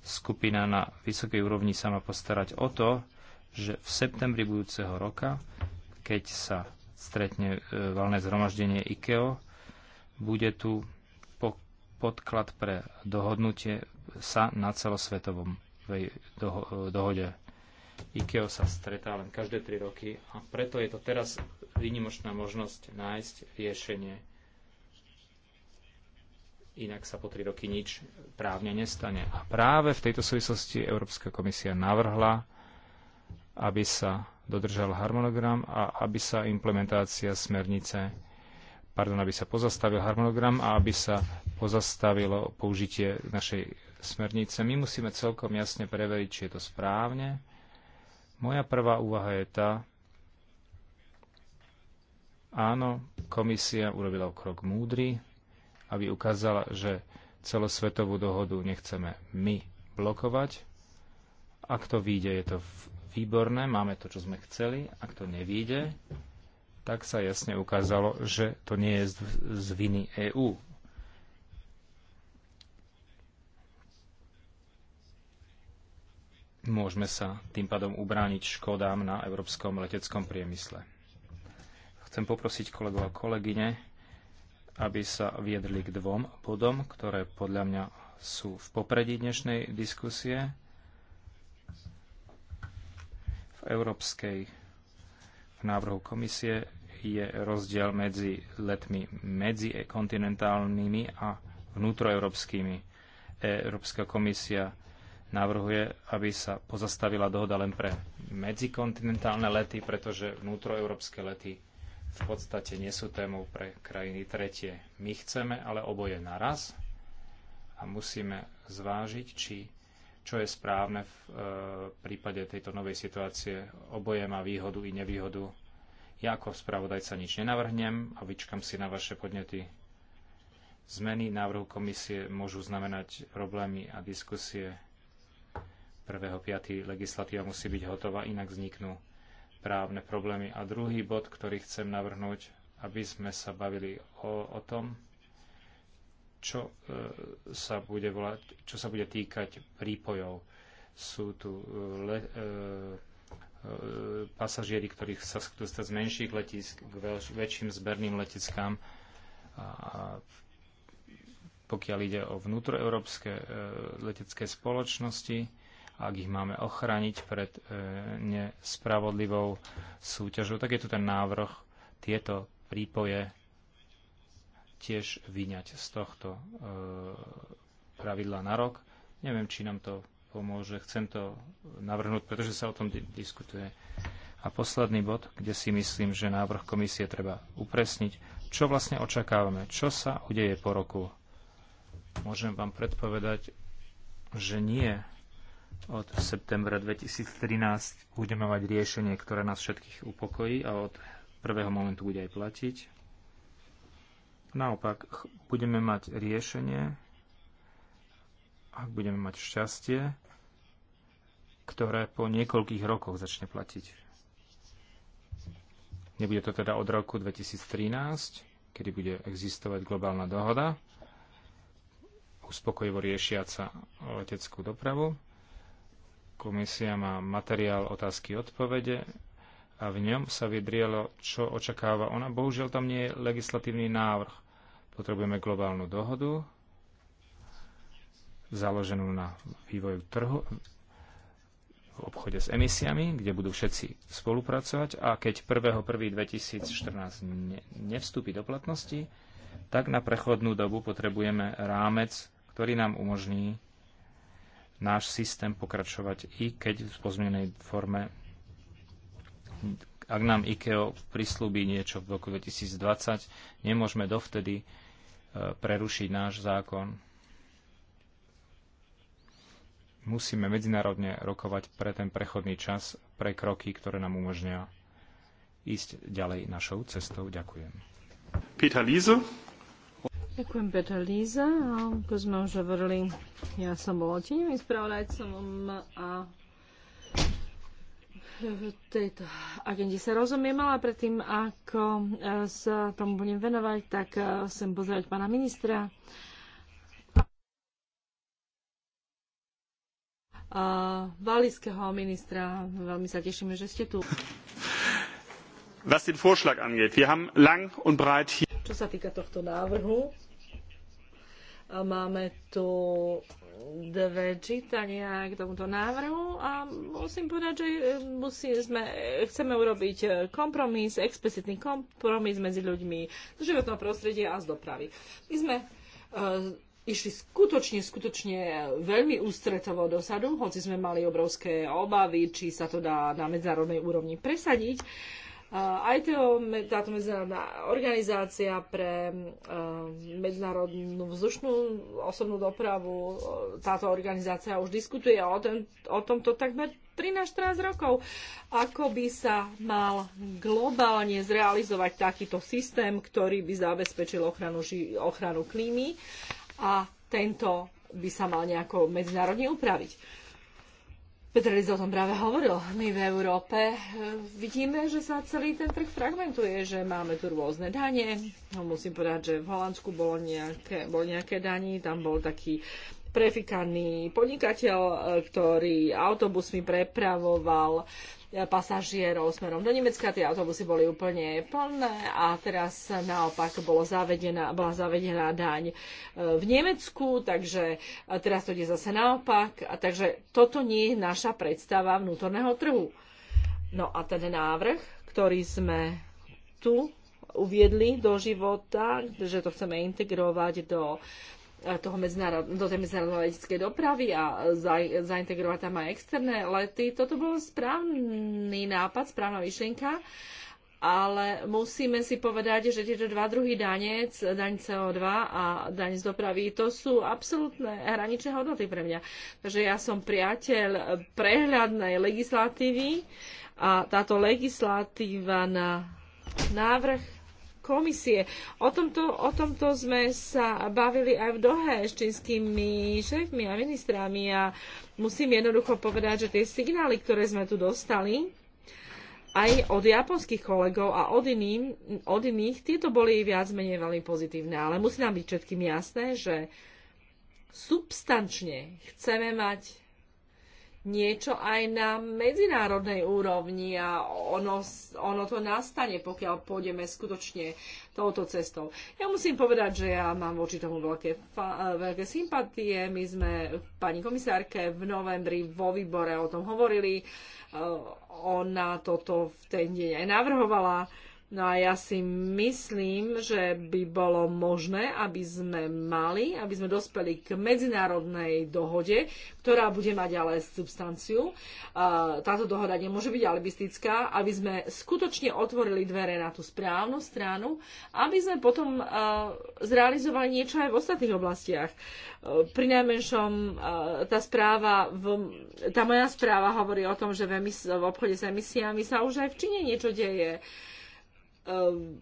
Skupina na vysokej úrovni sa má postarať o to, že v septembri budúceho roka, keď sa stretne e, valné zhromaždenie IKEO, bude tu podklad pre dohodnutie sa na celosvetovom e, dohode. IKEO sa stretá len každé 3 roky a preto je to teraz výnimočná možnosť nájsť riešenie inak sa po tri roky nič právne nestane. A práve v tejto súvislosti Európska komisia navrhla, aby sa dodržal harmonogram a aby sa implementácia smernice pardon, aby sa pozastavil harmonogram a aby sa pozastavilo použitie našej smernice. My musíme celkom jasne preveriť, či je to správne. Moja prvá úvaha je tá, áno, komisia urobila krok múdry, aby ukázala, že celosvetovú dohodu nechceme my blokovať. Ak to vyjde, je to výborné, máme to, čo sme chceli. Ak to nevyjde, tak sa jasne ukázalo, že to nie je z, z viny EÚ. Môžeme sa tým pádom ubrániť škodám na európskom leteckom priemysle. Chcem poprosiť kolegov a kolegyne, aby sa viedli k dvom bodom, ktoré podľa mňa sú v popredí dnešnej diskusie. V európskej v návrhu komisie je rozdiel medzi letmi medzi kontinentálnymi a vnútroeurópskymi. Európska komisia navrhuje, aby sa pozastavila dohoda len pre medzikontinentálne lety, pretože vnútroeurópske lety v podstate nie sú témou pre krajiny tretie. My chceme ale oboje naraz a musíme zvážiť, či, čo je správne v e, prípade tejto novej situácie. Oboje má výhodu i nevýhodu. Ja ako spravodajca nič nenavrhnem a vyčkam si na vaše podnety. Zmeny návrhu komisie môžu znamenať problémy a diskusie. 1.5. legislatíva musí byť hotová, inak vzniknú právne problémy. A druhý bod, ktorý chcem navrhnúť, aby sme sa bavili o, o tom, čo, e, sa bude volať, čo sa bude týkať prípojov. Sú tu e, le, e, e, pasažieri, ktorých sa chcú z menších letisk k veľš, väčším zberným letiskám. A, a pokiaľ ide o vnútroeurópske e, letecké spoločnosti, ak ich máme ochrániť pred e, nespravodlivou súťažou, tak je tu ten návrh tieto prípoje tiež vyňať z tohto e, pravidla na rok. Neviem, či nám to pomôže. Chcem to navrhnúť, pretože sa o tom di- diskutuje. A posledný bod, kde si myslím, že návrh komisie treba upresniť, čo vlastne očakávame, čo sa udeje po roku. Môžem vám predpovedať, že nie od septembra 2013 budeme mať riešenie, ktoré nás všetkých upokojí a od prvého momentu bude aj platiť. Naopak, budeme mať riešenie, ak budeme mať šťastie, ktoré po niekoľkých rokoch začne platiť. Nebude to teda od roku 2013, kedy bude existovať globálna dohoda, uspokojivo riešiaca leteckú dopravu, Komisia má materiál otázky odpovede a v ňom sa vydrielo, čo očakáva ona. Bohužiaľ tam nie je legislatívny návrh. Potrebujeme globálnu dohodu, založenú na vývoju trhu v obchode s emisiami, kde budú všetci spolupracovať a keď 1.1.2014 nevstúpi do platnosti, tak na prechodnú dobu potrebujeme rámec, ktorý nám umožní náš systém pokračovať, i keď v pozmenej forme. Ak nám IKEO prislúbi niečo v roku 2020, nemôžeme dovtedy e, prerušiť náš zákon. Musíme medzinárodne rokovať pre ten prechodný čas, pre kroky, ktoré nám umožnia ísť ďalej našou cestou. Ďakujem. Peter Liese.
Ďakujem, Petra Líza. Ako sme už hovorili, ja som bola tieňovým spravodajcom a v tejto agende sa rozumiem, ale predtým, ako sa tomu budem venovať, tak chcem pozrieť pána ministra. Valíského ministra. Veľmi sa tešíme, že ste tu.
Was den Vorschlag angeht, wir haben lang und breit hier...
Čo sa týka tohto návrhu, Máme tu dve čítania k tomuto návrhu a musím povedať, že e, musí, sme, chceme urobiť e, kompromis, explicitný kompromis medzi ľuďmi z životného prostredia a z dopravy. My sme uh, išli skutočne, skutočne veľmi ústretovo dosadu, hoci sme mali obrovské obavy, či sa to dá na medzárodnej úrovni presadiť. Uh, aj to, táto medzinárodná organizácia pre um, medzinárodnú vzdušnú osobnú dopravu, táto organizácia už diskutuje o, ten, o tomto takmer 13-14 rokov, ako by sa mal globálne zrealizovať takýto systém, ktorý by zabezpečil ochranu, ochranu klímy a tento by sa mal nejako medzinárodne upraviť. Petr Liz o tom práve hovoril. My v Európe e, vidíme, že sa celý ten trh fragmentuje, že máme tu rôzne dane. No, musím povedať, že v Holandsku bolo nejaké, bol nejaké daní, tam bol taký prefikaný podnikateľ, e, ktorý autobusmi prepravoval E, pasažierov smerom do Nemecka. Tie autobusy boli úplne plné a teraz naopak bolo zavedená, bola zavedená daň e, v Nemecku, takže e, teraz to ide zase naopak. A takže toto nie je naša predstava vnútorného trhu. No a ten návrh, ktorý sme tu uviedli do života, že to chceme integrovať do toho do tej medzinárodnej leteckej dopravy a zaintegrovať tam aj externé lety. Toto bol správny nápad, správna myšlienka, ale musíme si povedať, že tieto dva druhy danec, daň CO2 a daň z dopravy, to sú absolútne hraničné hodnoty pre mňa. Takže ja som priateľ prehľadnej legislatívy a táto legislatíva na návrh komisie. O tomto, o tomto sme sa bavili aj v Dohe s čínskymi šéfmi a ministrami a musím jednoducho povedať, že tie signály, ktoré sme tu dostali, aj od japonských kolegov a od, iným, od iných, tieto boli viac menej veľmi pozitívne. Ale musí nám byť všetkým jasné, že substančne chceme mať niečo aj na medzinárodnej úrovni a ono, ono to nastane, pokiaľ pôjdeme skutočne touto cestou. Ja musím povedať, že ja mám voči tomu veľké, veľké sympatie. My sme pani komisárke v novembri vo výbore o tom hovorili. E, ona toto v ten deň aj navrhovala No a ja si myslím, že by bolo možné, aby sme mali, aby sme dospeli k medzinárodnej dohode, ktorá bude mať ale substanciu. Táto dohoda nemôže byť alibistická, aby sme skutočne otvorili dvere na tú správnu stranu, aby sme potom zrealizovali niečo aj v ostatných oblastiach. Pri najmenšom tá správa, tá moja správa hovorí o tom, že v, obchode s emisiami sa už aj v Číne niečo deje. Ehm,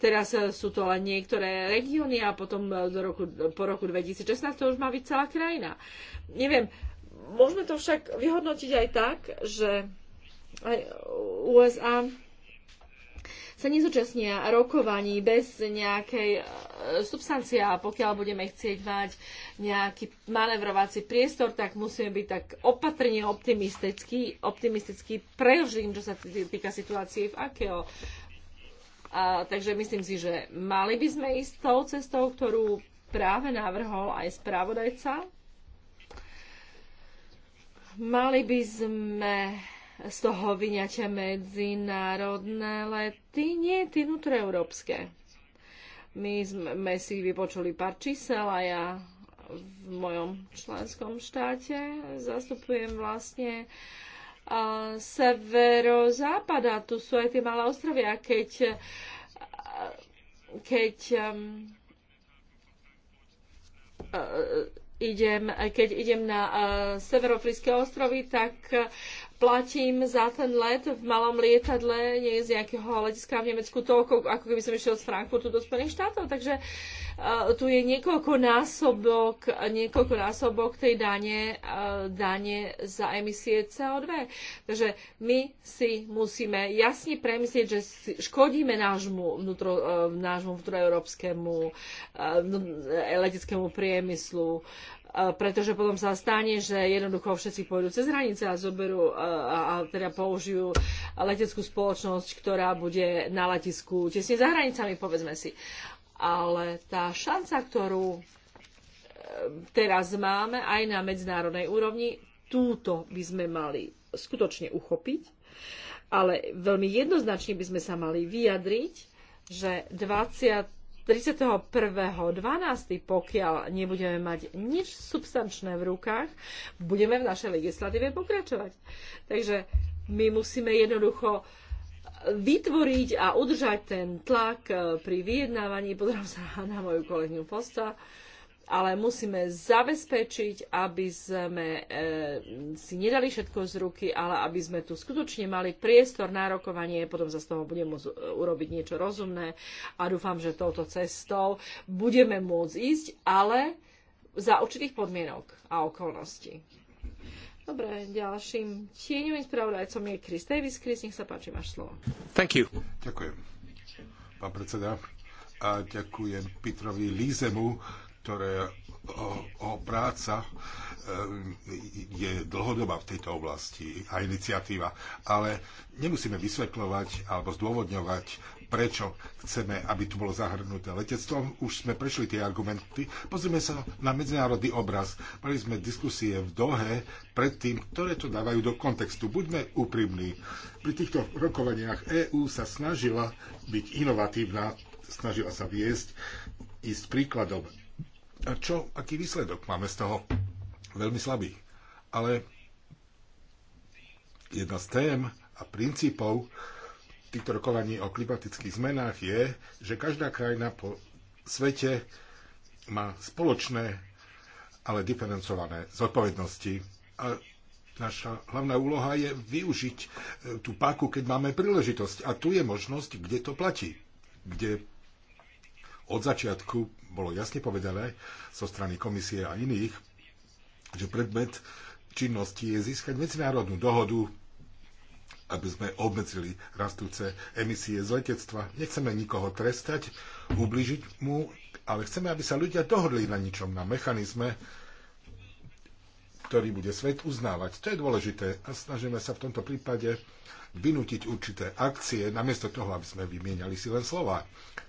teraz e, sú to len niektoré regióny a potom e, do roku, po roku 2016 to už má byť celá krajina. Neviem, môžeme to však vyhodnotiť aj tak, že aj USA sa nezúčastnia rokovaní bez nejakej e, substancie a pokiaľ budeme chcieť mať nejaký manevrovací priestor, tak musíme byť tak opatrne optimistický, optimistický prežím, čo sa týka situácie v akého a, takže myslím si, že mali by sme ísť tou cestou, ktorú práve navrhol aj správodajca. Mali by sme z toho vyňať medzinárodné lety, nie tie vnútroeurópske. My sme si vypočuli pár čísel a ja v mojom členskom štáte zastupujem vlastne uh, severozápada. Tu sú aj tie malé ostrovia. Keď, keď um, idem, keď idem na uh, severofrické ostrovy, tak uh, platím za ten let v malom lietadle, nie je z nejakého letiska v Nemecku toľko, ako keby som išiel z Frankfurtu do Spojených štátov, takže uh, tu je niekoľko násobok, niekoľko násobok tej dane, uh, dane za emisie CO2. Takže my si musíme jasne premyslieť, že škodíme nášmu, vnútro, uh, nášmu vnútroeurópskemu uh, leteckému priemyslu. Uh, pretože potom sa stane, že jednoducho všetci pôjdu cez hranice a zoberú a, a teda použijú leteckú spoločnosť, ktorá bude na letisku tesne za hranicami, povedzme si. Ale tá šanca, ktorú e, teraz máme aj na medzinárodnej úrovni, túto by sme mali skutočne uchopiť, ale veľmi jednoznačne by sme sa mali vyjadriť, že 20. 31.12., pokiaľ nebudeme mať nič substančné v rukách, budeme v našej legislatíve pokračovať. Takže my musíme jednoducho vytvoriť a udržať ten tlak pri vyjednávaní. Pozrám sa na moju kolegyňu Posta. Uh, ale musíme zabezpečiť, aby sme e, si nedali všetko z ruky, ale aby sme tu skutočne mali priestor na rokovanie, potom sa z toho budeme môcť e, urobiť niečo rozumné a dúfam, že touto cestou budeme môcť ísť, ale za určitých podmienok a okolností. Dobre, ďalším tieňovým spravodajcom je Chris Davis. Chris, nech sa páči, máš slovo.
Thank you. Ďakujem, pán predseda. A ďakujem Petrovi Lízemu, ktoré o, o práca e, je dlhodobá v tejto oblasti a iniciatíva, ale nemusíme vysvetľovať alebo zdôvodňovať, prečo chceme, aby tu bolo zahrnuté letectvo. Už sme prešli tie argumenty. Pozrieme sa na medzinárodný obraz. Mali sme diskusie v Dohe predtým, ktoré to dávajú do kontextu. Buďme úprimní. Pri týchto rokovaniach EÚ sa snažila byť inovatívna, snažila sa viesť, ísť príkladom a čo, aký výsledok máme z toho? Veľmi slabý. Ale jedna z tém a princípov týchto rokovaní o klimatických zmenách je, že každá krajina po svete má spoločné, ale diferencované zodpovednosti. A naša hlavná úloha je využiť e, tú páku, keď máme príležitosť. A tu je možnosť, kde to platí. Kde od začiatku bolo jasne povedané zo strany komisie a iných, že predmet činnosti je získať medzinárodnú dohodu, aby sme obmedzili rastúce emisie z letectva. Nechceme nikoho trestať, ubližiť mu, ale chceme, aby sa ľudia dohodli na ničom, na mechanizme, ktorý bude svet uznávať. To je dôležité a snažíme sa v tomto prípade vynútiť určité akcie, namiesto toho, aby sme vymieniali si len slova.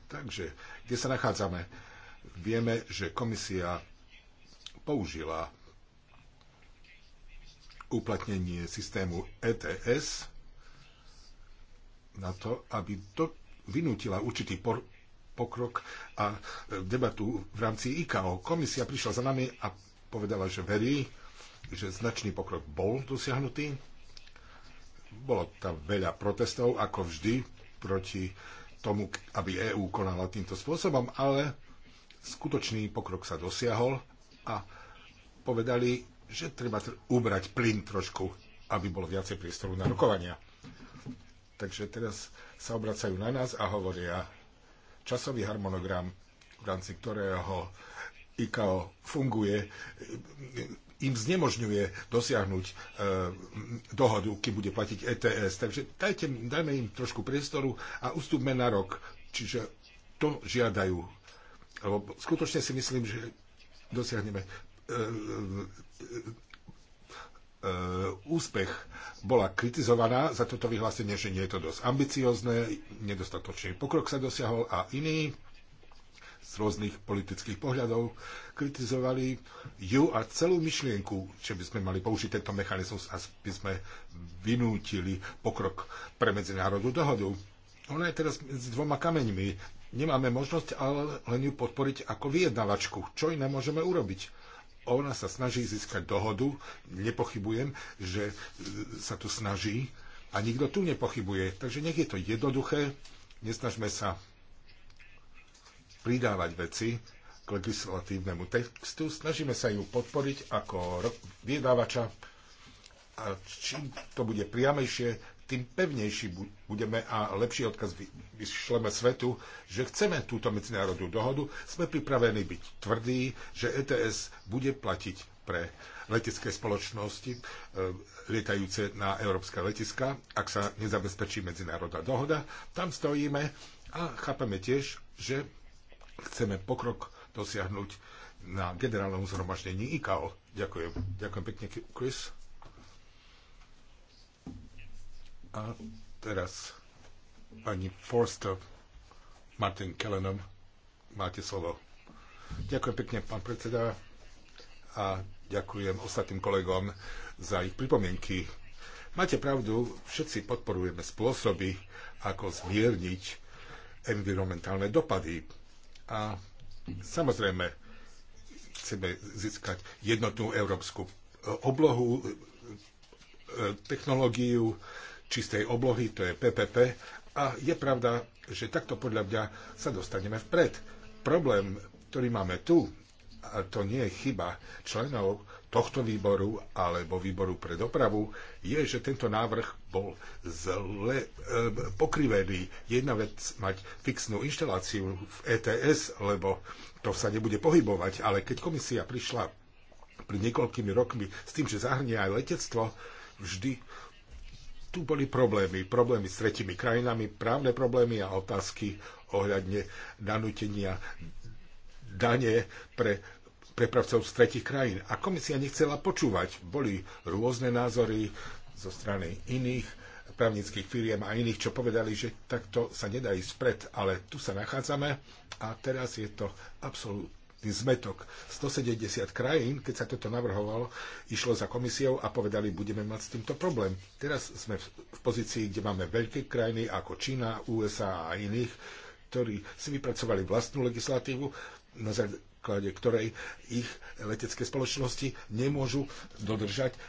Takže, kde sa nachádzame? Vieme, že komisia použila uplatnenie systému ETS na to, aby to vynútila určitý por, pokrok a e, debatu v rámci IKO. Komisia prišla za nami a povedala, že verí, že značný pokrok bol dosiahnutý. Bolo tam veľa protestov, ako vždy, proti tomu, aby EÚ konala týmto spôsobom, ale skutočný pokrok sa dosiahol a povedali, že treba ubrať plyn trošku, aby bolo viacej priestoru na rokovania. Takže teraz sa obracajú na nás a hovoria časový harmonogram, v rámci ktorého IKO funguje, im znemožňuje dosiahnuť e, dohodu, kým bude platiť ETS. Takže dajte, dajme im trošku priestoru a ustúpme na rok. Čiže to žiadajú lebo skutočne si myslím, že dosiahneme e, e, e, úspech bola kritizovaná za toto vyhlásenie, že nie je to dosť ambiciozne, nedostatočný pokrok sa dosiahol a iní z rôznych politických pohľadov kritizovali ju a celú myšlienku, že by sme mali použiť tento mechanizmus a by sme vynútili pokrok pre medzinárodnú dohodu. Ona je teraz s dvoma kameňmi nemáme možnosť ale len ju podporiť ako vyjednavačku. Čo iné môžeme urobiť? Ona sa snaží získať dohodu, nepochybujem, že sa tu snaží a nikto tu nepochybuje. Takže nech je to jednoduché, nesnažme sa pridávať veci k legislatívnemu textu, snažíme sa ju podporiť ako vyjednavača a čím to bude priamejšie, tým pevnejší budeme a lepší odkaz vyšleme svetu, že chceme túto medzinárodnú dohodu, sme pripravení byť tvrdí, že ETS bude platiť pre letecké spoločnosti e, lietajúce na európske letiska, ak sa nezabezpečí medzinárodná dohoda. Tam stojíme a chápeme tiež, že chceme pokrok dosiahnuť na generálnom zhromaždení ICAO. Ďakujem. Ďakujem pekne, Chris. A teraz pani Forster Martin Kellenom, máte slovo. Ďakujem pekne, pán predseda, a ďakujem ostatným kolegom za ich pripomienky. Máte pravdu, všetci podporujeme spôsoby, ako zmierniť environmentálne dopady. A samozrejme, chceme získať jednotnú európsku oblohu, e, technológiu, čistej oblohy, to je PPP. A je pravda, že takto podľa mňa sa dostaneme vpred. Problém, ktorý máme tu, a to nie je chyba členov tohto výboru alebo výboru pre dopravu, je, že tento návrh bol zle e, pokrivený. Jedna vec mať fixnú inštaláciu v ETS, lebo to sa nebude pohybovať, ale keď komisia prišla pred niekoľkými rokmi s tým, že zahrnie aj letectvo, vždy tu boli problémy. Problémy s tretimi krajinami, právne problémy a otázky ohľadne nanútenia dane pre prepravcov z tretich krajín. A komisia nechcela počúvať. Boli rôzne názory zo strany iných právnických firiem a iných, čo povedali, že takto sa nedá ísť pred, ale tu sa nachádzame a teraz je to absolút, zmetok. 170 krajín, keď sa toto navrhovalo, išlo za komisiou a povedali, budeme mať s týmto problém. Teraz sme v pozícii, kde máme veľké krajiny ako Čína, USA a iných, ktorí si vypracovali vlastnú legislatívu, na základe ktorej ich letecké spoločnosti nemôžu dodržať e,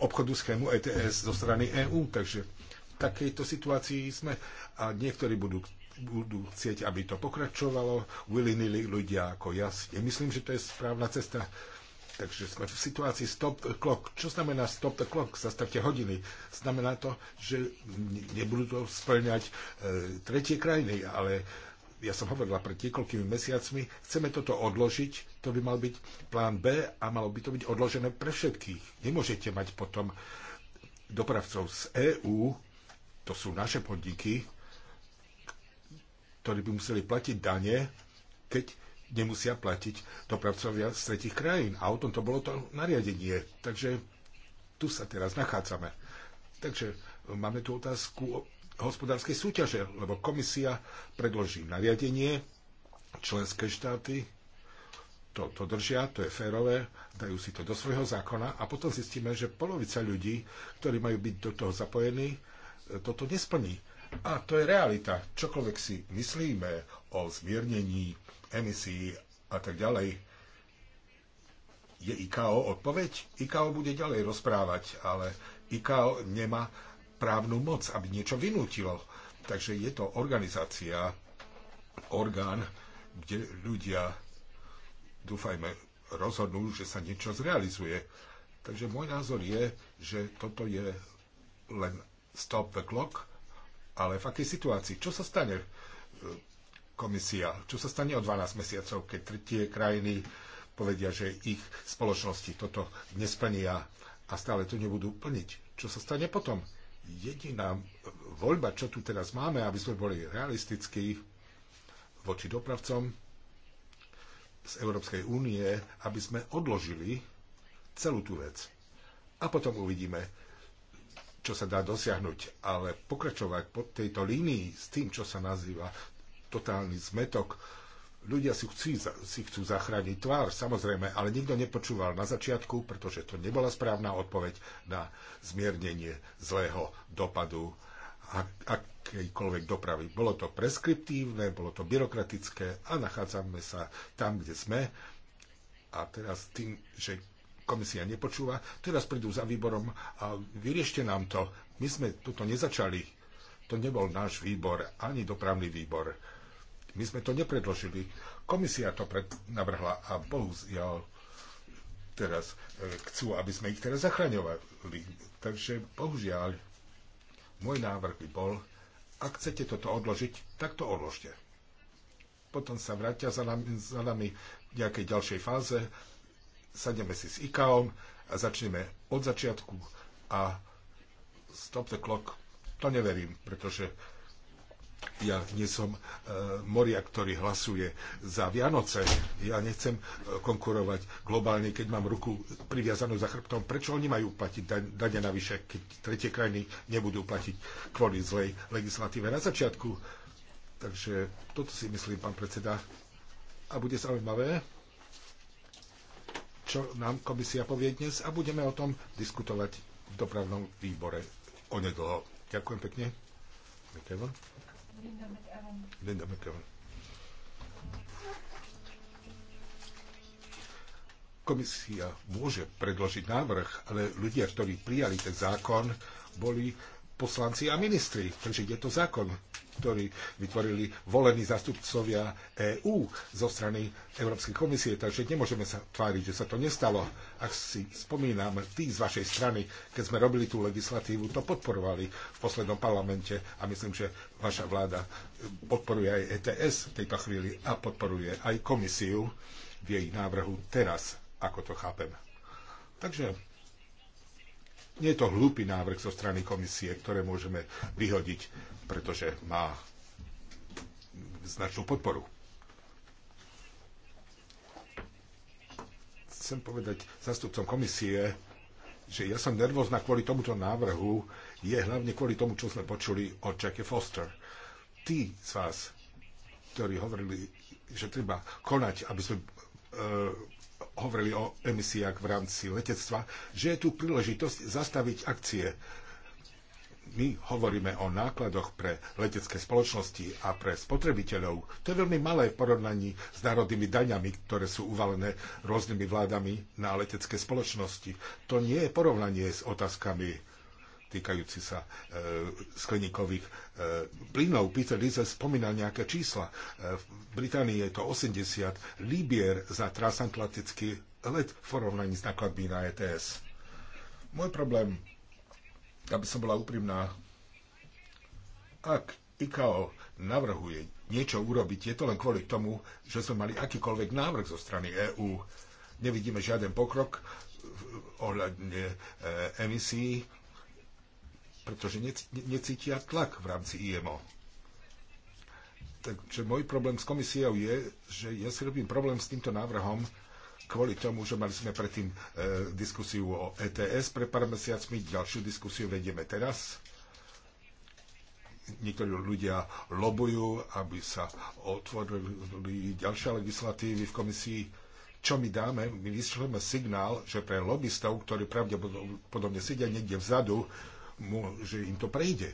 obchodnú schému ETS zo strany EÚ. Takže v takejto situácii sme a niektorí budú budú chcieť, aby to pokračovalo, willy ľudia ako ja. Myslím, že to je správna cesta. Takže sme v situácii stop the clock. Čo znamená stop the clock? Zastavte hodiny. Znamená to, že nebudú to splňať e, tretie krajiny, ale ja som hovorila pred niekoľkými mesiacmi, chceme toto odložiť, to by mal byť plán B a malo by to byť odložené pre všetkých. Nemôžete mať potom dopravcov z EÚ, to sú naše podniky, ktorí by museli platiť dane, keď nemusia platiť dopravcovia z tretich krajín. A o tom to bolo to nariadenie. Takže tu sa teraz nachádzame. Takže máme tu otázku hospodárskej súťaže, lebo komisia predloží nariadenie, členské štáty to, to držia, to je férové, dajú si to do svojho zákona a potom zistíme, že polovica ľudí, ktorí majú byť do toho zapojení, e, toto nesplní. A to je realita. Čokoľvek si myslíme o zmiernení emisí a tak ďalej, je IKO odpoveď? IKO bude ďalej rozprávať, ale IKO nemá právnu moc, aby niečo vynútilo. Takže je to organizácia, orgán, kde ľudia, dúfajme, rozhodnú, že sa niečo zrealizuje. Takže môj názor je, že toto je len stop the clock ale v akej situácii? Čo sa stane e, komisia? Čo sa stane o 12 mesiacov, keď tretie krajiny povedia, že ich spoločnosti toto nesplnia a stále to nebudú plniť? Čo sa stane potom? Jediná voľba, čo tu teraz máme, aby sme boli realistickí voči dopravcom z Európskej únie, aby sme odložili celú tú vec. A potom uvidíme, čo sa dá dosiahnuť, ale pokračovať pod tejto línii s tým, čo sa nazýva totálny zmetok, ľudia si chcú, si chcú zachrániť tvár, samozrejme, ale nikto nepočúval na začiatku, pretože to nebola správna odpoveď na zmiernenie zlého dopadu akejkoľvek dopravy. Bolo to preskriptívne, bolo to byrokratické a nachádzame sa tam, kde sme. A teraz tým, že komisia nepočúva, teraz prídu za výborom a vyriešte nám to. My sme toto nezačali. To nebol náš výbor, ani dopravný výbor. My sme to nepredložili. Komisia to pred, navrhla a bohužiaľ teraz e, chcú, aby sme ich teraz zachraňovali. Takže bohužiaľ, môj návrh by bol, ak chcete toto odložiť, tak to odložte. Potom sa vrátia za nami, za nami v nejakej ďalšej fáze sadneme si s ICAOM a začneme od začiatku a stop the clock, to neverím, pretože ja nie som e, moria, ktorý hlasuje za Vianoce. Ja nechcem e, konkurovať globálne, keď mám ruku priviazanú za chrbtom. Prečo oni majú platiť dane navyše, keď tretie krajiny nebudú platiť kvôli zlej legislatíve na začiatku? Takže toto si myslím, pán predseda. A bude zaujímavé čo nám komisia povie dnes a budeme o tom diskutovať v dopravnom výbore onedlho. Ďakujem pekne. McEwan. Linda McEwan. Komisia môže predložiť návrh, ale ľudia, ktorí prijali ten zákon, boli poslanci a ministri. Takže je to zákon ktorý vytvorili volení zastupcovia EÚ zo strany Európskej komisie, takže nemôžeme sa tváriť, že sa to nestalo. Ak si spomínam, tí z vašej strany, keď sme robili tú legislatívu, to podporovali v poslednom parlamente a myslím, že vaša vláda podporuje aj ETS v tejto chvíli a podporuje aj komisiu v jej návrhu teraz, ako to chápem. Takže nie je to hlúpy návrh zo strany komisie, ktoré môžeme vyhodiť, pretože má značnú podporu. Chcem povedať zastupcom komisie, že ja som nervózna kvôli tomuto návrhu, je hlavne kvôli tomu, čo sme počuli od Jackie Foster. Tí z vás, ktorí hovorili, že treba konať, aby sme e, hovorili o emisiách v rámci letectva, že je tu príležitosť zastaviť akcie. My hovoríme o nákladoch pre letecké spoločnosti a pre spotrebiteľov. To je veľmi malé v porovnaní s národnými daňami, ktoré sú uvalené rôznymi vládami na letecké spoločnosti. To nie je porovnanie s otázkami týkajúci sa e, skleníkových e, plynov. Peter Lise spomínal nejaké čísla. E, v Británii je to 80 libier za transatlantický let v porovnaní s nákladmi na ETS. Môj problém, aby som bola úprimná, ak ICAO navrhuje niečo urobiť, je to len kvôli tomu, že sme mali akýkoľvek návrh zo strany EÚ. Nevidíme žiaden pokrok ohľadne emisí pretože necítia tlak v rámci IMO. Takže môj problém s komisiou je, že ja si robím problém s týmto návrhom kvôli tomu, že mali sme predtým e, diskusiu o ETS pre pár mesiacmi, ďalšiu diskusiu vedieme teraz. Niektorí ľudia lobujú, aby sa otvorili ďalšie legislatívy v komisii. Čo my dáme? My vyšleme signál, že pre lobbystov, ktorí pravdepodobne sedia niekde vzadu, že im to prejde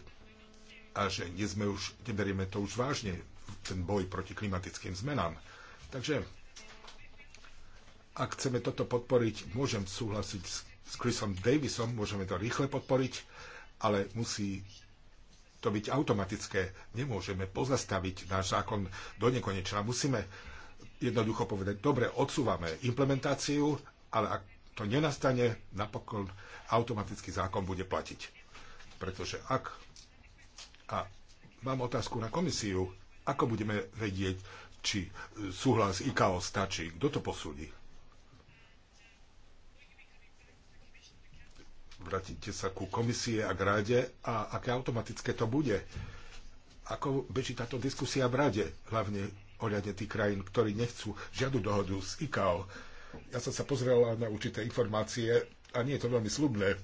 a že nie sme už, neberieme to už vážne, ten boj proti klimatickým zmenám. Takže ak chceme toto podporiť, môžem súhlasiť s Chrisom Davisom, môžeme to rýchle podporiť, ale musí to byť automatické. Nemôžeme pozastaviť náš zákon do nekonečna. Musíme jednoducho povedať, dobre, odsúvame implementáciu, ale ak to nenastane, napokon automaticky zákon bude platiť. Pretože ak... A mám otázku na komisiu. Ako budeme vedieť, či súhlas IKAO stačí? Kto to posúdi? Vrátite sa ku komisie a k rade a aké automatické to bude? Ako beží táto diskusia v rade, hlavne ohľadne tých krajín, ktorí nechcú žiadnu dohodu s IKO. Ja som sa pozrela na určité informácie a nie je to veľmi slubné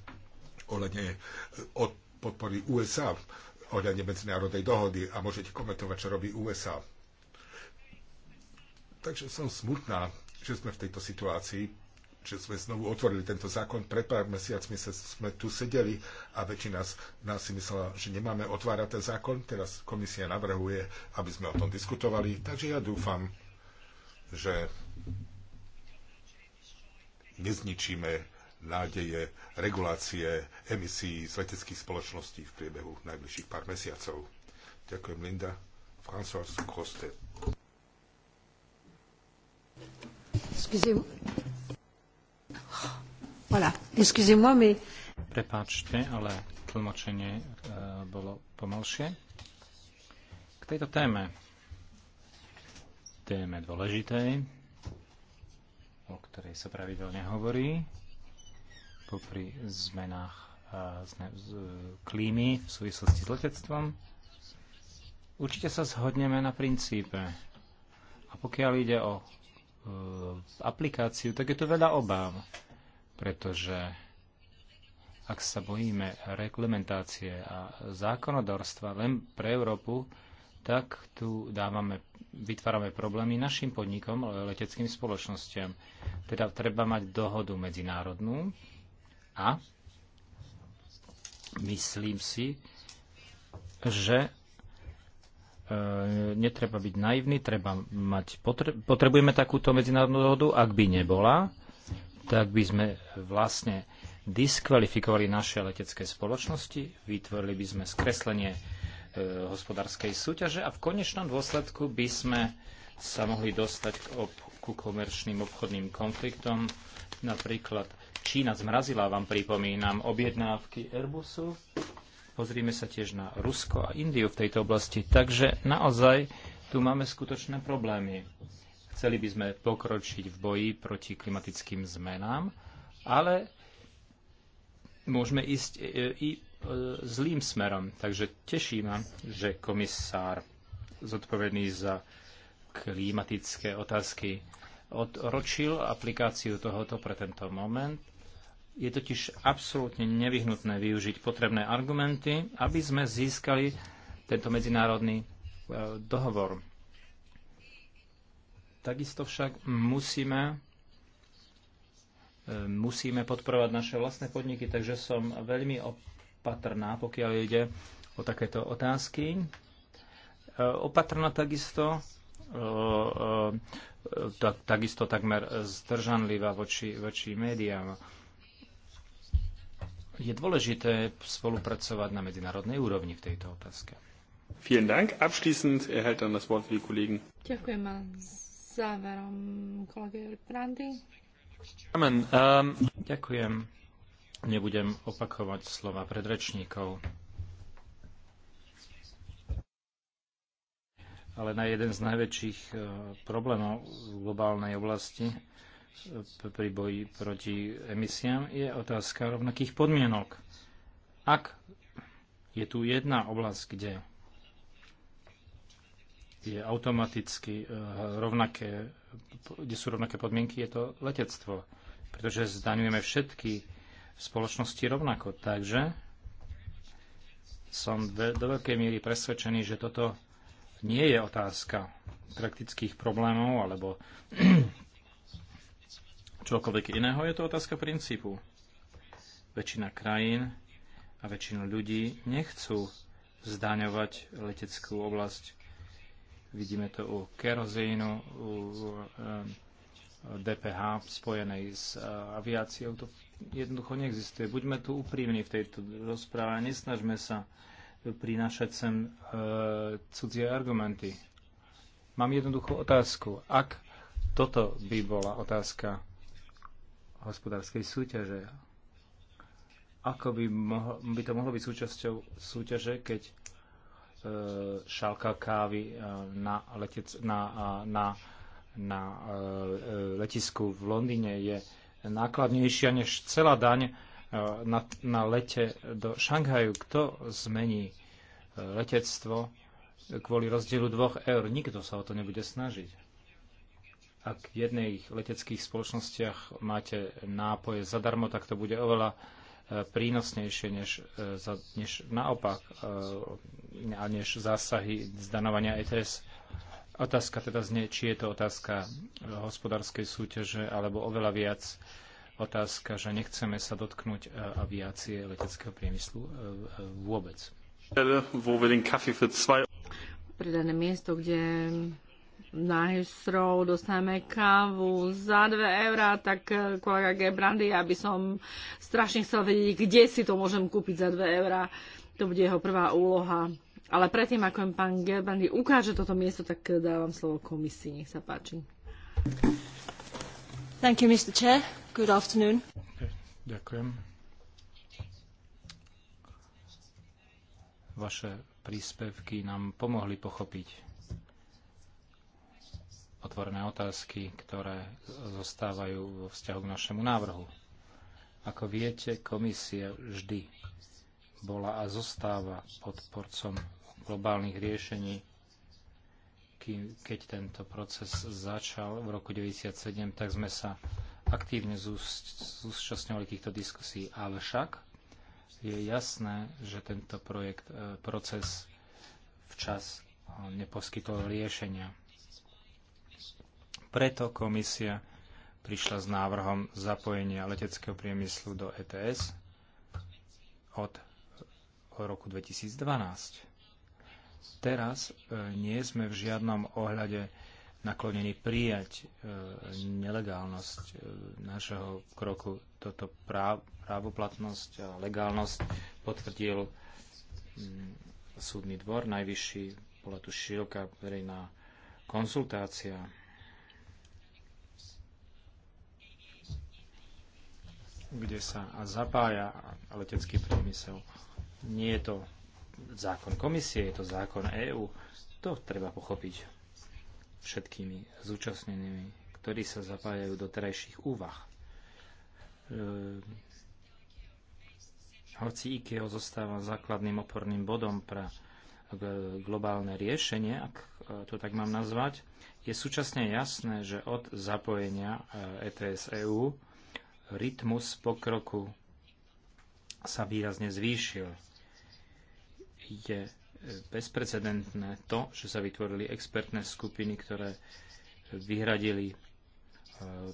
ohľadne eh, od podpory USA ohľadne medzinárodnej dohody a môžete komentovať, čo robí USA. Takže som smutná, že sme v tejto situácii, že sme znovu otvorili tento zákon. Pred pár mesiacmi sa, sme tu sedeli a väčšina z nás si myslela, že nemáme otvárať ten zákon. Teraz komisia navrhuje, aby sme o tom diskutovali. Takže ja dúfam, že nezničíme nádeje regulácie emisí leteckých spoločností v priebehu najbližších pár mesiacov. Ďakujem, Linda. François Coste.
Prepáčte, ale tlmočenie e, bolo pomalšie. K tejto téme, téme dôležitej, o ktorej sa pravidelne hovorí, ako pri zmenách e, e, klímy v súvislosti s letectvom. Určite sa zhodneme na princípe. A pokiaľ ide o e, aplikáciu, tak je tu veľa obáv, pretože ak sa bojíme reglementácie a zákonodárstva len pre Európu, tak tu dávame, vytvárame problémy našim podnikom, leteckým spoločnostiam. Teda treba mať dohodu medzinárodnú, a myslím si, že e, netreba byť naivný, treba mať, potre, potrebujeme takúto medzinárodnú dohodu, ak by nebola, tak by sme vlastne diskvalifikovali naše letecké spoločnosti, vytvorili by sme skreslenie e, hospodárskej súťaže a v konečnom dôsledku by sme sa mohli dostať k ob, ku komerčným obchodným konfliktom, napríklad Čína zmrazila, vám pripomínam, objednávky Airbusu. Pozrime sa tiež na Rusko a Indiu v tejto oblasti. Takže naozaj tu máme skutočné problémy. Chceli by sme pokročiť v boji proti klimatickým zmenám, ale môžeme ísť e, e, i e, zlým smerom. Takže teší ma, že komisár zodpovedný za klimatické otázky odročil aplikáciu tohoto pre tento moment. Je totiž absolútne nevyhnutné využiť potrebné argumenty, aby sme získali tento medzinárodný e, dohovor. Takisto však musíme, e, musíme podporovať naše vlastné podniky, takže som veľmi opatrná, pokiaľ ide o takéto otázky. E, opatrná takisto E, e, tak, takisto takmer zdržanlivá voči, voči médiám. Je dôležité spolupracovať na medzinárodnej úrovni v tejto otázke.
Vielen Dank. Abschließend erhält dann das Wort für die Kollegen.
Ďakujem Záverom kolega Brandy.
Um, ďakujem. Nebudem opakovať slova predrečníkov. ale na jeden z najväčších e, problémov v globálnej oblasti e, pri boji proti emisiám je otázka rovnakých podmienok. Ak je tu jedna oblasť, kde je automaticky e, rovnaké, kde sú rovnaké podmienky, je to letectvo. Pretože zdaňujeme všetky spoločnosti rovnako. Takže som do veľkej miery presvedčený, že toto nie je otázka praktických problémov alebo čokoľvek iného, je to otázka princípu. Väčšina krajín a väčšina ľudí nechcú zdaňovať leteckú oblasť. Vidíme to u kerozínu, u DPH spojenej s e, aviáciou. To jednoducho neexistuje. Buďme tu úprimní v tejto rozpráve a nesnažme sa prinášať sem uh, cudzie argumenty. Mám jednoduchú otázku. Ak toto by bola otázka hospodárskej súťaže, ako by, mohlo, by to mohlo byť súčasťou súťaže, keď uh, šálka kávy e, na, letec, na, na, na uh, letisku v Londýne je nákladnejšia než celá daň na, na lete do Šanghaju. Kto zmení e, letectvo kvôli rozdielu dvoch eur? Nikto sa o to nebude snažiť. Ak v jednej leteckých spoločnostiach máte nápoje zadarmo, tak to bude oveľa e, prínosnejšie než, e, než naopak a než zásahy zdanovania ETS. Otázka teda znie, či je to otázka hospodárskej súťaže alebo oveľa viac otázka, že nechceme sa dotknúť e, aviácie leteckého priemyslu e, e, vôbec.
Predané miesto, kde na Hesrov dostaneme kávu za 2 eurá, tak kolega Gebrandy, by som strašne chcel vedieť, kde si to môžem kúpiť za 2 eurá. To bude jeho prvá úloha. Ale predtým, ako im pán Gerbrandy ukáže toto miesto, tak dávam slovo komisii. Nech sa páči. Thank you, Mr. Chair. Good afternoon.
ďakujem. Vaše príspevky nám pomohli pochopiť otvorené otázky, ktoré zostávajú vo vzťahu k našemu návrhu. Ako viete, komisia vždy bola a zostáva podporcom globálnych riešení keď tento proces začal v roku 1997, tak sme sa aktívne zúčastňovali týchto diskusí. Ale však je jasné, že tento projekt, e, proces včas e, neposkytol riešenia. Preto komisia prišla s návrhom zapojenia leteckého priemyslu do ETS od roku 2012 Teraz e, nie sme v žiadnom ohľade naklonení prijať e, nelegálnosť e, našeho kroku. Toto právoplatnosť a legálnosť potvrdil mm, súdny dvor najvyšší. Bola tu široká verejná konsultácia. kde sa a zapája letecký priemysel. Nie je to zákon komisie, je to zákon EÚ. To treba pochopiť všetkými zúčastnenými, ktorí sa zapájajú do terajších úvah. Ehm, hoci IKEA zostáva základným oporným bodom pre globálne riešenie, ak e, to tak mám nazvať, je súčasne jasné, že od zapojenia ETS e EU rytmus pokroku sa výrazne zvýšil je e, bezprecedentné to, že sa vytvorili expertné skupiny, ktoré vyhradili e,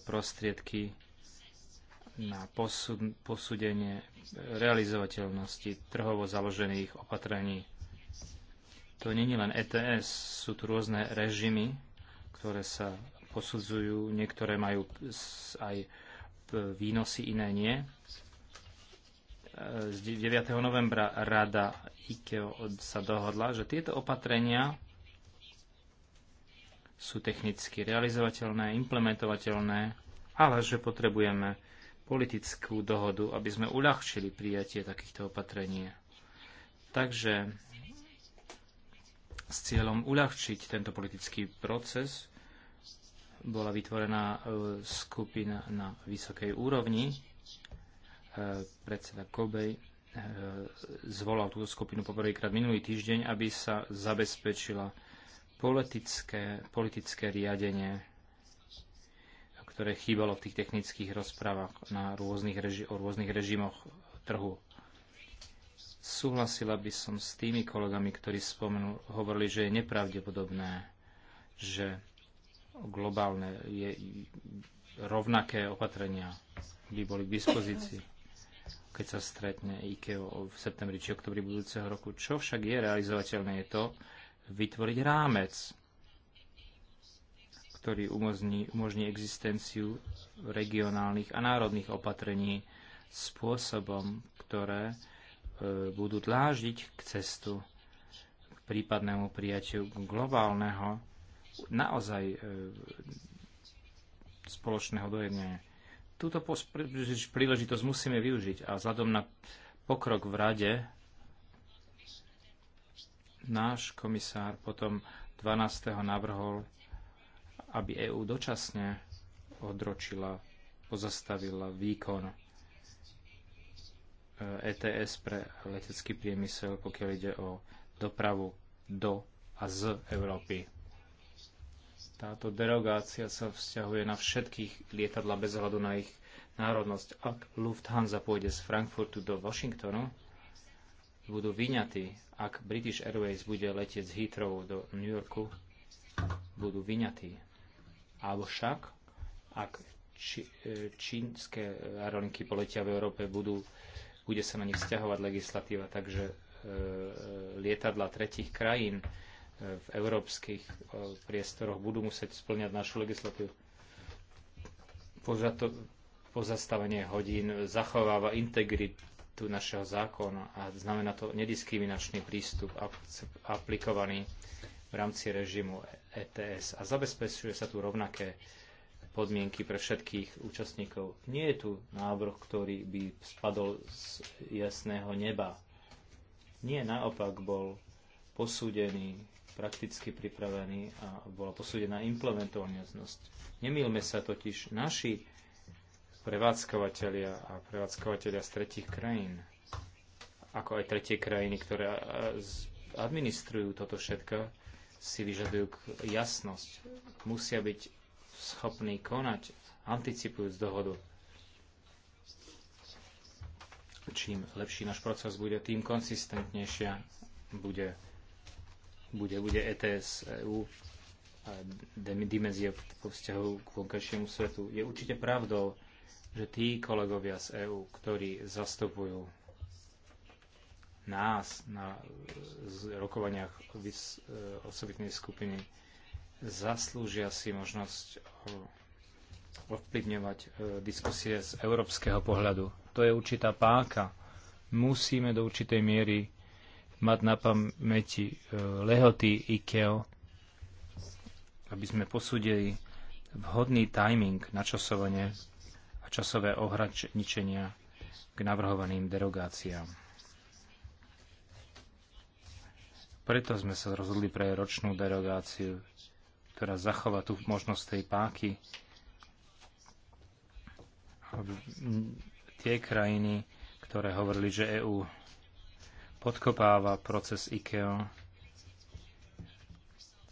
prostriedky na posúdenie e, realizovateľnosti trhovo založených opatrení. To není len ETS, sú tu rôzne režimy, ktoré sa posudzujú, niektoré majú aj výnosy, iné nie z 9. novembra rada IKEO sa dohodla, že tieto opatrenia sú technicky realizovateľné, implementovateľné, ale že potrebujeme politickú dohodu, aby sme uľahčili prijatie takýchto opatrení. Takže s cieľom uľahčiť tento politický proces bola vytvorená e, skupina na vysokej úrovni, Eh, predseda Kobej eh, zvolal túto skupinu poprvýkrát minulý týždeň, aby sa zabezpečila politické, politické riadenie, ktoré chýbalo v tých technických rozprávach na rôznych reži- o rôznych režimoch trhu. Súhlasila by som s tými kolegami, ktorí spomenul, hovorili, že je nepravdepodobné, že globálne je, rovnaké opatrenia by boli k dispozícii keď sa stretne IKEO v septembri či oktobri budúceho roku. Čo však je realizovateľné, je to vytvoriť rámec, ktorý umožní, umožní existenciu regionálnych a národných opatrení spôsobom, ktoré e, budú dláždiť k cestu k prípadnému prijatiu globálneho, naozaj e, spoločného dojednania túto príležitosť musíme využiť a vzhľadom na pokrok v rade náš komisár potom 12. navrhol, aby EÚ dočasne odročila, pozastavila výkon ETS e pre letecký priemysel, pokiaľ ide o dopravu do a z Európy. Táto derogácia sa vzťahuje na všetkých lietadla bez hľadu na ich národnosť. Ak Lufthansa pôjde z Frankfurtu do Washingtonu, budú vyňatí. Ak British Airways bude letieť z Heathrow do New Yorku, budú vyňatí. Alebo však, ak či, e, čínske aerolinky poletia v Európe, budú, bude sa na nich vzťahovať legislatíva, takže e, e lietadla tretich krajín, v európskych eh, priestoroch budú musieť splňať našu legislatívu. Požato, pozastavenie hodín zachováva integritu našeho zákona a znamená to nediskriminačný prístup aplikovaný v rámci režimu ETS a zabezpečuje sa tu rovnaké podmienky pre všetkých účastníkov. Nie je tu návrh, ktorý by spadol z jasného neba. Nie, naopak bol posúdený prakticky pripravený a bola posúdená implementovanosť. Nemýlme sa totiž, naši prevádzkovateľia a prevádzkovateľia z tretich krajín, ako aj tretie krajiny, ktoré e, administrujú toto všetko, si vyžadujú jasnosť. Musia byť schopní konať, anticipujúc dohodu. Čím lepší náš proces bude, tým konsistentnejšia bude bude, bude ETS EU a dimenzie po vzťahu k vonkajšiemu svetu. Je určite pravdou, že tí kolegovia z EÚ, ktorí zastupujú nás na rokovaniach e, osobitnej skupiny, zaslúžia si možnosť e, ovplyvňovať e, diskusie z európskeho pohľadu. To je určitá páka. Musíme do určitej miery mať na pamäti e, lehoty IKEO, aby sme posúdili vhodný timing na časovanie a časové ohraničenia k navrhovaným derogáciám. Preto sme sa rozhodli pre ročnú derogáciu, ktorá zachová tú možnosť tej páky. Tie krajiny, ktoré hovorili, že EÚ podkopáva proces IKEA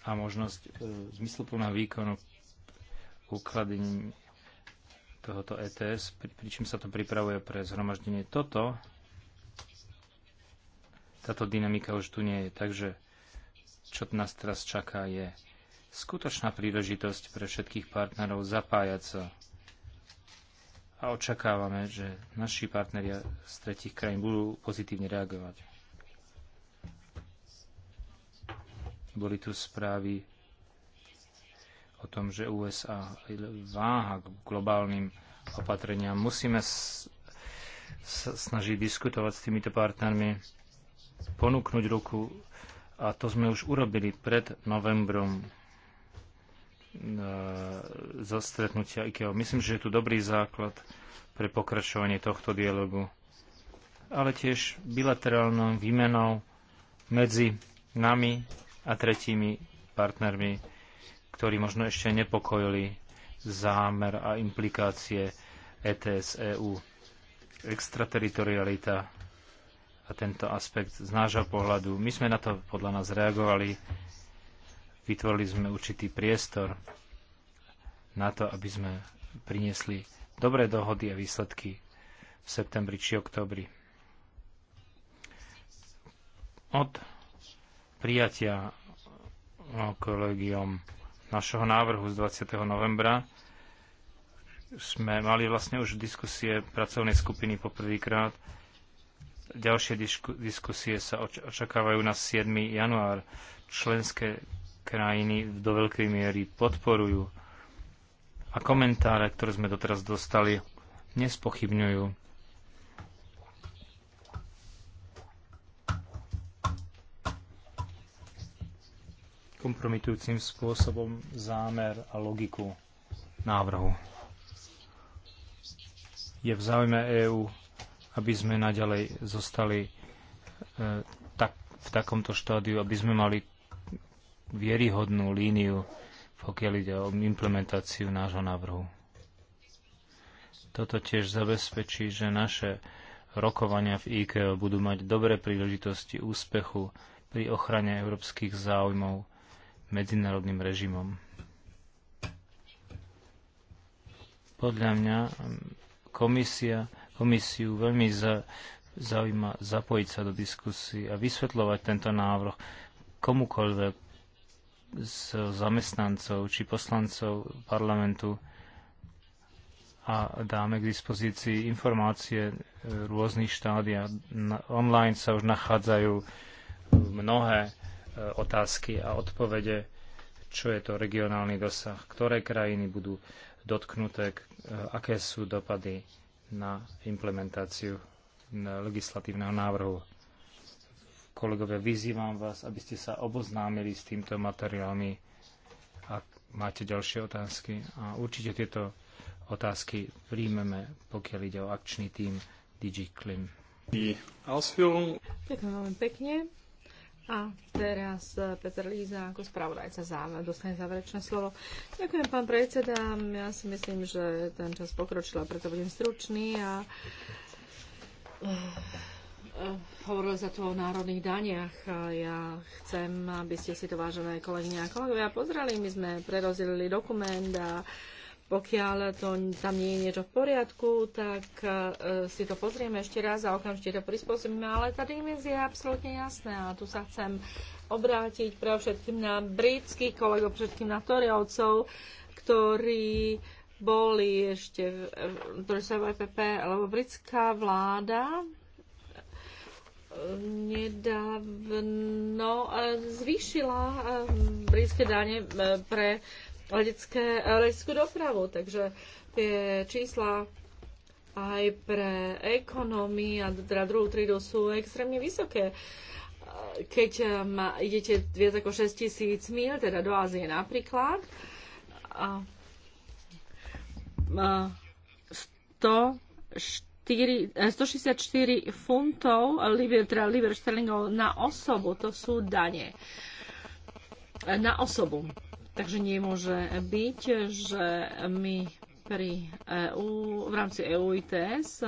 a možnosť e, zmysluplného výkonu ukladení tohoto ETS, pričím sa to pripravuje pre zhromaždenie. Toto, táto dynamika už tu nie je, takže čo nás teraz čaká je skutočná príležitosť pre všetkých partnerov zapájať sa a očakávame, že naši partneria z tretich krajín budú pozitívne reagovať. Boli tu správy o tom, že USA váha k globálnym opatreniam. Musíme sa snažiť diskutovať s týmito partnermi, ponúknuť ruku a to sme už urobili pred novembrom e, zo stretnutia IKEA. Myslím, že je tu dobrý základ pre pokračovanie tohto dialogu, ale tiež bilaterálnou výmenou medzi nami a tretími partnermi, ktorí možno ešte nepokojili zámer a implikácie ETS EU. Extrateritorialita a tento aspekt z nášho pohľadu. My sme na to podľa nás reagovali, vytvorili sme určitý priestor na to, aby sme priniesli dobré dohody a výsledky v septembri či oktobri. Od prijatia eh, kolegiom našeho návrhu z 20. novembra sme mali vlastne už diskusie pracovnej skupiny poprvýkrát. Ďalšie diskusie sa očakávajú na 7. január. Členské krajiny do veľkej miery podporujú a komentáre, ktoré sme doteraz dostali, nespochybňujú kompromitujúcim spôsobom zámer a logiku návrhu. Je v záujme EÚ, aby sme naďalej zostali e, tak, v takomto štádiu, aby sme mali vieryhodnú líniu, pokiaľ ide o implementáciu nášho návrhu. Toto tiež zabezpečí, že naše rokovania v IKEA budú mať dobré príležitosti úspechu pri ochrane európskych záujmov medzinárodným režimom. Podľa mňa komisia, komisiu veľmi za, zaujíma zapojiť sa do diskusí a vysvetľovať tento návrh komukoľvek z zamestnancov či poslancov parlamentu a dáme k dispozícii informácie e, rôznych štádia. Online sa už nachádzajú e, mnohé E, otázky a odpovede, čo je to regionálny dosah, ktoré krajiny budú dotknuté, e, aké sú dopady na implementáciu legislatívneho návrhu. Kolegovia, vyzývam vás, aby ste sa oboznámili s týmto materiálmi, ak máte ďalšie otázky. A určite tieto otázky príjmeme, pokiaľ ide o akčný tím DG Klim. Ďakujem
veľmi pekne. A teraz eh, Peter Líza ako spravodajca záver, dostane záverečné slovo. Ďakujem, pán predseda. Ja si myslím, že ten čas pokročila, preto budem stručný. A... Eh, eh, hovoril za to o národných daniach. Ja chcem, aby ste si to, vážené kolegyne a kolegovia, pozreli. My sme prerozdelili dokument a pokiaľ to, tam nie je niečo v poriadku, tak e, si to pozrieme ešte raz a okamžite to prispôsobíme. Ale tá dimenzia je absolútne jasná a tu sa chcem obrátiť pre všetkým na britských kolegov, všetkým na Toriovcov, ktorí boli ešte, ktorí sa v EPP, lebo britská vláda e, nedávno e, zvýšila e, britské dane pre letecké, leteckú dopravu. Takže tie čísla aj pre ekonomii a teda druhú trídu sú extrémne vysoké. Keď ma, um, idete viac ako 6 tisíc mil, teda do Ázie napríklad, a, a 100, 4, 164 funtov liber, teda liber šterlingov na osobu, to sú dane. Na osobu. Takže nemôže byť, že my pri EU, v rámci EU ITS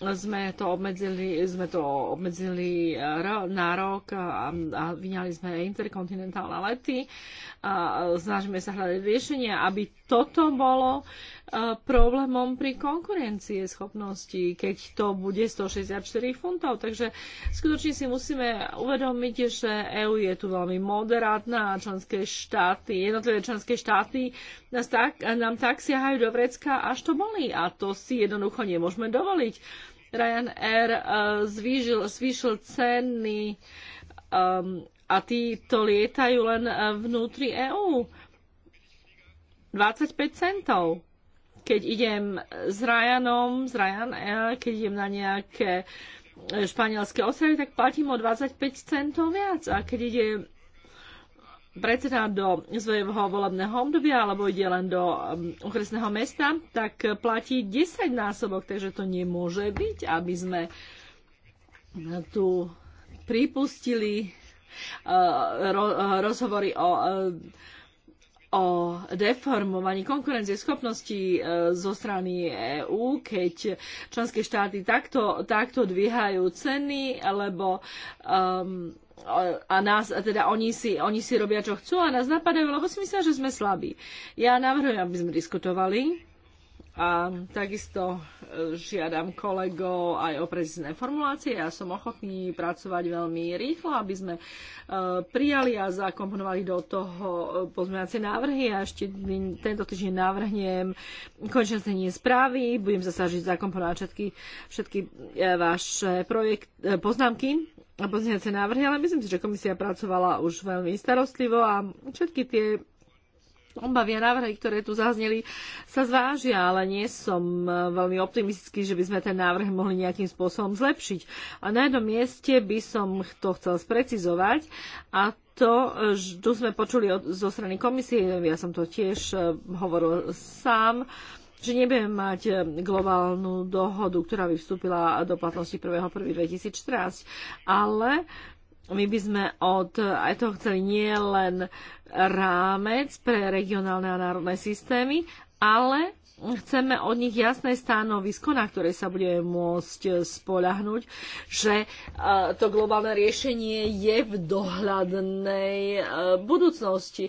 sme to obmedzili, sme to obmedzili e, na rok a, a vyňali sme interkontinentálne lety a snažíme sa hľadať riešenie, aby toto bolo problémom pri konkurencie schopnosti, keď to bude 164 funtov. Takže skutočne si musíme uvedomiť, že EÚ je tu veľmi moderátna a členské štáty, jednotlivé členské štáty nás tak, nám tak siahajú do vrecka, až to boli a to si jednoducho nemôžeme dovoliť. Ryanair eh, zvýšil, zvýšil ceny um, a títo lietajú len eh, vnútri EÚ. 25 centov keď idem s Ryanom, s Ryan keď idem na nejaké e, španielské ostrovy, tak platím o 25 centov viac. A keď ide predseda do svojho volebného obdobia alebo ide len do okresného mesta, tak platí 10 násobok, takže to nemôže byť, aby sme tu pripustili uh, ro, uh, rozhovory o uh, o deformovaní konkurencie schopností e, zo strany EÚ, keď členské štáty takto, takto dvíhajú ceny, lebo um, a nás, a teda oni si, oni si robia, čo chcú a nás napadajú, lebo si myslia, že sme slabí. Ja navrhujem, aby sme diskutovali a takisto e, žiadam kolegov aj o precízne formulácie. Ja som ochotný pracovať veľmi rýchlo, aby sme e, prijali a zakomponovali do toho e, pozmeňovacie návrhy. A ešte tento týždeň navrhnem končenie správy. Budem sa snažiť zakomponovať všetky, všetky vaše projekt, poznámky a pozmeňovacie návrhy, ale myslím si, že komisia pracovala už veľmi starostlivo a všetky tie obavy a návrhy, ktoré tu zazneli, sa zvážia, ale nie som e, veľmi optimistický, že by sme ten návrh mohli nejakým spôsobom zlepšiť. A na jednom mieste by som to chcel sprecizovať a to, e, tu sme počuli od, zo strany komisie, ja som to tiež e, hovoril sám, že nebudeme mať globálnu dohodu, ktorá by vstúpila do platnosti 1.1.2014, ale my by sme od aj toho chceli nie len rámec pre regionálne a národné systémy, ale chceme od nich jasné stanovisko, na ktoré sa budeme môcť spolahnuť, že e, to globálne riešenie je v dohľadnej e, budúcnosti.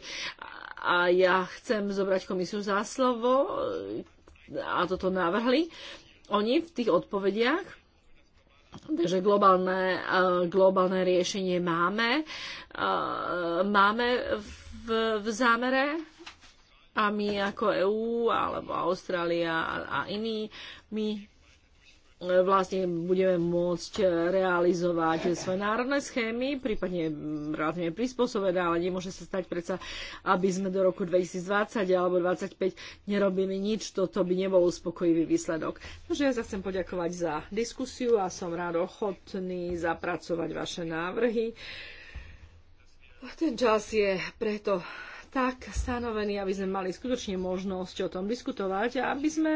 A ja chcem zobrať komisiu za slovo e, a toto navrhli. Oni v tých odpovediach Takže globálne, e, globálne riešenie máme. E, máme v, v zámere a my ako EÚ alebo Austrália a, a iní, my vlastne budeme môcť e, realizovať svoje národné schémy, prípadne relatívne prispôsobené, ale nemôže sa stať predsa, aby sme do roku 2020 alebo 2025 nerobili nič, toto by nebol uspokojivý výsledok. Takže ja sa chcem poďakovať za diskusiu a som rád ochotný zapracovať vaše návrhy. Ten čas je preto tak stanovený, aby sme mali skutočne možnosť o tom diskutovať a aby sme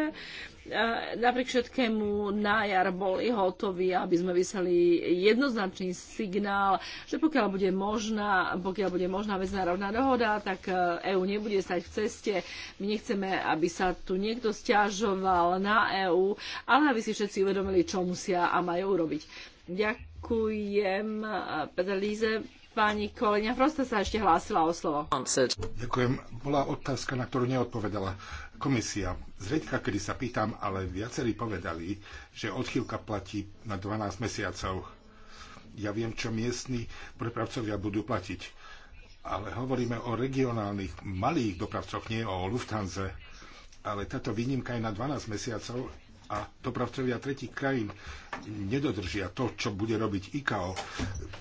napriek všetkému na jar boli hotoví, aby sme vyseli jednoznačný signál, že pokiaľ bude možná, pokiaľ bude možná medzinárodná dohoda, tak EÚ e nebude stať v ceste. My nechceme, aby sa tu niekto stiažoval na EÚ, ale aby si všetci uvedomili, čo musia a majú urobiť. Ďakujem, Petr Líze. Pani kolegyňa Frosta sa ešte hlásila o slovo.
Ďakujem. Bola otázka, na ktorú neodpovedala komisia. Zriedka, kedy sa pýtam, ale viacerí povedali, že odchýlka platí na 12 mesiacov. Ja viem, čo miestni prepravcovia budú platiť. Ale hovoríme o regionálnych malých dopravcoch, nie o Lufthanse. Ale táto výnimka je na 12 mesiacov a dopravcovia tretich krajín nedodržia to, čo bude robiť ICAO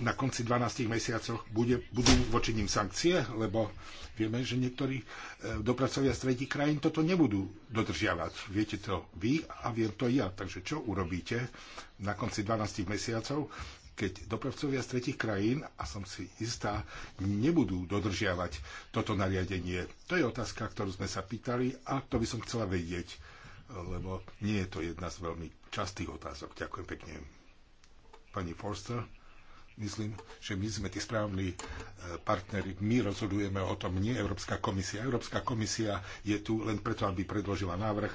na konci 12 mesiacov bude, budú voči ním sankcie, lebo vieme, že niektorí e, dopravcovia z tretich krajín toto nebudú dodržiavať. Viete to vy a viem to ja. Takže čo urobíte na konci 12 mesiacov, keď dopravcovia z tretich krajín, a som si istá, nebudú dodržiavať toto nariadenie? To je otázka, ktorú sme sa pýtali a to by som chcela vedieť lebo nie je to jedna z veľmi častých otázok. Ďakujem pekne. Pani Forster, myslím, že my sme tí správni e, partneri. My rozhodujeme o tom, nie Európska komisia. Európska komisia je tu len preto, aby predložila návrh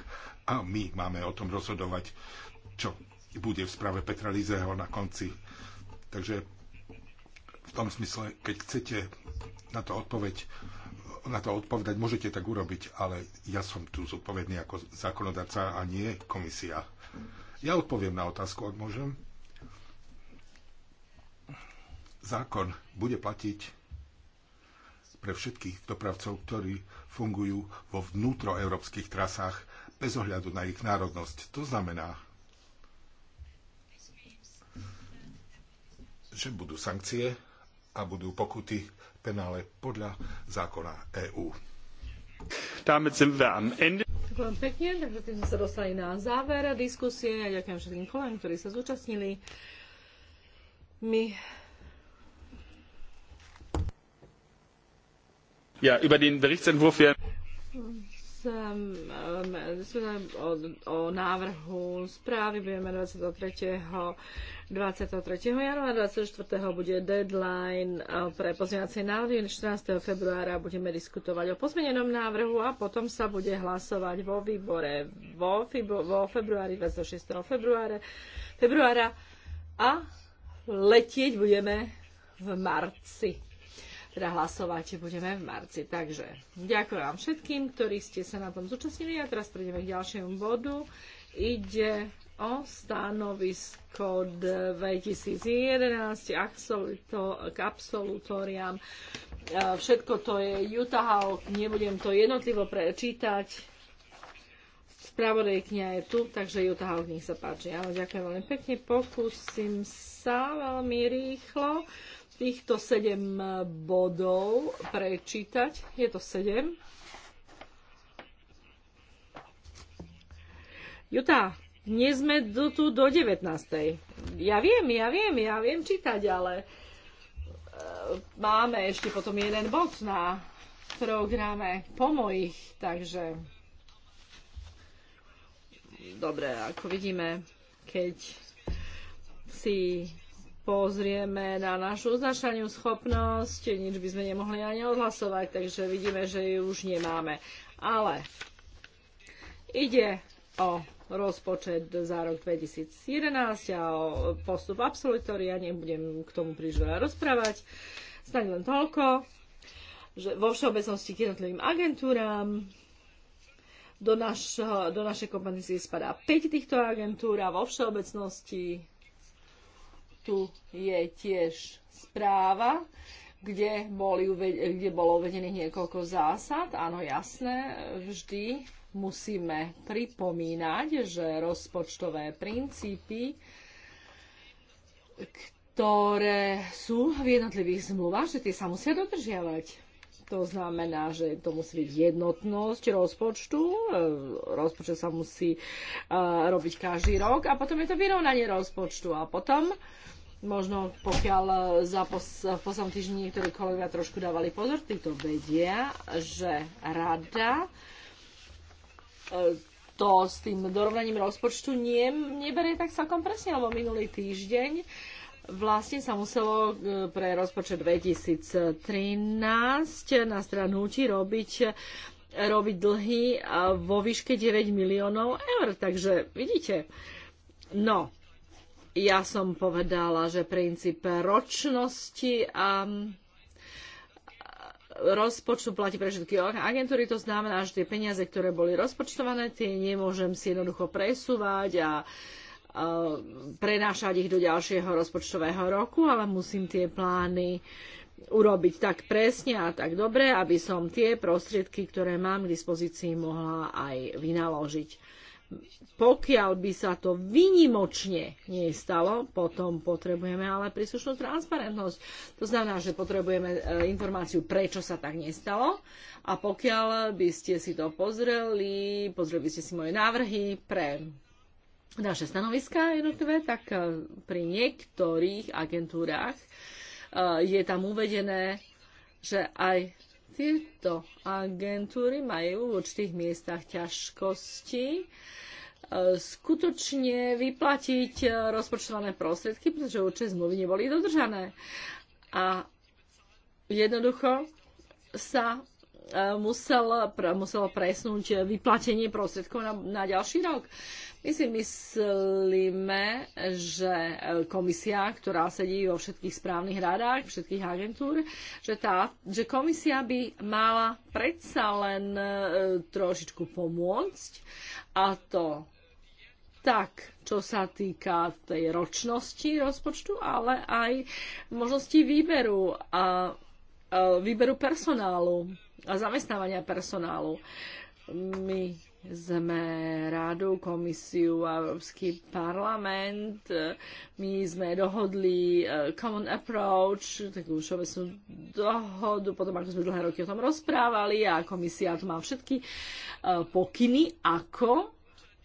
a my máme o tom rozhodovať, čo bude v správe Petra Lizeho na konci. Takže v tom smysle, keď chcete na to odpoveď, na to odpovedať, môžete tak urobiť, ale ja som tu zodpovedný ako zákonodarca a nie komisia. Ja odpoviem na otázku, ak môžem. Zákon bude platiť pre všetkých dopravcov, ktorí fungujú vo vnútroeurópskych trasách bez ohľadu na ich národnosť. To znamená, že budú sankcie a budú pokuty penále podľa zákona EÚ. Ďakujem
pekne, takže tým sme sa dostali na záver diskusie. Ja ďakujem všetkým kolegom, ktorí sa zúčastnili. My
ja, über den Berichtsentwurf
werden
o, o návrhu správy budeme 23. 23. januára, 24. bude deadline eh, pre pozmeňovacie návrhy, 14. februára budeme diskutovať o pozmenenom návrhu a potom sa bude hlasovať vo výbore vo, vo februári, 26. februára, februára a letieť budeme v marci teda hlasovať budeme v marci. Takže ďakujem vám všetkým, ktorí ste sa na tom zúčastnili a teraz prejdeme k ďalšiemu bodu. Ide o stanovisko 2011 k absolutóriám. Všetko to je Utah Hawk, nebudem to jednotlivo prečítať. kniha je tu, takže Utah Hawk, nech sa páči. Áno, ďakujem veľmi pekne, pokúsim sa veľmi rýchlo týchto 7 e, bodov prečítať. Je to 7. Jutá, dnes sme do, tu do 19. Ja viem, ja viem, ja viem čítať, ale e, máme ešte potom jeden bod na programe po mojich, takže dobre, ako vidíme, keď si pozrieme na našu označaniu schopnosť, nič by sme nemohli ani odhlasovať, takže vidíme, že ju už nemáme. Ale ide o rozpočet za rok 2011 a o postup absolutória. Nebudem k tomu príliš veľa rozprávať. Snaď len toľko, že vo všeobecnosti k jednotlivým agentúram do, našho, do našej kompetencie spadá 5 týchto agentúr a vo všeobecnosti tu je tiež správa, kde, boli, kde bolo uvedených niekoľko zásad. Áno, jasné, vždy musíme pripomínať, že rozpočtové princípy, ktoré sú v jednotlivých zmluvách, že tie sa musia dodržiavať. To znamená, že to musí byť jednotnosť rozpočtu. E, rozpočet sa musí e, robiť každý rok a potom je to vyrovnanie rozpočtu. A potom možno pokiaľ za pos- v poslednom týždni niektorí kolegovia trošku dávali pozor, to vedia, že rada e, to s tým dorovnaním rozpočtu nie, neberie tak celkom presne, lebo minulý týždeň vlastne sa muselo e, pre rozpočet 2013 na stranu či robiť robiť dlhy e, vo výške 9 miliónov eur. Takže vidíte, no, ja som povedala, že princíp ročnosti a um, rozpočtu platí pre všetky agentúry, to znamená, že tie peniaze, ktoré boli rozpočtované, tie nemôžem si jednoducho presúvať a uh, Eh, prenášať ich do ďalšieho rozpočtového roku, ale musím tie plány urobiť tak presne a tak dobre, aby som tie prostriedky, ktoré mám k dispozícii, mohla aj vynaložiť. Pokiaľ by sa to vynimočne nestalo, potom potrebujeme ale príslušnú transparentnosť. To znamená, že potrebujeme eh, informáciu, prečo sa tak nestalo. A pokiaľ by ste si to pozreli, pozreli by ste si moje návrhy pre naše stanoviska jednotlivé, tak e, pri niektorých agentúrach e, je tam uvedené, že aj tieto agentúry majú v určitých miestach ťažkosti e, skutočne vyplatiť rozpočtované prostriedky, pretože určite zmluvy neboli dodržané. A jednoducho sa musel, muselo presnúť vyplatenie prostriedkov na, na ďalší rok. My si myslíme, že e, komisia, ktorá sedí vo všetkých správnych radách, všetkých agentúr, že, tá, že komisia by mala predsa len e, trošičku pomôcť a to tak, čo sa týka tej ročnosti rozpočtu, ale aj možnosti výberu a, a e, výberu personálu a zamestnávania personálu. My sme rádu, komisiu a Európsky parlament. My sme dohodli eh, common approach, takú všeobecnú dohodu, potom ako sme dlhé roky o tom rozprávali a komisia tu má všetky eh, pokyny, ako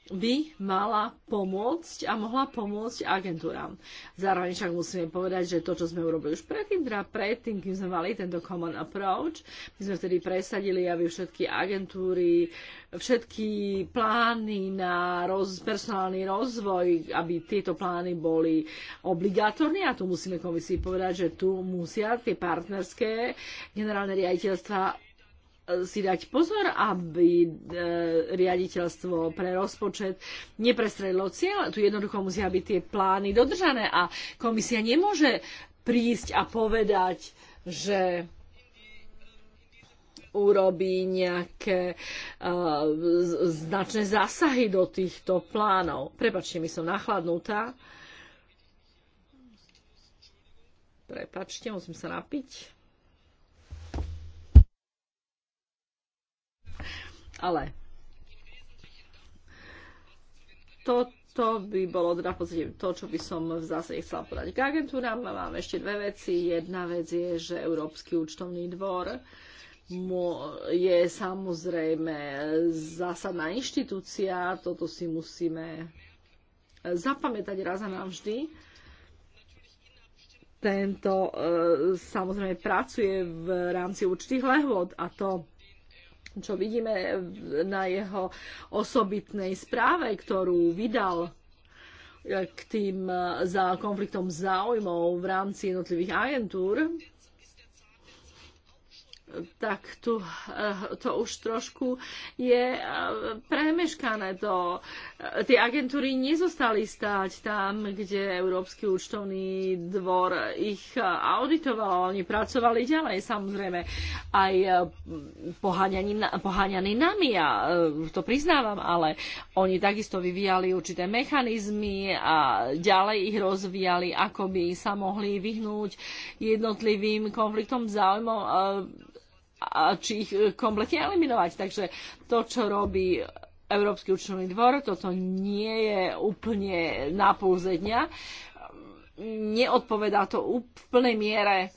by mala pomôcť a mohla pomôcť agentúram. Zároveň však musíme povedať, že to, čo sme urobili už predtým, teda predtým, kým sme mali tento common approach, my sme vtedy presadili, aby všetky agentúry uh, všetky plány na roz, personálny rozvoj, aby tieto plány boli obligátorné a tu musíme komisii povedať, že tu musia tie partnerské generálne riaditeľstva e, si dať pozor, aby e, riaditeľstvo pre rozpočet neprestrelilo cieľ. Tu jednoducho musia byť tie plány dodržané a komisia nemôže prísť a povedať, že urobí nejaké značné zásahy do týchto plánov. Prepačte, mi som nachladnutá. Prepačte, musím sa napiť. Ale toto by bolo teda v podstate to, čo by som v zásade chcela podať k agentúram. máme ešte dve veci. Jedna vec je, že Európsky účtovný dvor uh, je samozrejme zásadná inštitúcia, toto si musíme zapamätať raz a navždy. Tento e, samozrejme pracuje v rámci určitých lehôd a to čo vidíme na jeho osobitnej správe, ktorú vydal e, k tým e, za konfliktom záujmov v rámci jednotlivých agentúr, tak tu, eh, to už trošku je eh, premeškané. To, eh, tie agentúry nezostali stáť tam, kde Európsky účtovný dvor ich auditoval. Oni pracovali ďalej, samozrejme, aj poháňaní nami, ja to priznávam, ale oni takisto vyvíjali určité mechanizmy a ďalej ich rozvíjali, ako by sa mohli vyhnúť jednotlivým konfliktom záujmov a či ich e, kompletne eliminovať. Takže to, čo robí Európsky účtovný dvor, toto nie je úplne na pouze dňa. Neodpovedá to úplne miere e,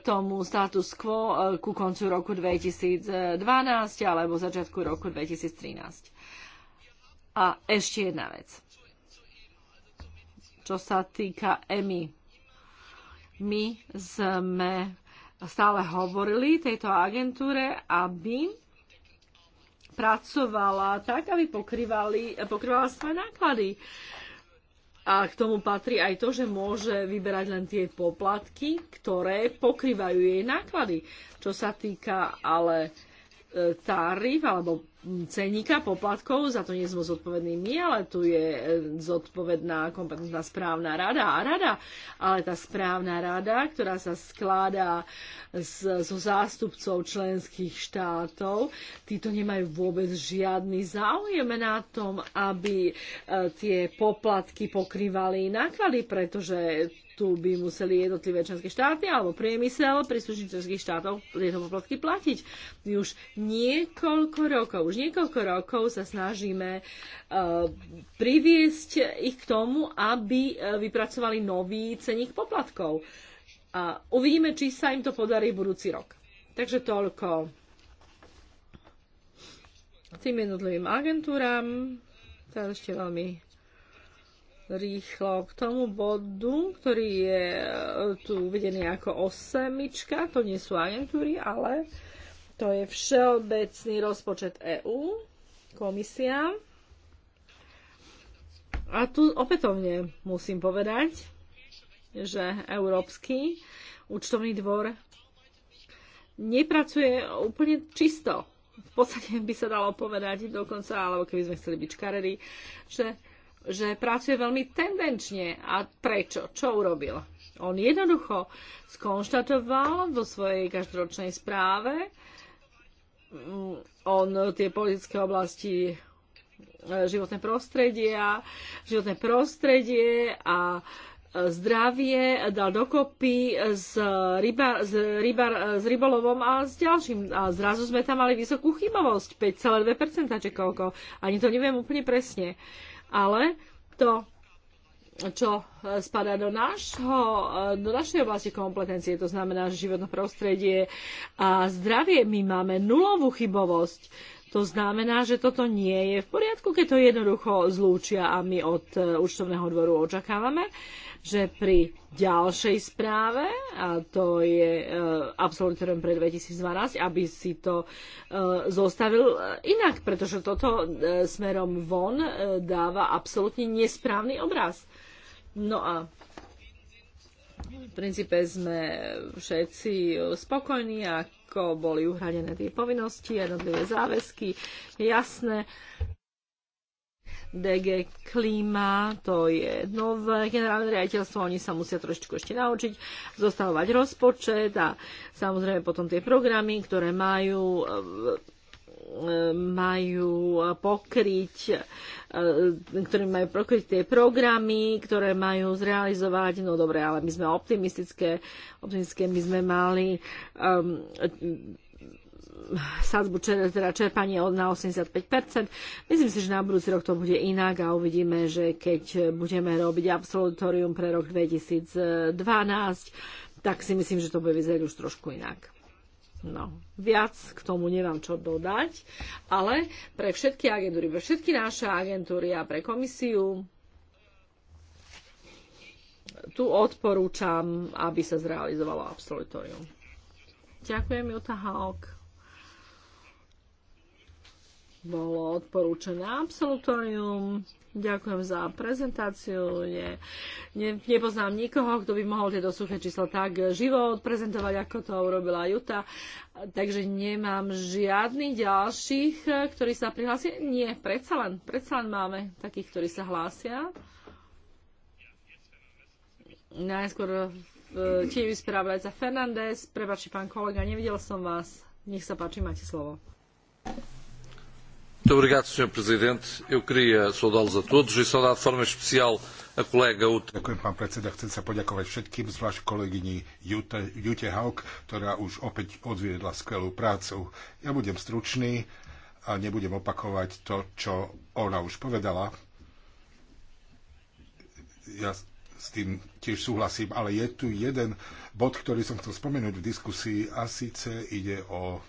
tomu status quo e, ku koncu roku 2012 alebo začiatku roku 2013. A ešte jedna vec. Čo sa týka EMI. My sme stále hovorili tejto agentúre, aby pracovala tak, aby pokrývali, pokrývala svoje náklady. A k tomu patrí aj to, že môže vyberať len tie poplatky, ktoré pokrývajú jej náklady. Čo sa týka ale E, tarif alebo ceníka poplatkov, za to nie sme zodpovední my, ale tu je e, zodpovedná kompetentná správna rada a rada. Ale tá správna rada, ktorá sa skládá zo zástupcov členských štátov, títo nemajú vôbec žiadny záujem na tom, aby e, tie poplatky pokrývali náklady, pretože tu by museli jednotlivé členské štáty alebo priemysel príslušných členských štátov tieto poplatky platiť. My už niekoľko rokov, už niekoľko rokov sa snažíme uh, priviesť ich k tomu, aby e, vypracovali nový ceník poplatkov. A uvidíme, či sa im to podarí budúci rok. Takže toľko tým jednotlivým agentúram. To je ešte veľmi rýchlo k tomu bodu, ktorý je e, tu uvedený ako osemička. To nie sú agentúry, ale to je všeobecný rozpočet EÚ, komisia. A tu opätovne musím povedať, že Európsky účtovný dvor nepracuje úplne čisto. V podstate by sa dalo povedať dokonca, alebo keby sme chceli byť škareri, že že pracuje veľmi tendenčne. A prečo? Čo urobil? On jednoducho skonštatoval vo svojej každoročnej správe, mm, on tie politické oblasti životné e, prostredia, životné prostredie a e, zdravie dal dokopy s, ryba, s, ryba, s rybolovom a s ďalším. A zrazu sme tam mali vysokú chybovosť, 5,2%, či koľko. Ani to neviem úplne presne. Uh, ale to, čo e, spadá do, nášho, e, do našej oblasti kompetencie, to znamená životné prostredie a zdravie. My máme nulovú chybovosť. To znamená, že toto nie je v poriadku, keď to jednoducho zlúčia a my od e, účtovného dvoru očakávame, že pri ďalšej správe, a to je e, absolutorium pre 2012, aby si to e, zostavil e, inak, pretože toto smerom von dáva absolútne nesprávny obraz. No a v princípe sme všetci spokojní, ako boli uhradené tie povinnosti, jednotlivé záväzky, jasné. DG Klíma, to je nové generálne riaditeľstvo, oni sa musia trošičku ešte naučiť zostavovať rozpočet a samozrejme potom tie programy, ktoré majú eh, majú pokryť, eh, ktoré majú pokryť tie programy, ktoré majú zrealizovať. No dobre, ale my sme optimistické, optimistické my sme mali um, sadzbu teda čerpanie na 85%. Myslím si, že na budúci rok to bude inak a uvidíme, že keď budeme robiť absolutorium pre rok 2012, tak si myslím, že to bude vyzerať už trošku inak. No, viac k tomu nemám čo dodať, ale pre všetky agentúry, pre všetky naše agentúry a pre komisiu tu odporúčam, aby sa zrealizovalo absolutorium. Ďakujem, Jutta Haug bolo odporúčané absolutorium. Ďakujem za prezentáciu. Nie, ne, nepoznám nikoho, kto by mohol tieto suché čísla tak živo odprezentovať, ako to urobila Juta. Takže nemám žiadnych ďalších, ktorí sa prihlásia. Nie, predsa len, predsa len máme takých, ktorí sa hlásia. Najskôr eh, vysprávajú spravodajca Fernández. Prebači, pán kolega, nevidel som vás. Nech sa páči, máte slovo.
Muito obrigado, Sr. Presidente. Eu queria saudá-los a todos e saudar de forma especial a kolega Ute. Ďakujem, pán predseda. Chcem sa poďakovať všetkým, zvlášť kolegyni Jute, Jute Haug, ktorá už opäť odviedla skvelú prácu. Ja budem stručný a nebudem opakovať to, čo ona už povedala. Ja s tým tiež súhlasím, ale je tu jeden bod, ktorý som chcel spomenúť v diskusii a síce ide o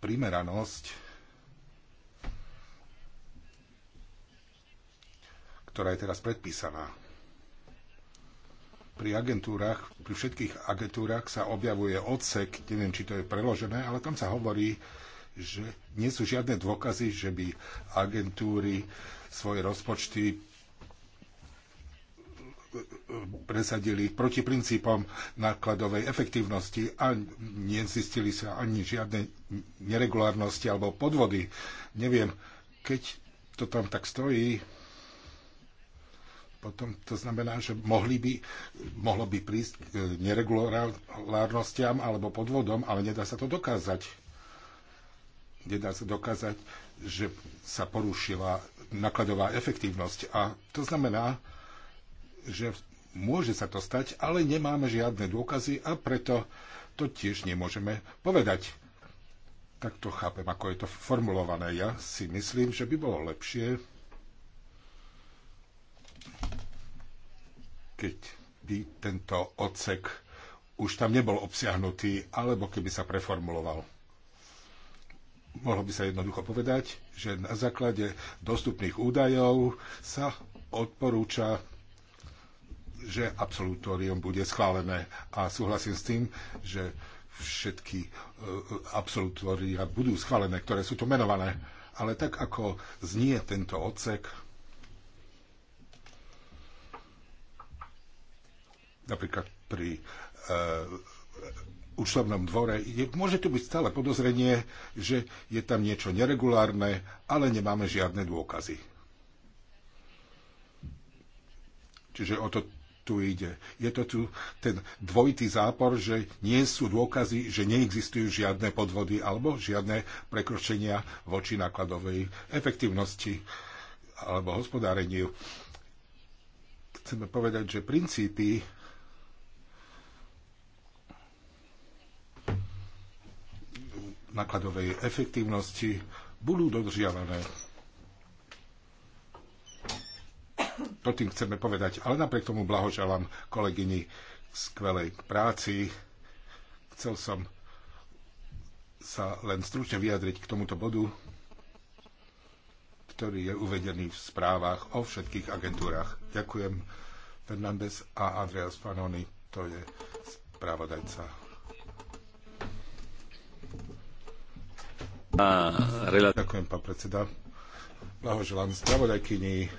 primeranosť, ktorá je teraz predpísaná. Pri agentúrach, pri všetkých agentúrach sa objavuje odsek, neviem, či to je preložené, ale tam sa hovorí, že nie sú žiadne dôkazy, že by agentúry svoje rozpočty presadili proti princípom nákladovej efektívnosti a nezistili sa ani žiadne neregulárnosti alebo podvody. Neviem, keď to tam tak stojí, potom to znamená, že mohli by, mohlo by prísť k neregulárnostiam alebo podvodom, ale nedá sa to dokázať. Nedá sa dokázať, že sa porušila nakladová efektívnosť. A to znamená, že môže sa to stať, ale nemáme žiadne dôkazy a preto to tiež nemôžeme povedať. Tak to chápem, ako je to formulované. Ja si myslím, že by bolo lepšie, keď by tento odsek už tam nebol obsiahnutý, alebo keby sa preformuloval. Mohlo by sa jednoducho povedať, že na základe dostupných údajov sa odporúča že absolutórium bude schválené. A súhlasím s tým, že všetky e, e, absolutória budú schválené, ktoré sú tu menované. Ale tak, ako znie tento odsek, napríklad pri e, účtovnom dvore, je, môže tu byť stále podozrenie, že je tam niečo neregulárne, ale nemáme žiadne dôkazy. Čiže o to tu ide. Je to tu ten dvojitý zápor, že nie sú dôkazy, že neexistujú žiadne podvody alebo žiadne prekročenia voči nákladovej efektívnosti alebo hospodáreniu. Chceme povedať, že princípy nákladovej efektívnosti budú dodržiavané to tým chceme povedať. Ale napriek tomu blahoželám kolegyni skvelej práci. Chcel som sa len stručne vyjadriť k tomuto bodu, ktorý je uvedený v správach o všetkých agentúrach. Ďakujem Fernández a Andreas Fanoni, to je správodajca. Ďakujem, pán predseda. Blahoželám spravodajkyni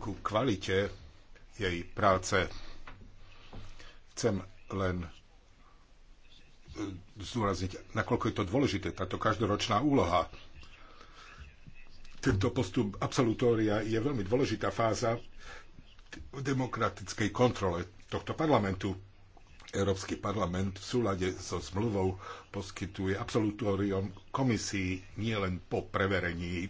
ku kvalite jej práce. Chcem len eh, zúrazniť, nakoľko je to dôležité, táto každoročná úloha. Tento postup absolutória je veľmi dôležitá fáza v demokratickej kontrole tohto parlamentu. Európsky parlament v súlade so zmluvou poskytuje absolutórium komisii nielen po preverení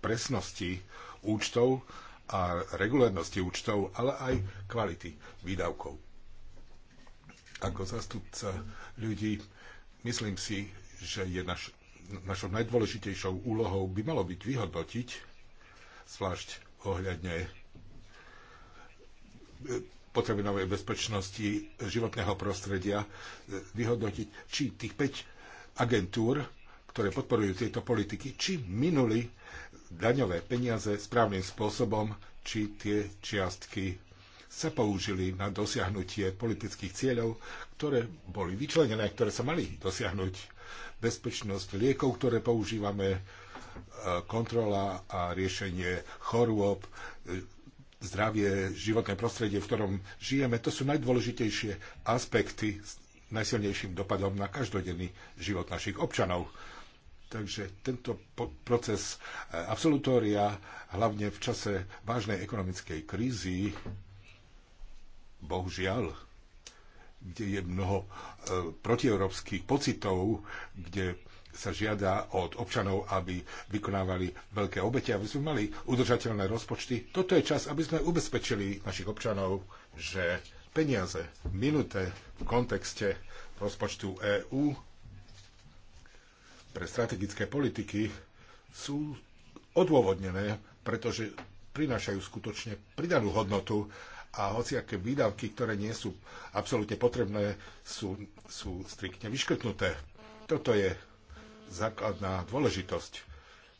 presnosti účtov, a regulárnosti účtov, ale aj kvality výdavkov. Ako zastupca ľudí, myslím si, že je naš, našou najdôležitejšou úlohou by malo byť vyhodnotiť, zvlášť ohľadne e, potravinovej bezpečnosti životného prostredia, e, vyhodnotiť, či tých 5 agentúr, ktoré podporujú tieto politiky, či minuli daňové peniaze správnym spôsobom, či tie čiastky sa použili na dosiahnutie politických cieľov, ktoré boli vyčlenené, ktoré sa mali dosiahnuť. Bezpečnosť liekov, ktoré používame, e, kontrola a riešenie chorôb, e, zdravie, životné prostredie, v ktorom žijeme, to sú najdôležitejšie aspekty s najsilnejším dopadom na každodenný život našich občanov. Takže tento proces e, absolutória, hlavne v čase vážnej ekonomickej krízy, bohužiaľ, kde je mnoho e, protieurópskych pocitov, kde sa žiada od občanov, aby vykonávali veľké obete, aby sme mali udržateľné rozpočty. Toto je čas, aby sme ubezpečili našich občanov, že peniaze minuté v kontexte rozpočtu EÚ pre strategické politiky sú odôvodnené, pretože prinášajú skutočne pridanú hodnotu a hociaké výdavky, ktoré nie sú absolútne potrebné, sú, sú striktne vyškrtnuté. Toto je základná dôležitosť,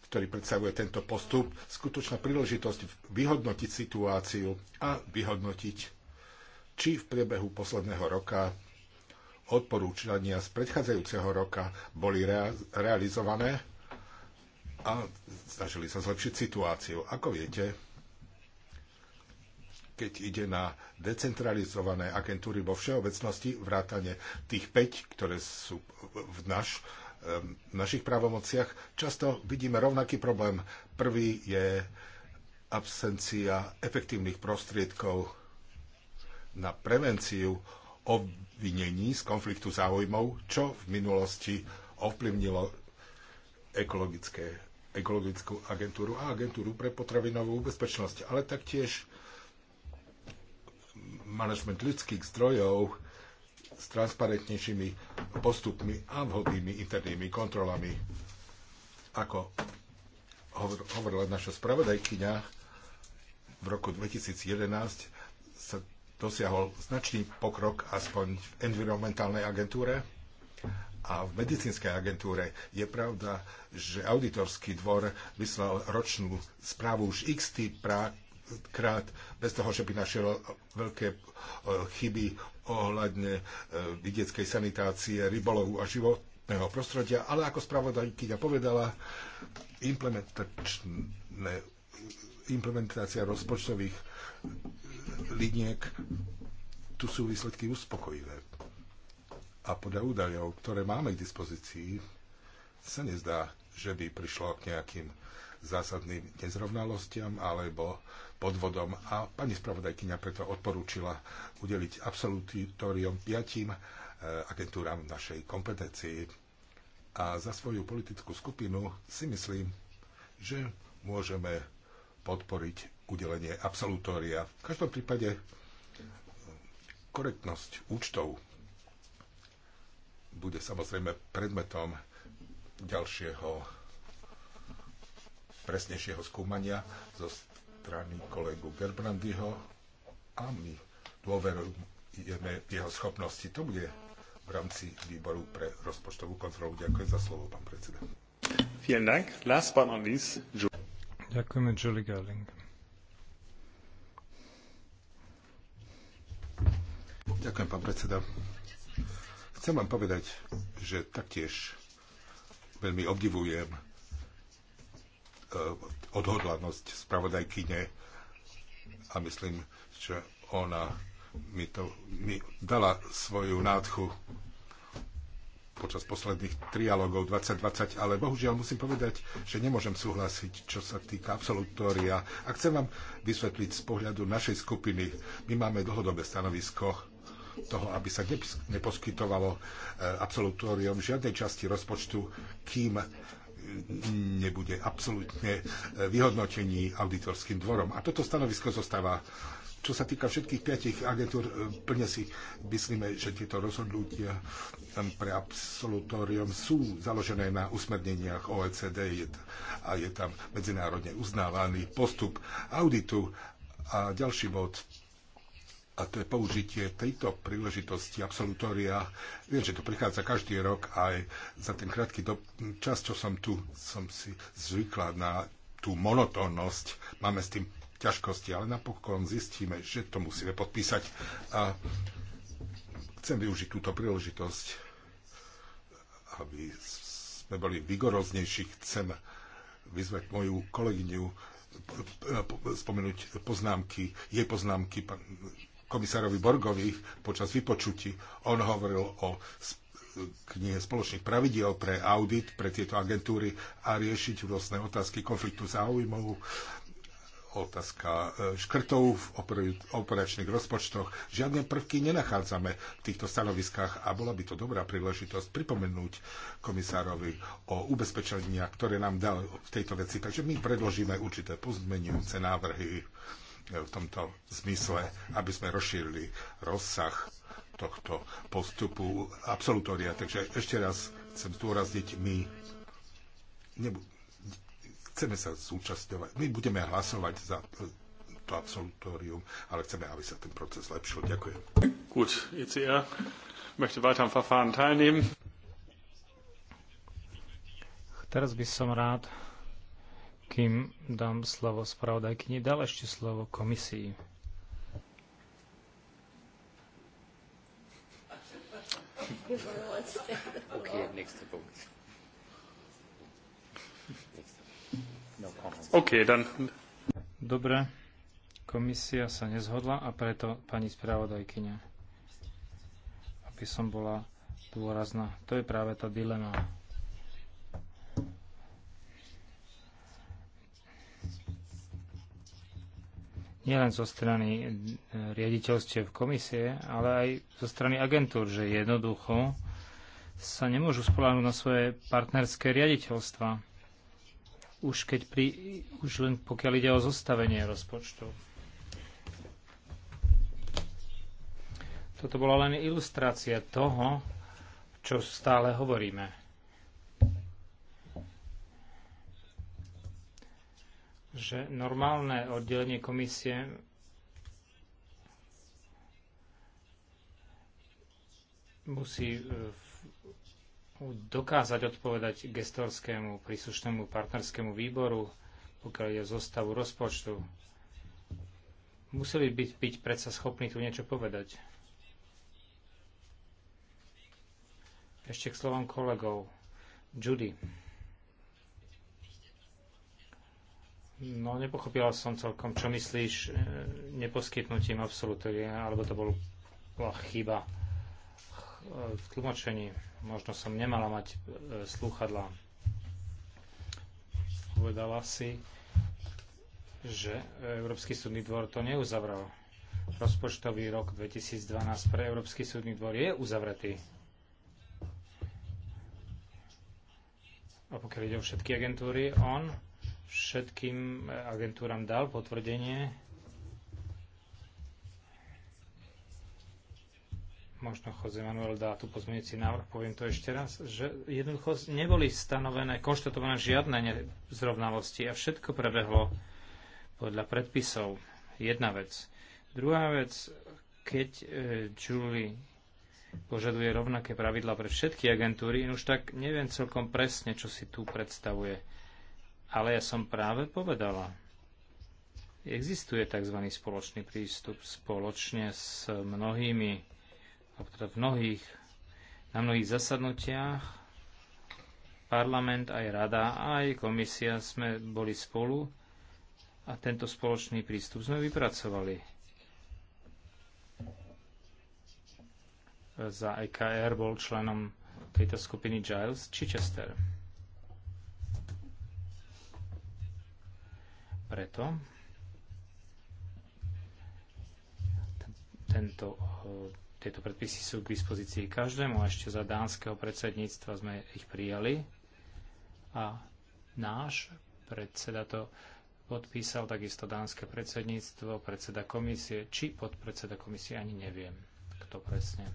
ktorý predstavuje tento postup, skutočná príležitosť vyhodnotiť situáciu a vyhodnotiť, či v priebehu posledného roka odporúčania z predchádzajúceho roka boli rea- realizované a snažili sa zlepšiť situáciu. Ako viete, keď ide na decentralizované agentúry vo všeobecnosti, vrátane tých 5, ktoré sú v, naš, v našich právomociach, často vidíme rovnaký problém. Prvý je absencia efektívnych prostriedkov na prevenciu obvinení z konfliktu záujmov, čo v minulosti ovplyvnilo ekologické, ekologickú agentúru a agentúru pre potravinovú bezpečnosť, ale taktiež manažment ľudských zdrojov s transparentnejšími postupmi a vhodnými internými kontrolami. Ako hovorila naša spravodajkyňa, v roku 2011 dosiahol značný pokrok aspoň v environmentálnej agentúre a v medicínskej agentúre. Je pravda, že auditorský dvor vyslal ročnú správu už x krát, bez toho, že by našiel veľké e, chyby ohľadne e, vidieckej sanitácie, rybolovu a životného prostredia, ale ako spravodajkyňa povedala, implementačné implementácia rozpočtových liniek, tu sú výsledky uspokojivé. A podľa údajov, ktoré máme k dispozícii, sa nezdá, že by prišlo k nejakým zásadným nezrovnalostiam alebo podvodom a pani spravodajkyňa preto odporúčila udeliť absolutitorium piatim eh, agentúram našej kompetencii. A za svoju politickú skupinu si myslím, že môžeme podporiť udelenie absolutória. V každom prípade korektnosť účtov bude samozrejme predmetom ďalšieho presnejšieho skúmania zo strany kolegu Gerbrandyho a my dôverujeme jeho schopnosti. To bude v rámci výboru pre rozpočtovú kontrolu. Ďakujem za slovo, pán predseda. Vielen Dank. Last but not least,
Ďakujeme, Julie Gerling.
Ďakujem, pán predseda. Chcem vám povedať, že taktiež veľmi obdivujem e, odhodlanosť spravodajkyne a myslím, že ona mi, to, mi dala svoju nádchu počas posledných trialogov 2020, ale bohužiaľ musím povedať, že nemôžem súhlasiť, čo sa týka absolutória. A chcem vám vysvetliť z pohľadu našej skupiny. My máme dlhodobé stanovisko toho, aby sa neposkytovalo e, absolutórium žiadnej časti rozpočtu, kým nebude absolútne e, vyhodnotení auditorským dvorom. A toto stanovisko zostáva čo sa týka všetkých piatich agentúr, e, plne si myslíme, že tieto rozhodnutia pre absolutórium sú založené na usmerneniach OECD a je tam medzinárodne uznávaný postup auditu. A ďalší bod a to je použitie tejto príležitosti absolutória. Viem, že to prichádza každý rok aj za ten krátky do... čas, čo som tu, som si zvykla na tú monotónnosť. Máme s tým ťažkosti, ale napokon zistíme, že to musíme podpísať. A chcem využiť túto príležitosť, aby sme boli vigoroznejší. Chcem vyzvať moju kolegyňu spomenúť poznámky, jej poznámky komisárovi Borgovi počas vypočutí. On hovoril o knihe spoločných pravidiel pre audit, pre tieto agentúry a riešiť rôzne otázky konfliktu záujmov, otázka e, škrtov v operačných rozpočtoch. Žiadne prvky nenachádzame v týchto stanoviskách a bola by to dobrá príležitosť pripomenúť komisárovi o ubezpečenia, ktoré nám dal v tejto veci. Takže my predložíme určité pozmenujúce návrhy v tomto zmysle, aby sme rozšírili rozsah tohto postupu absolutória. Takže ešte raz chcem zdôrazniť, my nebu- chceme sa zúčastňovať, my budeme hlasovať za to absolutórium, ale chceme, aby sa ten proces zlepšil. Ďakujem. Gut, ECR möchte weiter am Verfahren teilnehmen.
Teraz by som rád kým dám slovo spravodajkyni, dal ešte slovo komisii. okay, nächster Dobre, komisia sa nezhodla a preto pani spravodajkyňa, aby som bola dôrazná. To je práve tá dilema. nielen zo strany e, riaditeľstiev komisie, ale aj zo strany agentúr, že jednoducho sa nemôžu spoláhnuť na svoje partnerské riaditeľstva. Už, keď pri, už len pokiaľ ide o zostavenie rozpočtu. Toto bola len ilustrácia toho, čo stále hovoríme. že normálne oddelenie komisie musí e, dokázať odpovedať gestorskému príslušnému partnerskému výboru, pokiaľ je zostavu rozpočtu. Museli byť, byť predsa schopní tu niečo povedať. Ešte k slovám kolegov. Judy. No, nepochopila som celkom, čo myslíš e, neposkytnutím absolutoria, alebo to bol, bola chyba e, v tlmočení. Možno som nemala mať e, slúchadlá. Povedala si, že Európsky súdny dvor to neuzavral. Rozpočtový rok 2012 pre Európsky súdny dvor je uzavretý. A pokiaľ ide o všetky agentúry, on všetkým agentúram dal potvrdenie. Možno Jose Manuel dá tu pozmienici návrh, poviem to ešte raz, že jednoducho neboli stanovené, konštatované žiadne zrovnalosti a všetko prebehlo podľa predpisov. Jedna vec. Druhá vec, keď e, Julie požaduje rovnaké pravidla pre všetky agentúry, už tak neviem celkom presne, čo si tu predstavuje ale ja som práve povedala, existuje tzv. spoločný prístup spoločne s mnohými, teda v mnohých, na mnohých zasadnutiach parlament, aj rada, aj komisia sme boli spolu a tento spoločný prístup sme vypracovali. Za EKR bol členom tejto skupiny Giles Chichester. Preto tento, eh, tieto predpisy sú k dispozícii každému. Ešte za dánskeho predsedníctva sme ich prijali a náš predseda to podpísal, takisto dánske predsedníctvo, predseda komisie, či podpredseda komisie, ani neviem, kto presne.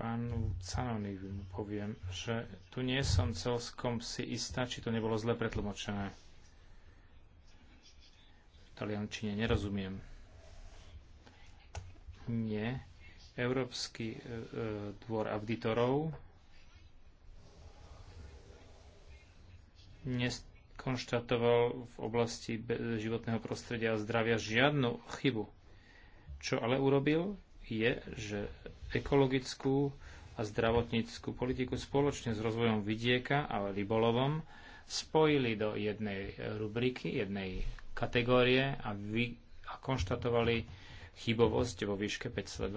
pánu Canoni mu poviem, že tu nie som celkom si istá, či to nebolo zle pretlmočené. V taliančine nerozumiem. Nie. Európsky e, e, dvor auditorov neskonštatoval v oblasti životného prostredia a zdravia žiadnu chybu. Čo ale urobil? je, že ekologickú a zdravotníckú politiku spoločne s rozvojom vidieka a rybolovom spojili do jednej rubriky, jednej kategórie a, vy, a konštatovali chybovosť vo výške 5,2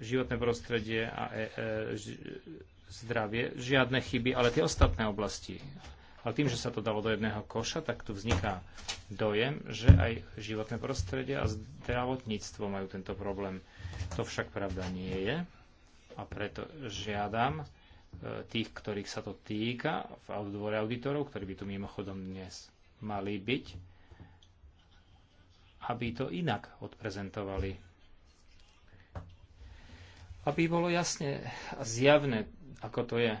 životné prostredie a e, e, zdravie, žiadne chyby, ale tie ostatné oblasti ale tým, že sa to dalo do jedného koša, tak tu vzniká dojem, že aj životné prostredie a zdravotníctvo majú tento problém. To však pravda nie je. A preto žiadam e, tých, ktorých sa to týka, v dvore auditorov, ktorí by tu mimochodom dnes mali byť, aby to inak odprezentovali. Aby bolo jasne a zjavné, ako to je.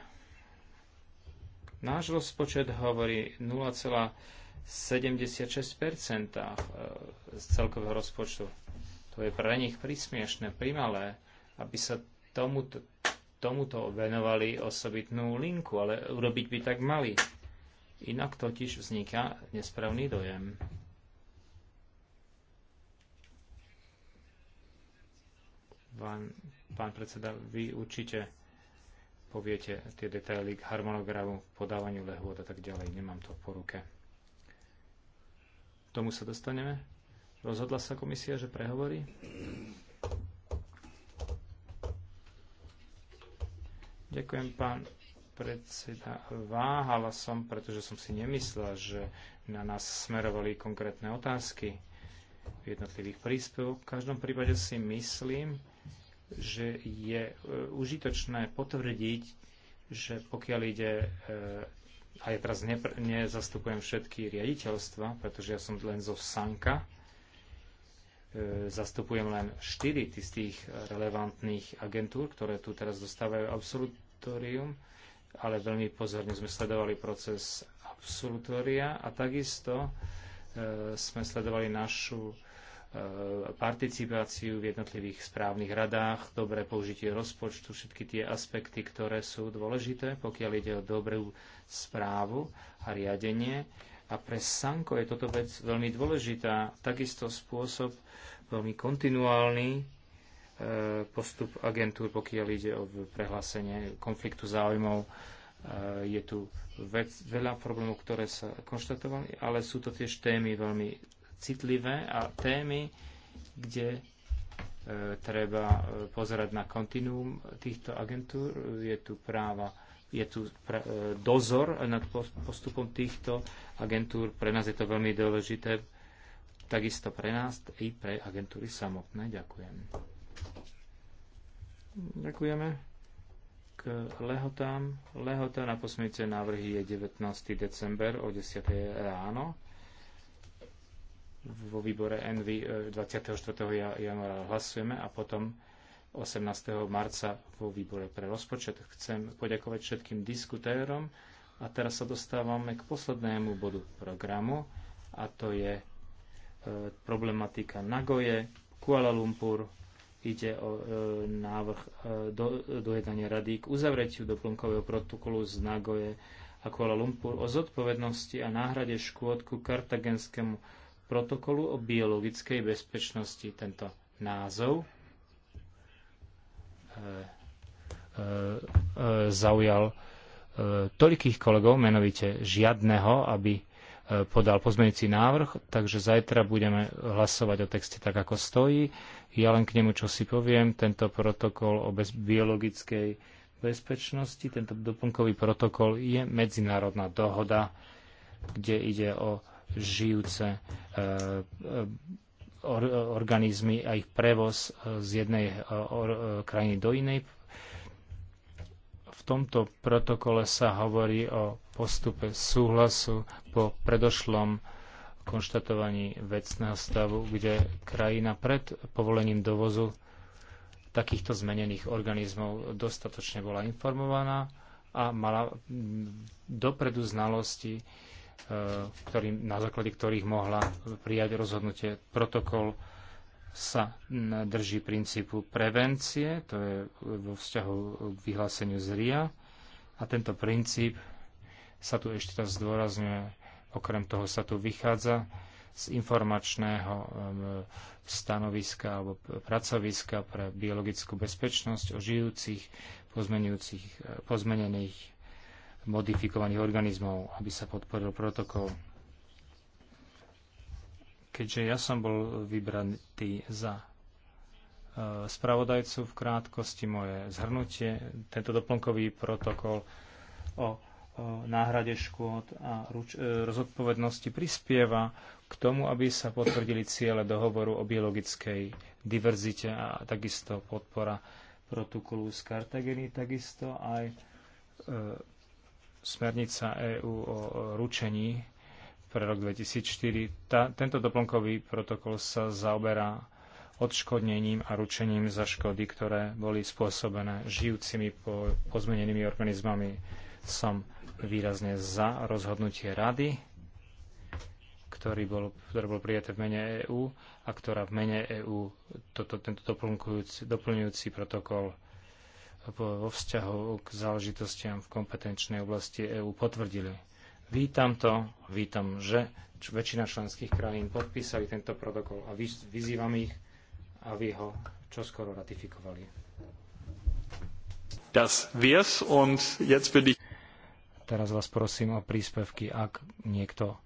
Náš rozpočet hovorí 0,76 eh, z celkového rozpočtu. To je pre nich prísmiešne, primalé, aby sa tomuto, tomuto venovali osobitnú linku, ale urobiť by tak mali. Inak totiž vzniká nesprávny dojem. Pán, pán predseda, vy určite poviete tie detaily k harmonogramu, podávaniu lehôd a tak ďalej. Nemám to po ruke. K tomu sa dostaneme. Rozhodla sa komisia, že prehovorí? Ďakujem, pán predseda. Váhala som, pretože som si nemyslela, že na nás smerovali konkrétne otázky v jednotlivých príspevok. V každom prípade si myslím, že je e, užitočné potvrdiť, že pokiaľ ide, e, a ja teraz nepr- nezastupujem všetky riaditeľstva, pretože ja som len zo Sanka, e, zastupujem len 4 z tých relevantných agentúr, ktoré tu teraz dostávajú absolutórium, ale veľmi pozorne sme sledovali proces absolutória a takisto sme sledovali našu E, participáciu v jednotlivých správnych radách, dobré použitie rozpočtu, všetky tie aspekty, ktoré sú dôležité, pokiaľ ide o dobrú správu a riadenie. A pre Sanko je toto vec veľmi dôležitá, takisto spôsob veľmi kontinuálny e, postup agentúr, pokiaľ ide o prehlásenie konfliktu záujmov. E, je tu vec, veľa problémov, ktoré sa konštatovali, ale sú to tiež témy veľmi citlivé a témy, kde e, treba e, pozerať na kontinuum týchto agentúr. Je tu práva, je tu pra, e, dozor nad postupom týchto agentúr. Pre nás je to veľmi dôležité. Takisto pre nás i pre agentúry samotné. Ďakujem. Ďakujeme. K lehotám. Lehota na posmiece návrhy je 19. december o 10. ráno vo výbore ENVY 24. januára hlasujeme a potom 18. marca vo výbore pre rozpočet. Chcem poďakovať všetkým diskutérom a teraz sa dostávame k poslednému bodu programu a to je e, problematika Nagoje, Kuala Lumpur, ide o e, návrh e, do, dojednania rady k uzavretiu doplnkového protokolu z Nagoje a Kuala Lumpur o zodpovednosti a náhrade škôdku kartagenskému protokolu o biologickej bezpečnosti. Tento názov e, e, e, zaujal tolikých kolegov, menovite žiadneho, aby podal pozmeňujúci návrh, takže zajtra budeme hlasovať o texte tak, ako stojí. Ja len k nemu čo si poviem, tento protokol o bez- biologickej bezpečnosti, tento doplnkový protokol je medzinárodná dohoda, kde ide o žijúce e, e, organizmy a ich prevoz e, z jednej krajiny do inej. V tomto protokole sa hovorí o postupe súhlasu po predošlom konštatovaní vecného stavu, kde krajina pred povolením dovozu takýchto zmenených organizmov dostatočne bola informovaná a mala dopredu znalosti E, ktorým, na základe ktorých mohla prijať rozhodnutie. Protokol sa drží princípu prevencie, to je vo vzťahu k vyhláseniu z RIA. A tento princíp sa tu ešte raz zdôrazňuje, okrem toho sa tu vychádza z informačného stanoviska alebo pracoviska pre biologickú bezpečnosť o žijúcich, e, pozmenených modifikovaných organizmov, aby sa podporil protokol. Keďže ja som bol vybraný za e, spravodajcu, v krátkosti moje zhrnutie. Tento doplnkový protokol o náhrade škôd a e, rozodpovednosti prispieva k tomu, aby sa potvrdili ciele dohovoru o biologickej diverzite a takisto podpora protokolu z Kartageny, takisto aj e, smernica EÚ o ručení pre rok 2004. Tá, tento doplnkový protokol sa zaoberá odškodnením a ručením za škody, ktoré boli spôsobené žijúcimi po, pozmenenými organizmami. Som výrazne za rozhodnutie rady, ktorý bol, ktoré bol prijaté v mene EÚ a ktorá v mene EÚ tento doplňujúci protokol vo vzťahu k záležitostiam v kompetenčnej oblasti EÚ potvrdili. Vítam to, vítam, že väčšina členských krajín podpísali tento protokol a vyzývam ich, aby ho čoskoro ratifikovali. Das
wär's und jetzt bin ich...
Teraz vás prosím o príspevky, ak niekto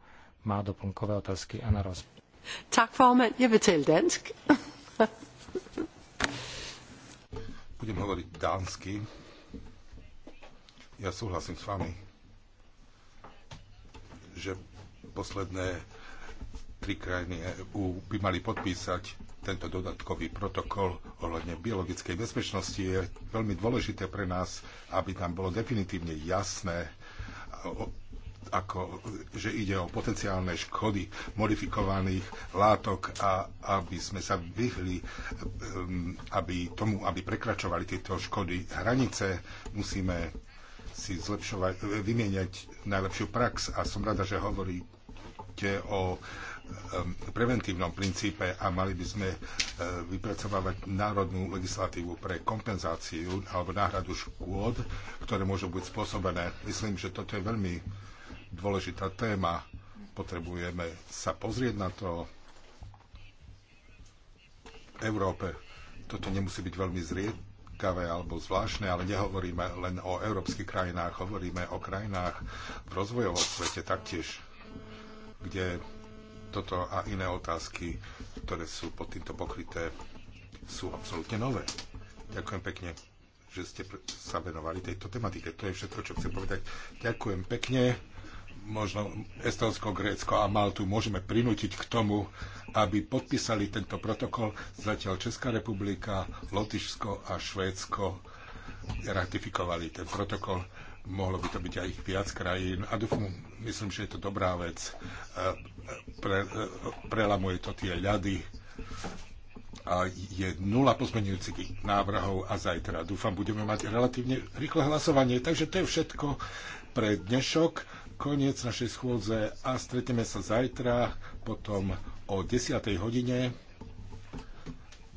má doplnkové otázky a na roz.
Tak dansk.
Budem hovoriť dánsky.
Ja súhlasím s vami, že posledné tri krajiny EU by mali podpísať tento dodatkový protokol ohľadne biologickej bezpečnosti. Je veľmi dôležité pre nás, aby tam bolo definitívne jasné, ako, že ide o potenciálne škody modifikovaných látok a aby sme sa vyhli um, aby tomu, aby prekračovali tieto škody hranice, musíme si zlepšovať, vymieňať najlepšiu prax a som rada, že hovoríte o um, preventívnom princípe a mali by sme uh, vypracovávať národnú legislatívu pre kompenzáciu alebo náhradu škôd, ktoré môžu byť spôsobené. Myslím, že toto je veľmi dôležitá téma. Potrebujeme sa pozrieť na to Európe. Toto nemusí byť veľmi zriedkavé alebo zvláštne, ale nehovoríme len o európskych krajinách, hovoríme o krajinách v rozvojovom svete taktiež, kde toto a iné otázky, ktoré sú pod týmto pokryté, sú absolútne nové. Ďakujem pekne, že ste sa venovali tejto tematike. To je všetko, čo chcem povedať. Ďakujem pekne možno Estonsko, Grécko a Maltu môžeme prinútiť k tomu, aby podpísali tento protokol. Zatiaľ Česká republika, Lotyšsko a Švédsko ratifikovali ten protokol. Mohlo by to byť aj viac krajín a dúfam, myslím, že je to dobrá vec. E, e, pre, e, prelamuje to tie ľady a je nula pozmenujúcich návrhov a zajtra. Dúfam, budeme mať relatívne rýchle hlasovanie. Takže to je všetko pre dnešok koniec našej schôdze a stretneme sa zajtra, potom o 10. hodine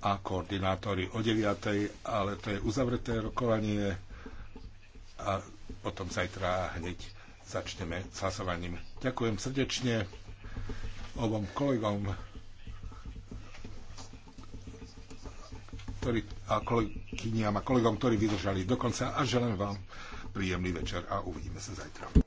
a koordinátori o 9. ale to je uzavreté rokovanie a potom zajtra hneď začneme s hlasovaním. Ďakujem srdečne obom kolegom ktorý, a kolegyniam a kolegom, ktorí vydržali dokonca a želám vám príjemný večer a uvidíme sa zajtra.